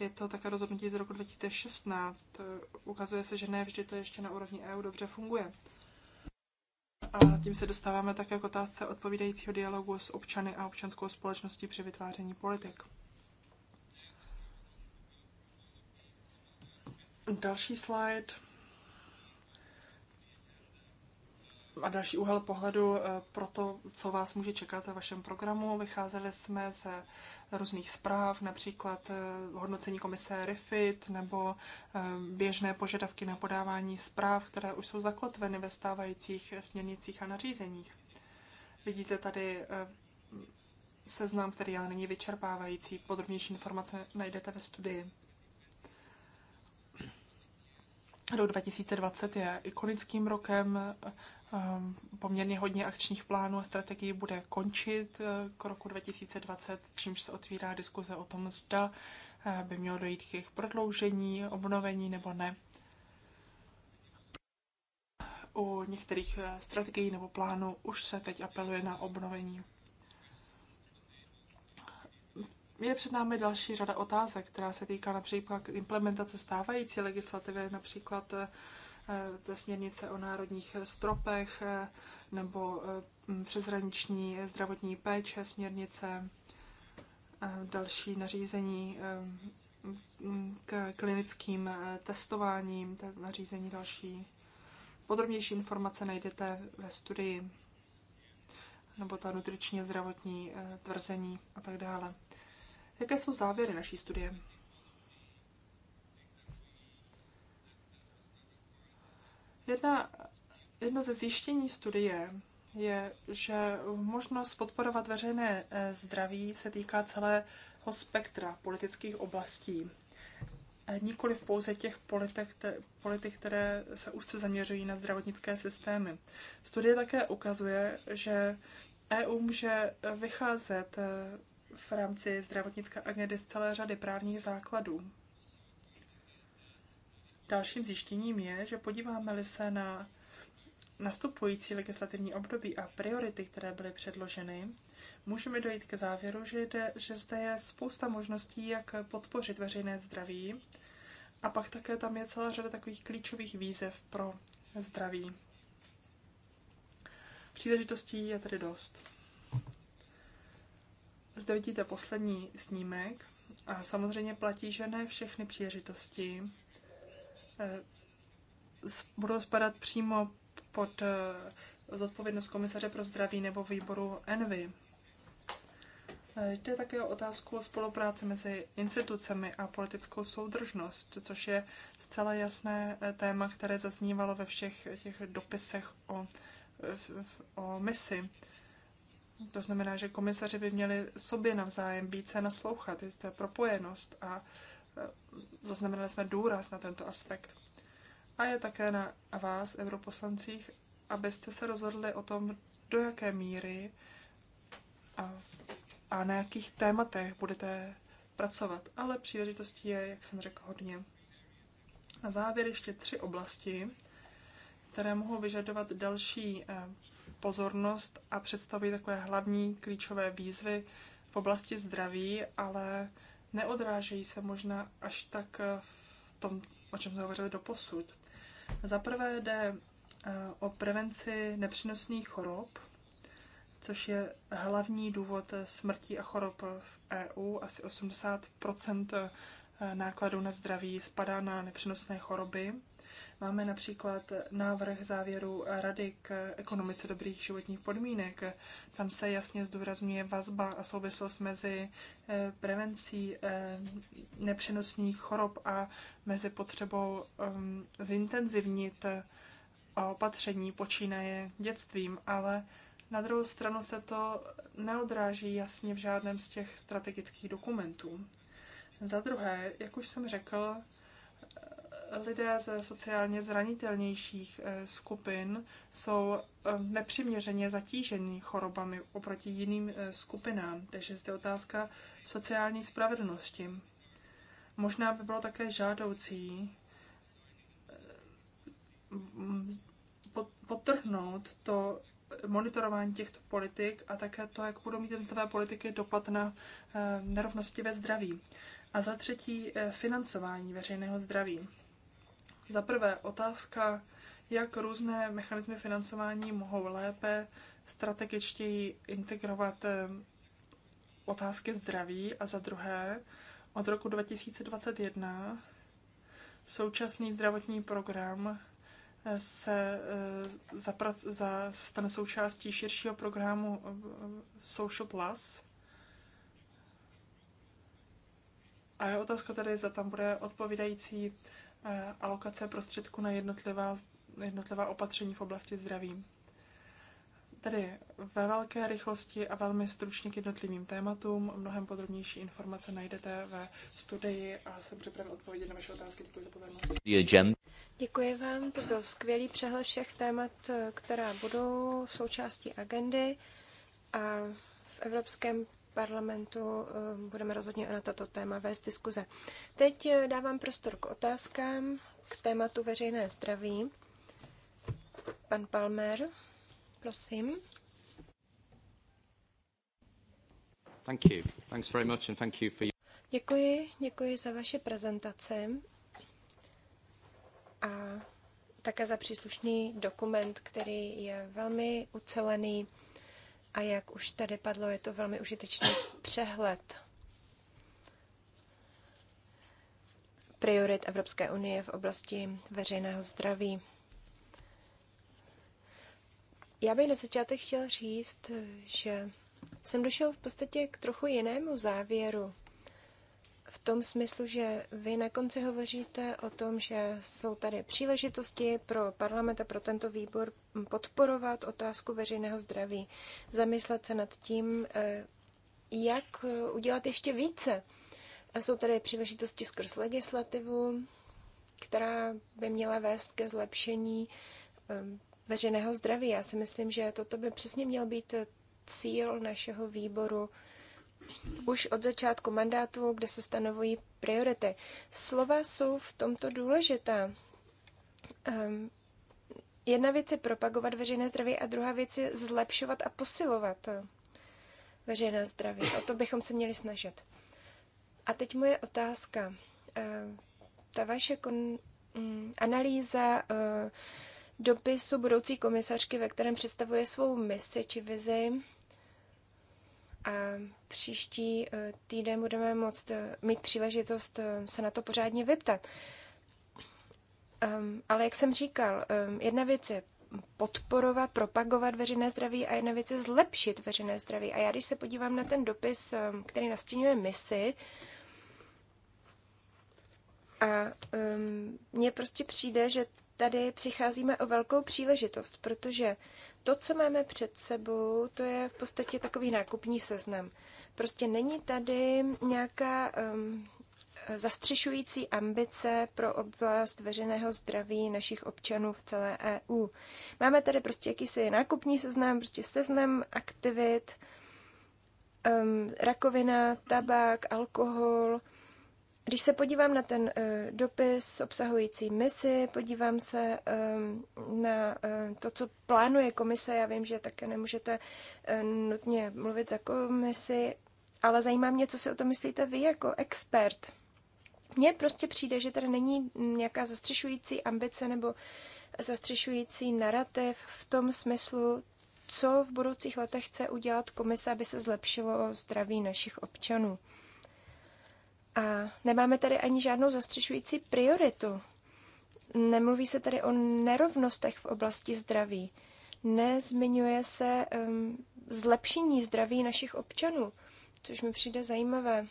Speaker 1: Je to také rozhodnutí z roku 2016. Ukazuje se, že ne vždy to ještě na úrovni EU dobře funguje. A tím se dostáváme také k otázce odpovídajícího dialogu s občany a občanskou společností při vytváření politik. Další slide. a další úhel pohledu eh, pro to, co vás může čekat ve vašem programu. Vycházeli jsme ze různých zpráv, například eh, hodnocení komise RIFIT nebo eh, běžné požadavky na podávání zpráv, které už jsou zakotveny ve stávajících směrnicích a nařízeních. Vidíte tady seznam, který ale není vyčerpávající. Podrobnější informace najdete ve studii. Rok 2020 je ikonickým rokem Ehm, poměrně hodně akčních plánů a strategií bude končit eh, k roku 2020, čímž se otvírá diskuze o tom, zda eh, by mělo dojít k jejich prodloužení, obnovení nebo ne. U některých eh, strategií nebo plánů už se teď apeluje na obnovení. Je před námi další řada otázek, která se týká například implementace stávající legislativy, například Eh, té směrnice o národních stropech eh, nebo eh, přeshraniční zdravotní péče, směrnice, další nařízení k klinickým testováním, nařízení další. Podrobnější informace najdete ve studii nebo ta nutričně zdravotní tvrzení a tak dále. Jaké jsou závěry naší studie? Jedna, jedno ze zjištění studie je, že možnost podporovat veřejné eh, zdraví se týká celého spektra politických oblastí. Nikoliv pouze těch politik, politik, které se úzce zaměřují na zdravotnické systémy. Studie také ukazuje, že EU může vycházet eh, v rámci zdravotnické agendy z celé řady právních základů. Dalším zjištěním je, že podíváme-li se na nastupující legislativní období a priority, které byly předloženy, můžeme dojít k závěru, že, jde, že zde je spousta možností, jak podpořit veřejné zdraví. A pak také tam je celá řada takových klíčových výzev pro zdraví. Příležitostí je tedy dost. Zde vidíte poslední snímek a samozřejmě platí, že ne všechny příležitosti Eh, budou spadat přímo pod eh, zodpovědnost komisaře pro zdraví nebo výboru ENVY. Eh, jde také o otázku o spolupráci mezi institucemi a politickou soudržnost, což je zcela jasné téma, které zaznívalo ve všech těch dopisech o, o misi. To znamená, že komisaři by měli sobě navzájem více naslouchat, jisté propojenost a Eh, zaznamenali jsme důraz na tento aspekt. A je také na vás, europoslancích, abyste se rozhodli o tom, do jaké míry a, a na jakých tématech budete pracovat. Ale příležitostí je, jak jsem řekl, hodně. Na závěr ještě tři oblasti, které mohou vyžadovat další eh, pozornost a představují takové hlavní klíčové výzvy v oblasti zdraví, ale neodrážejí se možná až tak eh, v tom, o čem jsme hovořili do posud. Za prvé jde eh, o prevenci nepřenosných chorob, což je hlavní důvod eh, smrtí a chorob v EU. Asi 80 nákladů na zdraví spadá na nepřenosné choroby. Máme například návrh závěru Rady k ekonomice dobrých životních podmínek. Tam se jasně zdůrazňuje vazba a souvislost mezi eh, prevencí eh, nepřenosných chorob a mezi potřebou ehm, zintenzivnit eh, opatření počínaje dětstvím, ale na druhou stranu se to neodráží jasně v žádném z těch strategických dokumentů. Za druhé, jak už jsem řekl, lidé ze sociálně zranitelnějších eh, skupin jsou eh, nepřiměřeně zatíženi chorobami oproti jiným eh, skupinám. Takže zde otázka sociální spravedlnosti. Možná by bylo také žádoucí potrhnout to monitorování těchto politik a také to, jak budou mít jednotlivé politiky dopad na nerovnosti ve zdraví. A za třetí financování veřejného zdraví. Za prvé otázka, jak různé mechanismy financování mohou lépe strategičtěji integrovat eh, otázky zdraví a za druhé od roku 2021 současný zdravotní program eh, se, eh, zaprac- za, se stane součástí širšího programu Social Plus. A je otázka tady, zda tam bude odpovídající Eh, alokace prostředků na jednotlivá, jednotlivá opatření v oblasti zdraví. Tedy ve velké rychlosti a velmi stručně k jednotlivým tématům. Mnohem podrobnější informace najdete ve studii a jsem připraven odpovědět na vaše otázky. Děkuji za pozornost. Děkuji vám, to
Speaker 2: byl skvělý přehled všech témat, eh, která budou součástí agendy. A v Evropském parlamentu eh, budeme rozhodně na tato téma vést diskuze. Teď eh, dávám prostor k otázkám k tématu veřejné zdraví. Pan Palmer, prosím.
Speaker 1: Thank you. Thanks very much and thank you for...
Speaker 2: Děkuji, děkuji za vaše prezentaci a také za příslušný dokument, který je velmi ucelený a jak už tady padlo, je to velmi užitečný přehled priorit Evropské unie v oblasti veřejného zdraví. Já bych na začátek chtěl říct, že jsem došel v podstatě k trochu jinému závěru v tom smyslu, že vy na konci hovoříte o tom, že jsou tady příležitosti pro parlament a pro tento výbor podporovat otázku veřejného zdraví, zamyslet se nad tím, eh, jak eh, udělat ještě více. jsou tady příležitosti skrz legislativu, která by měla vést ke zlepšení eh, veřejného zdraví. Já si myslím, že toto by přesně měl být cíl našeho výboru už od začátku mandátu, kde se stanovují priority. Slova jsou v tomto důležitá. Ehm, jedna věc je propagovat veřejné zdraví a druhá věc je zlepšovat a posilovat veřejné zdraví. O to bychom se měli snažit. A teď moje otázka. Ehm, ta vaše kon- mm, analýza eh, dopisu budoucí komisařky, ve kterém představuje svou misi či vizi, a příští eh, týden budeme moct eh, mít příležitost eh, se na to pořádně vyptat. Ehm, ale jak jsem říkal, ehm, jedna věc je podporovat, propagovat veřejné zdraví a jedna věc je zlepšit veřejné zdraví. A já když se podívám na ten dopis, ehm, který nastínuje misi, a um, mně prostě přijde, že tady přicházíme o velkou příležitost, protože to, co máme před sebou, to je v podstatě takový nákupní seznam. Prostě není tady nějaká um, zastřešující ambice pro oblast veřejného zdraví našich občanů v celé EU. Máme tady prostě jakýsi nákupní seznam, prostě seznam aktivit, um, rakovina, tabák, alkohol, když se podívám na ten uh, dopis obsahující misi, podívám se um, na uh, to, co plánuje komise, já vím, že také nemůžete uh, nutně mluvit za komisi, ale zajímá mě, co si o tom myslíte vy jako expert. Mně prostě přijde, že tady není nějaká zastřešující ambice nebo zastřešující narrativ v tom smyslu, co v budoucích letech chce udělat komise, aby se zlepšilo zdraví našich občanů. A nemáme tady ani žádnou zastřešující prioritu. Nemluví se tady o nerovnostech v oblasti zdraví. Nezmiňuje se um, zlepšení zdraví našich občanů, což mi přijde zajímavé.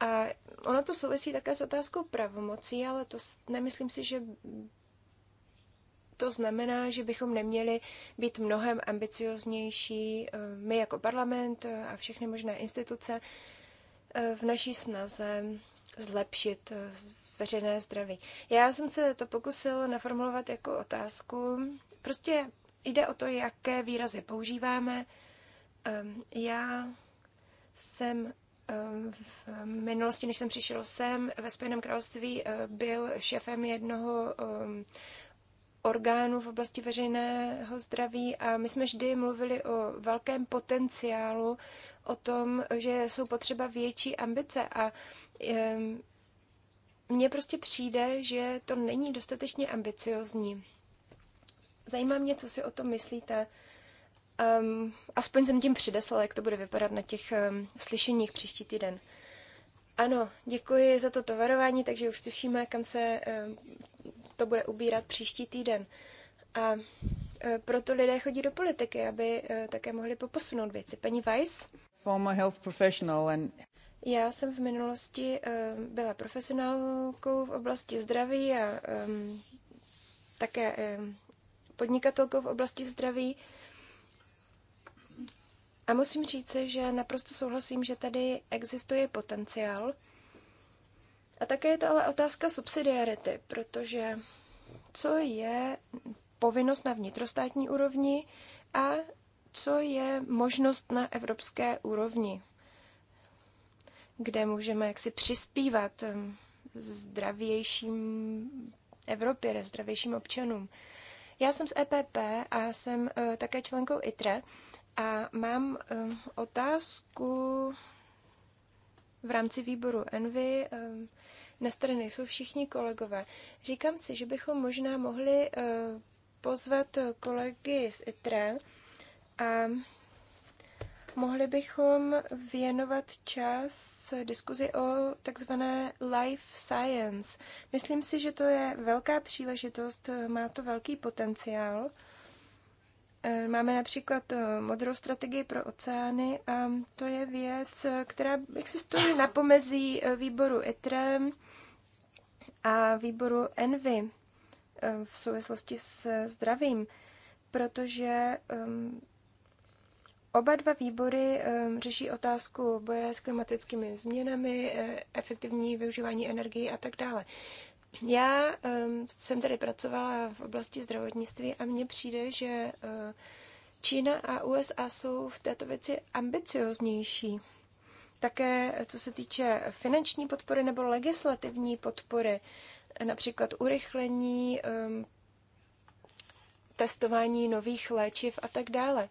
Speaker 2: A ono to souvisí také s otázkou pravomocí, ale to nemyslím si, že to znamená, že bychom neměli být mnohem ambicioznější uh, my jako parlament uh, a všechny možné instituce Eh, v naší snaze zlepšit eh, veřejné zdraví. Já jsem se to pokusil naformulovat jako otázku. Prostě jde o to, jaké výrazy používáme. Ehm, já jsem ehm, v minulosti, než jsem přišel sem, ve Spojeném království eh, byl šéfem jednoho ehm, orgánů v oblasti veřejného zdraví a my jsme vždy mluvili o velkém potenciálu o tom, že jsou potřeba větší ambice a mně prostě přijde, že to není dostatečně ambiciozní. Zajímá mě, co si o tom myslíte. Um, aspoň jsem tím předeslala, jak to bude vypadat na těch um, slyšeních příští týden. Ano, děkuji za to tovarování, takže už slyšíme, kam se um, to bude ubírat příští týden. A uh, proto lidé chodí do politiky, aby uh, také mohli poposunout věci. Paní Weiss?
Speaker 1: former health professional and
Speaker 2: já jsem v minulosti ehm, byla profesionálkou v oblasti zdraví a ehm, také ehm, podnikatelkou v oblasti zdraví. A musím říct, že naprosto souhlasím, že tady existuje potenciál. A také je to ale otázka subsidiarity, protože co je povinnost na vnitrostátní úrovni a co je možnost na evropské úrovni, kde můžeme jaksi přispívat zdravějším Evropě, zdravějším občanům. Já jsem z EPP a jsem e, také členkou ITRE a mám otázku v rámci výboru Envy. na straně jsou všichni kolegové. Říkám si, že bychom možná mohli e, pozvat kolegy z ITRE, a mohli bychom věnovat čas diskuzi o takzvané life science. Myslím si, že to je velká příležitost, má to velký potenciál. E, máme například e, modrou strategii pro oceány a to je věc, která existuje na pomezí e, výboru ITRE a výboru ENVY v souvislosti s zdravím, protože Oba dva výbory ehm, řeší otázku boje s klimatickými změnami, eh, efektivní využívání energie a tak dále. Já ehm, jsem tady pracovala v oblasti zdravotnictví a mně přijde, že eh, Čína a USA jsou v této věci ambicioznější. Také eh, co se týče finanční podpory nebo legislativní podpory, například urychlení ehm, testování nových léčiv a tak dále.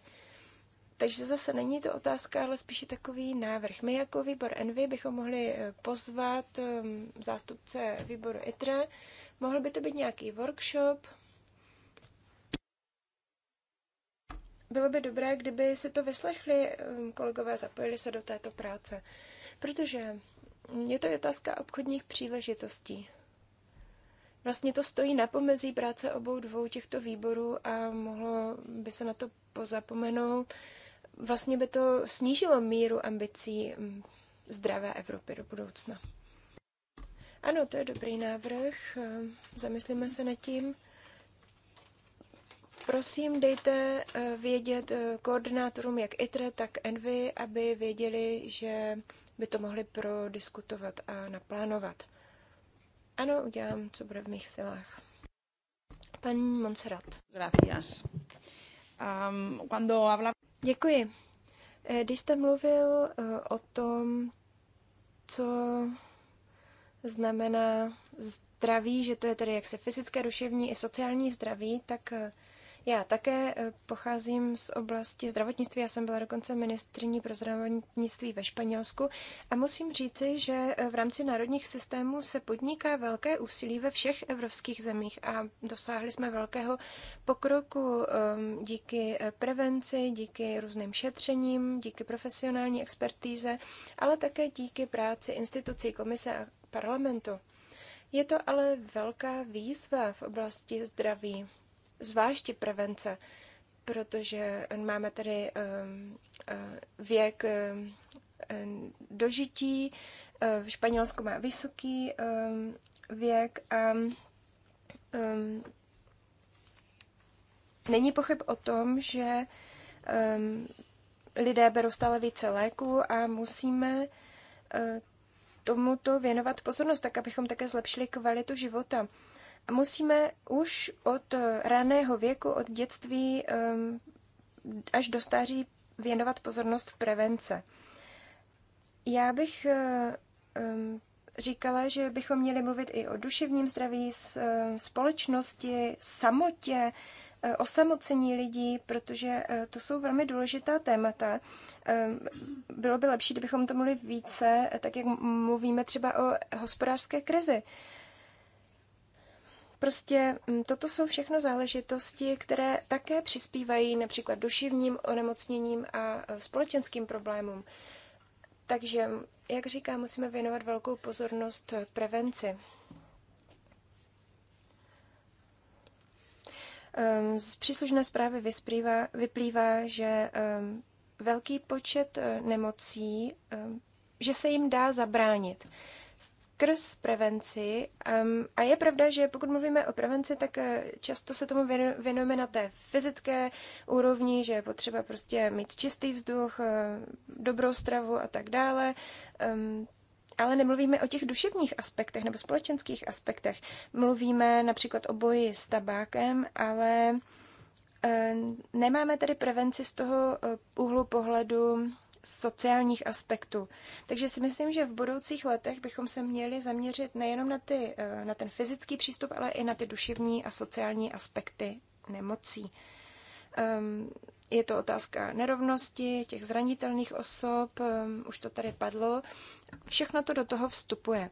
Speaker 2: Takže zase není to otázka, ale spíše takový návrh. My jako výbor Envy bychom mohli eh, pozvat ehm, zástupce výboru ITRE. Mohl by to být nějaký workshop. Bylo by dobré, kdyby si to vyslechli ehm, kolegové, zapojili se do této práce. Protože je to otázka obchodních příležitostí. Vlastně to stojí na pomezí práce obou dvou těchto výborů a mohlo by se na to pozapomenout vlastně by to snížilo míru ambicí mm, zdravé Evropy do budoucna. Ano, to je dobrý návrh. Eh, zamyslíme se nad tím. Prosím, dejte eh, vědět eh, koordinátorům jak ITRE, tak ENVY, aby věděli, že by to mohli prodiskutovat a naplánovat. Ano, udělám, co bude v mých silách. Paní Monserrat. Gracias. Um, cuando habla Děkuji. Eh, když jste mluvil eh, o tom, co znamená zdraví, že to je tedy jaksi fyzické, duševní i sociální zdraví, tak eh, já také eh, pocházím z oblasti zdravotnictví, já jsem byla dokonce ministrní pro zdravotnictví ve Španělsku a musím říci, že eh, v rámci národních systémů se podniká velké úsilí ve všech evropských zemích a dosáhli jsme velkého pokroku ehm, díky eh, prevenci, díky různým šetřením, díky profesionální expertíze, ale také díky práci institucí, komise a parlamentu. Je to ale velká výzva v oblasti zdraví zvláště prevence, protože máme tady ehm, eh, věk ehm, ehm, dožití, eh, v Španělsku má vysoký věk a není pochyb o tom, že lidé berou stále více léku a musíme eh, tomuto věnovat pozornost, tak abychom také zlepšili kvalitu života musíme už od eh, raného věku, od dětství ehm, až do stáří věnovat pozornost prevence. Já bych eh, ehm, říkala, že bychom měli mluvit i o duševním zdraví, ehm, společnosti, samotě, eh, osamocení lidí, protože to jsou velmi důležitá témata. Bylo by lepší, kdybychom to mluvili více, tak jak mluvíme třeba o hospodářské krizi. Prostě mm, toto jsou všechno záležitosti, které také přispívají například duševním onemocněním a e, společenským problémům. Takže, mm, jak říkám, musíme věnovat velkou pozornost e, prevenci. Z příslušné zprávy vyplývá, že velký počet e, nemocí, že se jim dá zabránit skrz prevenci. Um, a je pravda, že pokud mluvíme o prevenci, tak eh, často se tomu věnujeme na té fyzické úrovni, že je potřeba prostě mít čistý vzduch, eh, dobrou stravu a tak dále. Um, ale nemluvíme o těch duševních aspektech nebo společenských aspektech. Mluvíme například o boji s tabákem, ale eh, nemáme tady prevenci z toho úhlu pohledu sociálních aspektů. Takže si myslím, že v budoucích letech bychom se měli zaměřit nejenom na, ty, eh, na ten fyzický přístup, ale i na ty duševní a sociální aspekty nemocí. Um, je to otázka nerovnosti, těch zranitelných osob, um, už to tady padlo. Všechno to do toho vstupuje.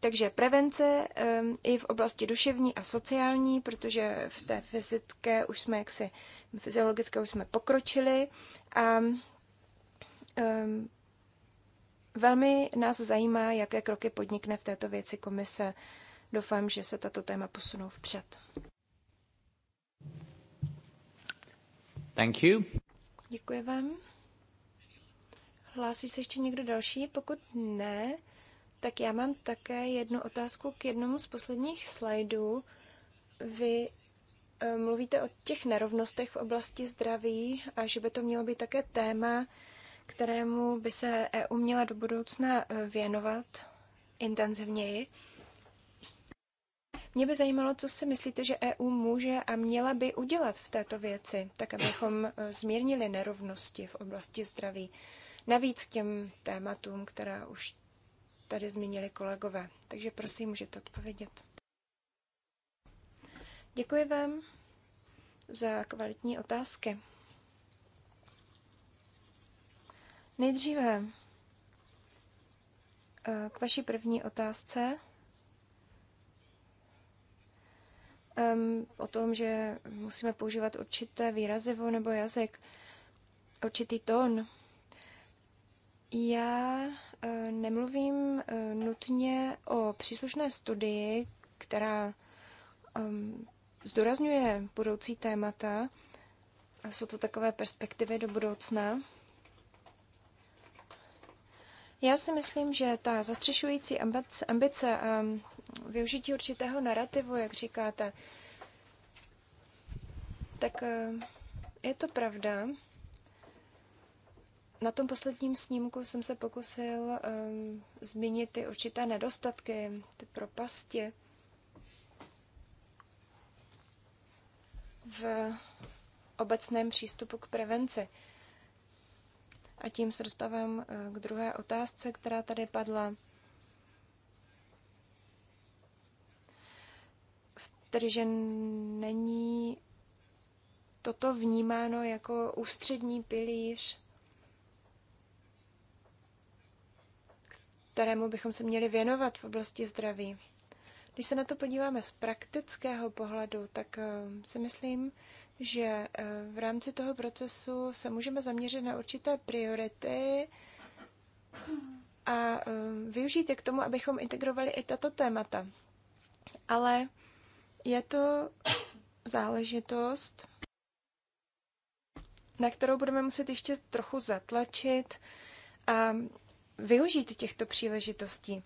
Speaker 2: Takže prevence ehm, i v oblasti duševní a sociální, protože v té fyzické už jsme jaksi, fyziologické už jsme pokročili a ehm, velmi nás zajímá, jaké kroky podnikne v této věci komise. Doufám, že se tato téma posunou vpřed. Thank you. Děkuji vám. Hlásí se ještě někdo další? Pokud ne, tak já mám také jednu otázku k jednomu z posledních slajdů. Vy eh, mluvíte o těch nerovnostech v oblasti zdraví a že by to mělo být také téma, kterému by se EU měla do budoucna eh, věnovat intenzivněji. Mě by zajímalo, co si myslíte, že EU může a měla by udělat v této věci, tak abychom eh, zmírnili nerovnosti v oblasti zdraví. Navíc k těm tématům, která už tady zmínili kolegové. Takže prosím, můžete odpovědět. Děkuji vám za kvalitní otázky. Nejdříve eh, k vaší první otázce. O tom, že musíme používat určité výrazivo nebo jazyk, určitý tón. Já Eh, nemluvím eh, nutně o příslušné studii, která ehm, zdorazňuje budoucí témata. A jsou to takové perspektivy do budoucna. Já si myslím, že ta zastřešující ambice a využití určitého narrativu, jak říkáte, tak eh, je to pravda na tom posledním snímku jsem se pokusil um, zmínit ty určité nedostatky, ty propasti. v obecném přístupu k prevenci. A tím se dostávám eh, k druhé otázce, která tady padla. Tedy, že není toto vnímáno jako ústřední pilíř kterému bychom se měli věnovat v oblasti zdraví. Když se na to podíváme z praktického pohledu, tak eh, si myslím, že eh, v rámci toho procesu se můžeme zaměřit na určité priority a eh, využít je k tomu, abychom integrovali i tato témata. Ale je to záležitost, na kterou budeme muset ještě trochu zatlačit a využít těchto příležitostí.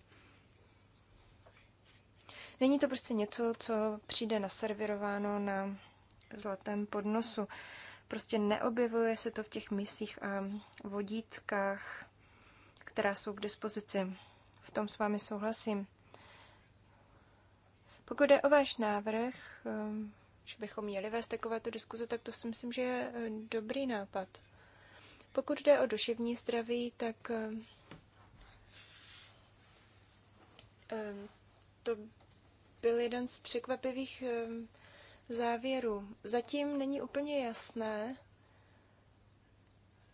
Speaker 2: Není to prostě něco, co přijde naservirováno na zlatém podnosu. Prostě neobjevuje se to v těch misích a vodítkách, která jsou k dispozici. V tom s vámi souhlasím. Pokud je o váš návrh, ehm, že bychom měli vést takovéto diskuze, tak to si myslím, že je eh, dobrý nápad. Pokud jde o duševní zdraví, tak ehm, Ehm, to byl jeden z překvapivých ehm, závěrů. Zatím není úplně jasné,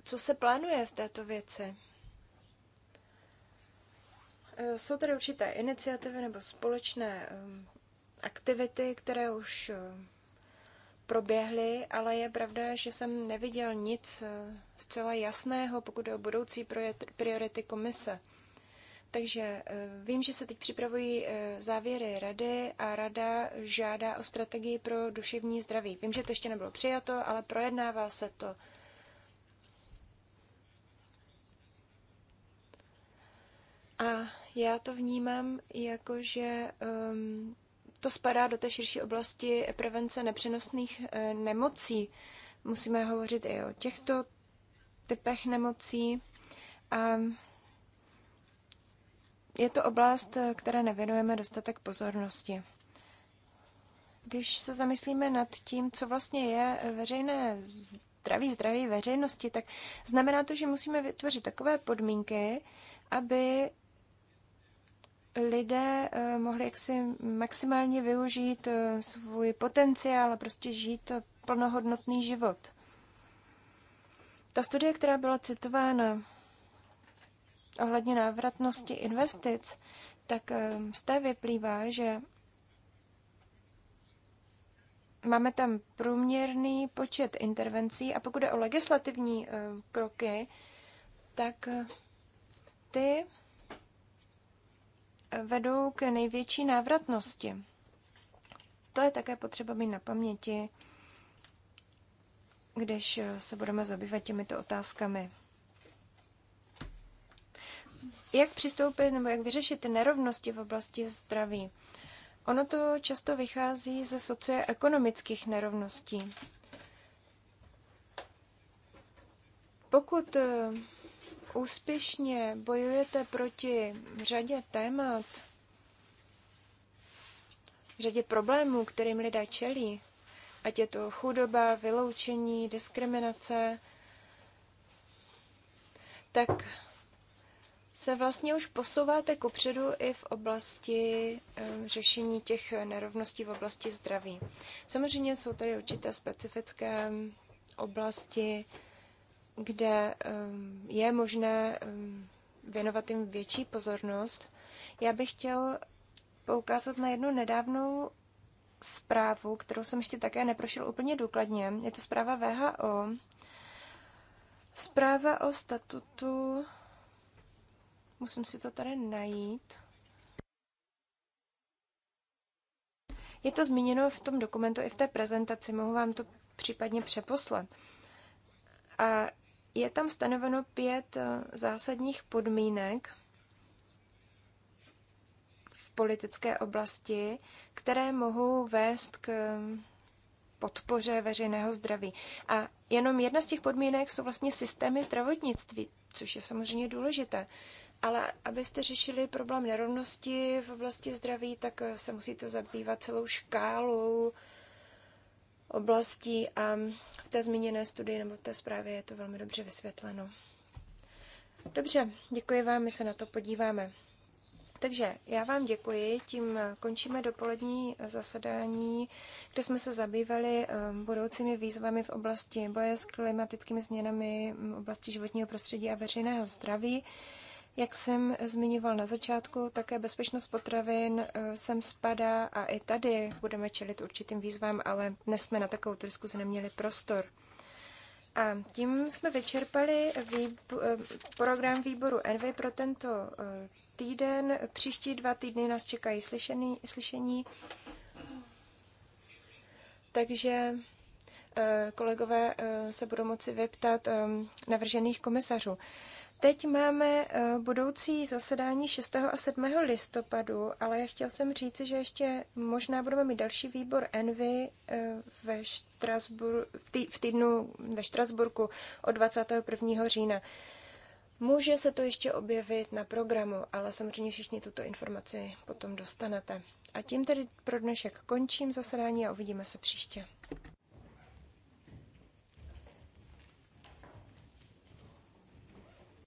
Speaker 2: co se plánuje v této věci. Ehm, jsou tady určité iniciativy nebo společné aktivity, které už proběhly, ale je pravda, že jsem neviděl nic zcela jasného, pokud je o budoucí priority komise. Takže eh, vím, že se teď připravují eh, závěry rady a rada žádá o strategii pro duševní zdraví. Vím, že to ještě nebylo přijato, ale projednává se to. A já to vnímám jako, že um, to spadá do té širší oblasti prevence nepřenosných e, nemocí. Musíme hovořit i o těchto typech nemocí. A je to oblast, které nevěnujeme dostatek pozornosti. Když se zamyslíme nad tím, co vlastně je veřejné zdraví, zdraví veřejnosti, tak znamená to, že musíme vytvořit takové podmínky, aby lidé eh, mohli jaksi maximálně využít eh, svůj potenciál a prostě žít plnohodnotný život. Ta studie, která byla citována, ohledně návratnosti investic, tak ehm, z té vyplývá, že máme tam průměrný počet intervencí a pokud je o legislativní ehm, kroky, tak eh, ty vedou k největší návratnosti. To je také potřeba mít na paměti, když eh, se budeme zabývat těmito otázkami jak přistoupit nebo jak vyřešit ty nerovnosti v oblasti zdraví. Ono to často vychází ze socioekonomických nerovností. Pokud eh, úspěšně bojujete proti řadě témat, řadě problémů, kterým lidé čelí, ať je to chudoba, vyloučení, diskriminace, tak se vlastně už posouváte kupředu i v oblasti eh, řešení těch nerovností v oblasti zdraví. Samozřejmě jsou tady určité specifické mm, oblasti, kde eh, je možné eh, věnovat jim větší pozornost. Já bych chtěl poukázat na jednu nedávnou zprávu, kterou jsem ještě také neprošel úplně důkladně. Je to zpráva VHO, zpráva o statutu Musím si to tady najít. Je to zmíněno v tom dokumentu i v té prezentaci, mohu vám to případně přeposlat. A je tam stanoveno pět eh, zásadních podmínek v politické oblasti, které mohou vést k eh, podpoře veřejného zdraví. A jenom jedna z těch podmínek jsou vlastně systémy zdravotnictví, což je samozřejmě důležité ale abyste řešili problém nerovnosti v oblasti zdraví, tak eh, se musíte zabývat celou škálou oblastí a v té zmíněné studii nebo v té zprávě je to velmi dobře vysvětleno. Dobře, děkuji vám, my se na to podíváme. Takže já vám děkuji, tím eh, končíme dopolední eh, zasedání, kde jsme se zabývali budoucími výzvami v oblasti boje s klimatickými změnami, oblasti životního prostředí a veřejného zdraví. Jak jsem zmiňoval na začátku, také bezpečnost potravin eh, sem spadá a i tady budeme čelit určitým výzvám, ale dnes jsme na takovou diskuzi neměli prostor. A tím jsme vyčerpali výb- eh, program výboru N.V. pro tento eh, týden. Příští dva týdny nás čekají slyšení. slyšení. Takže kolegové se budou moci vyptat navržených komisařů. Teď máme eh, budoucí zasedání 6. a 7. listopadu, ale chtěl jsem říci, že ještě možná budeme mít další výbor Envy eh, ve Štrasbur- v týdnu ve Štrasburku od 21. října. Může se to ještě objevit na programu, ale samozřejmě všichni tuto informaci potom dostanete. A tím tedy pro dnešek končím zasedání a uvidíme se příště.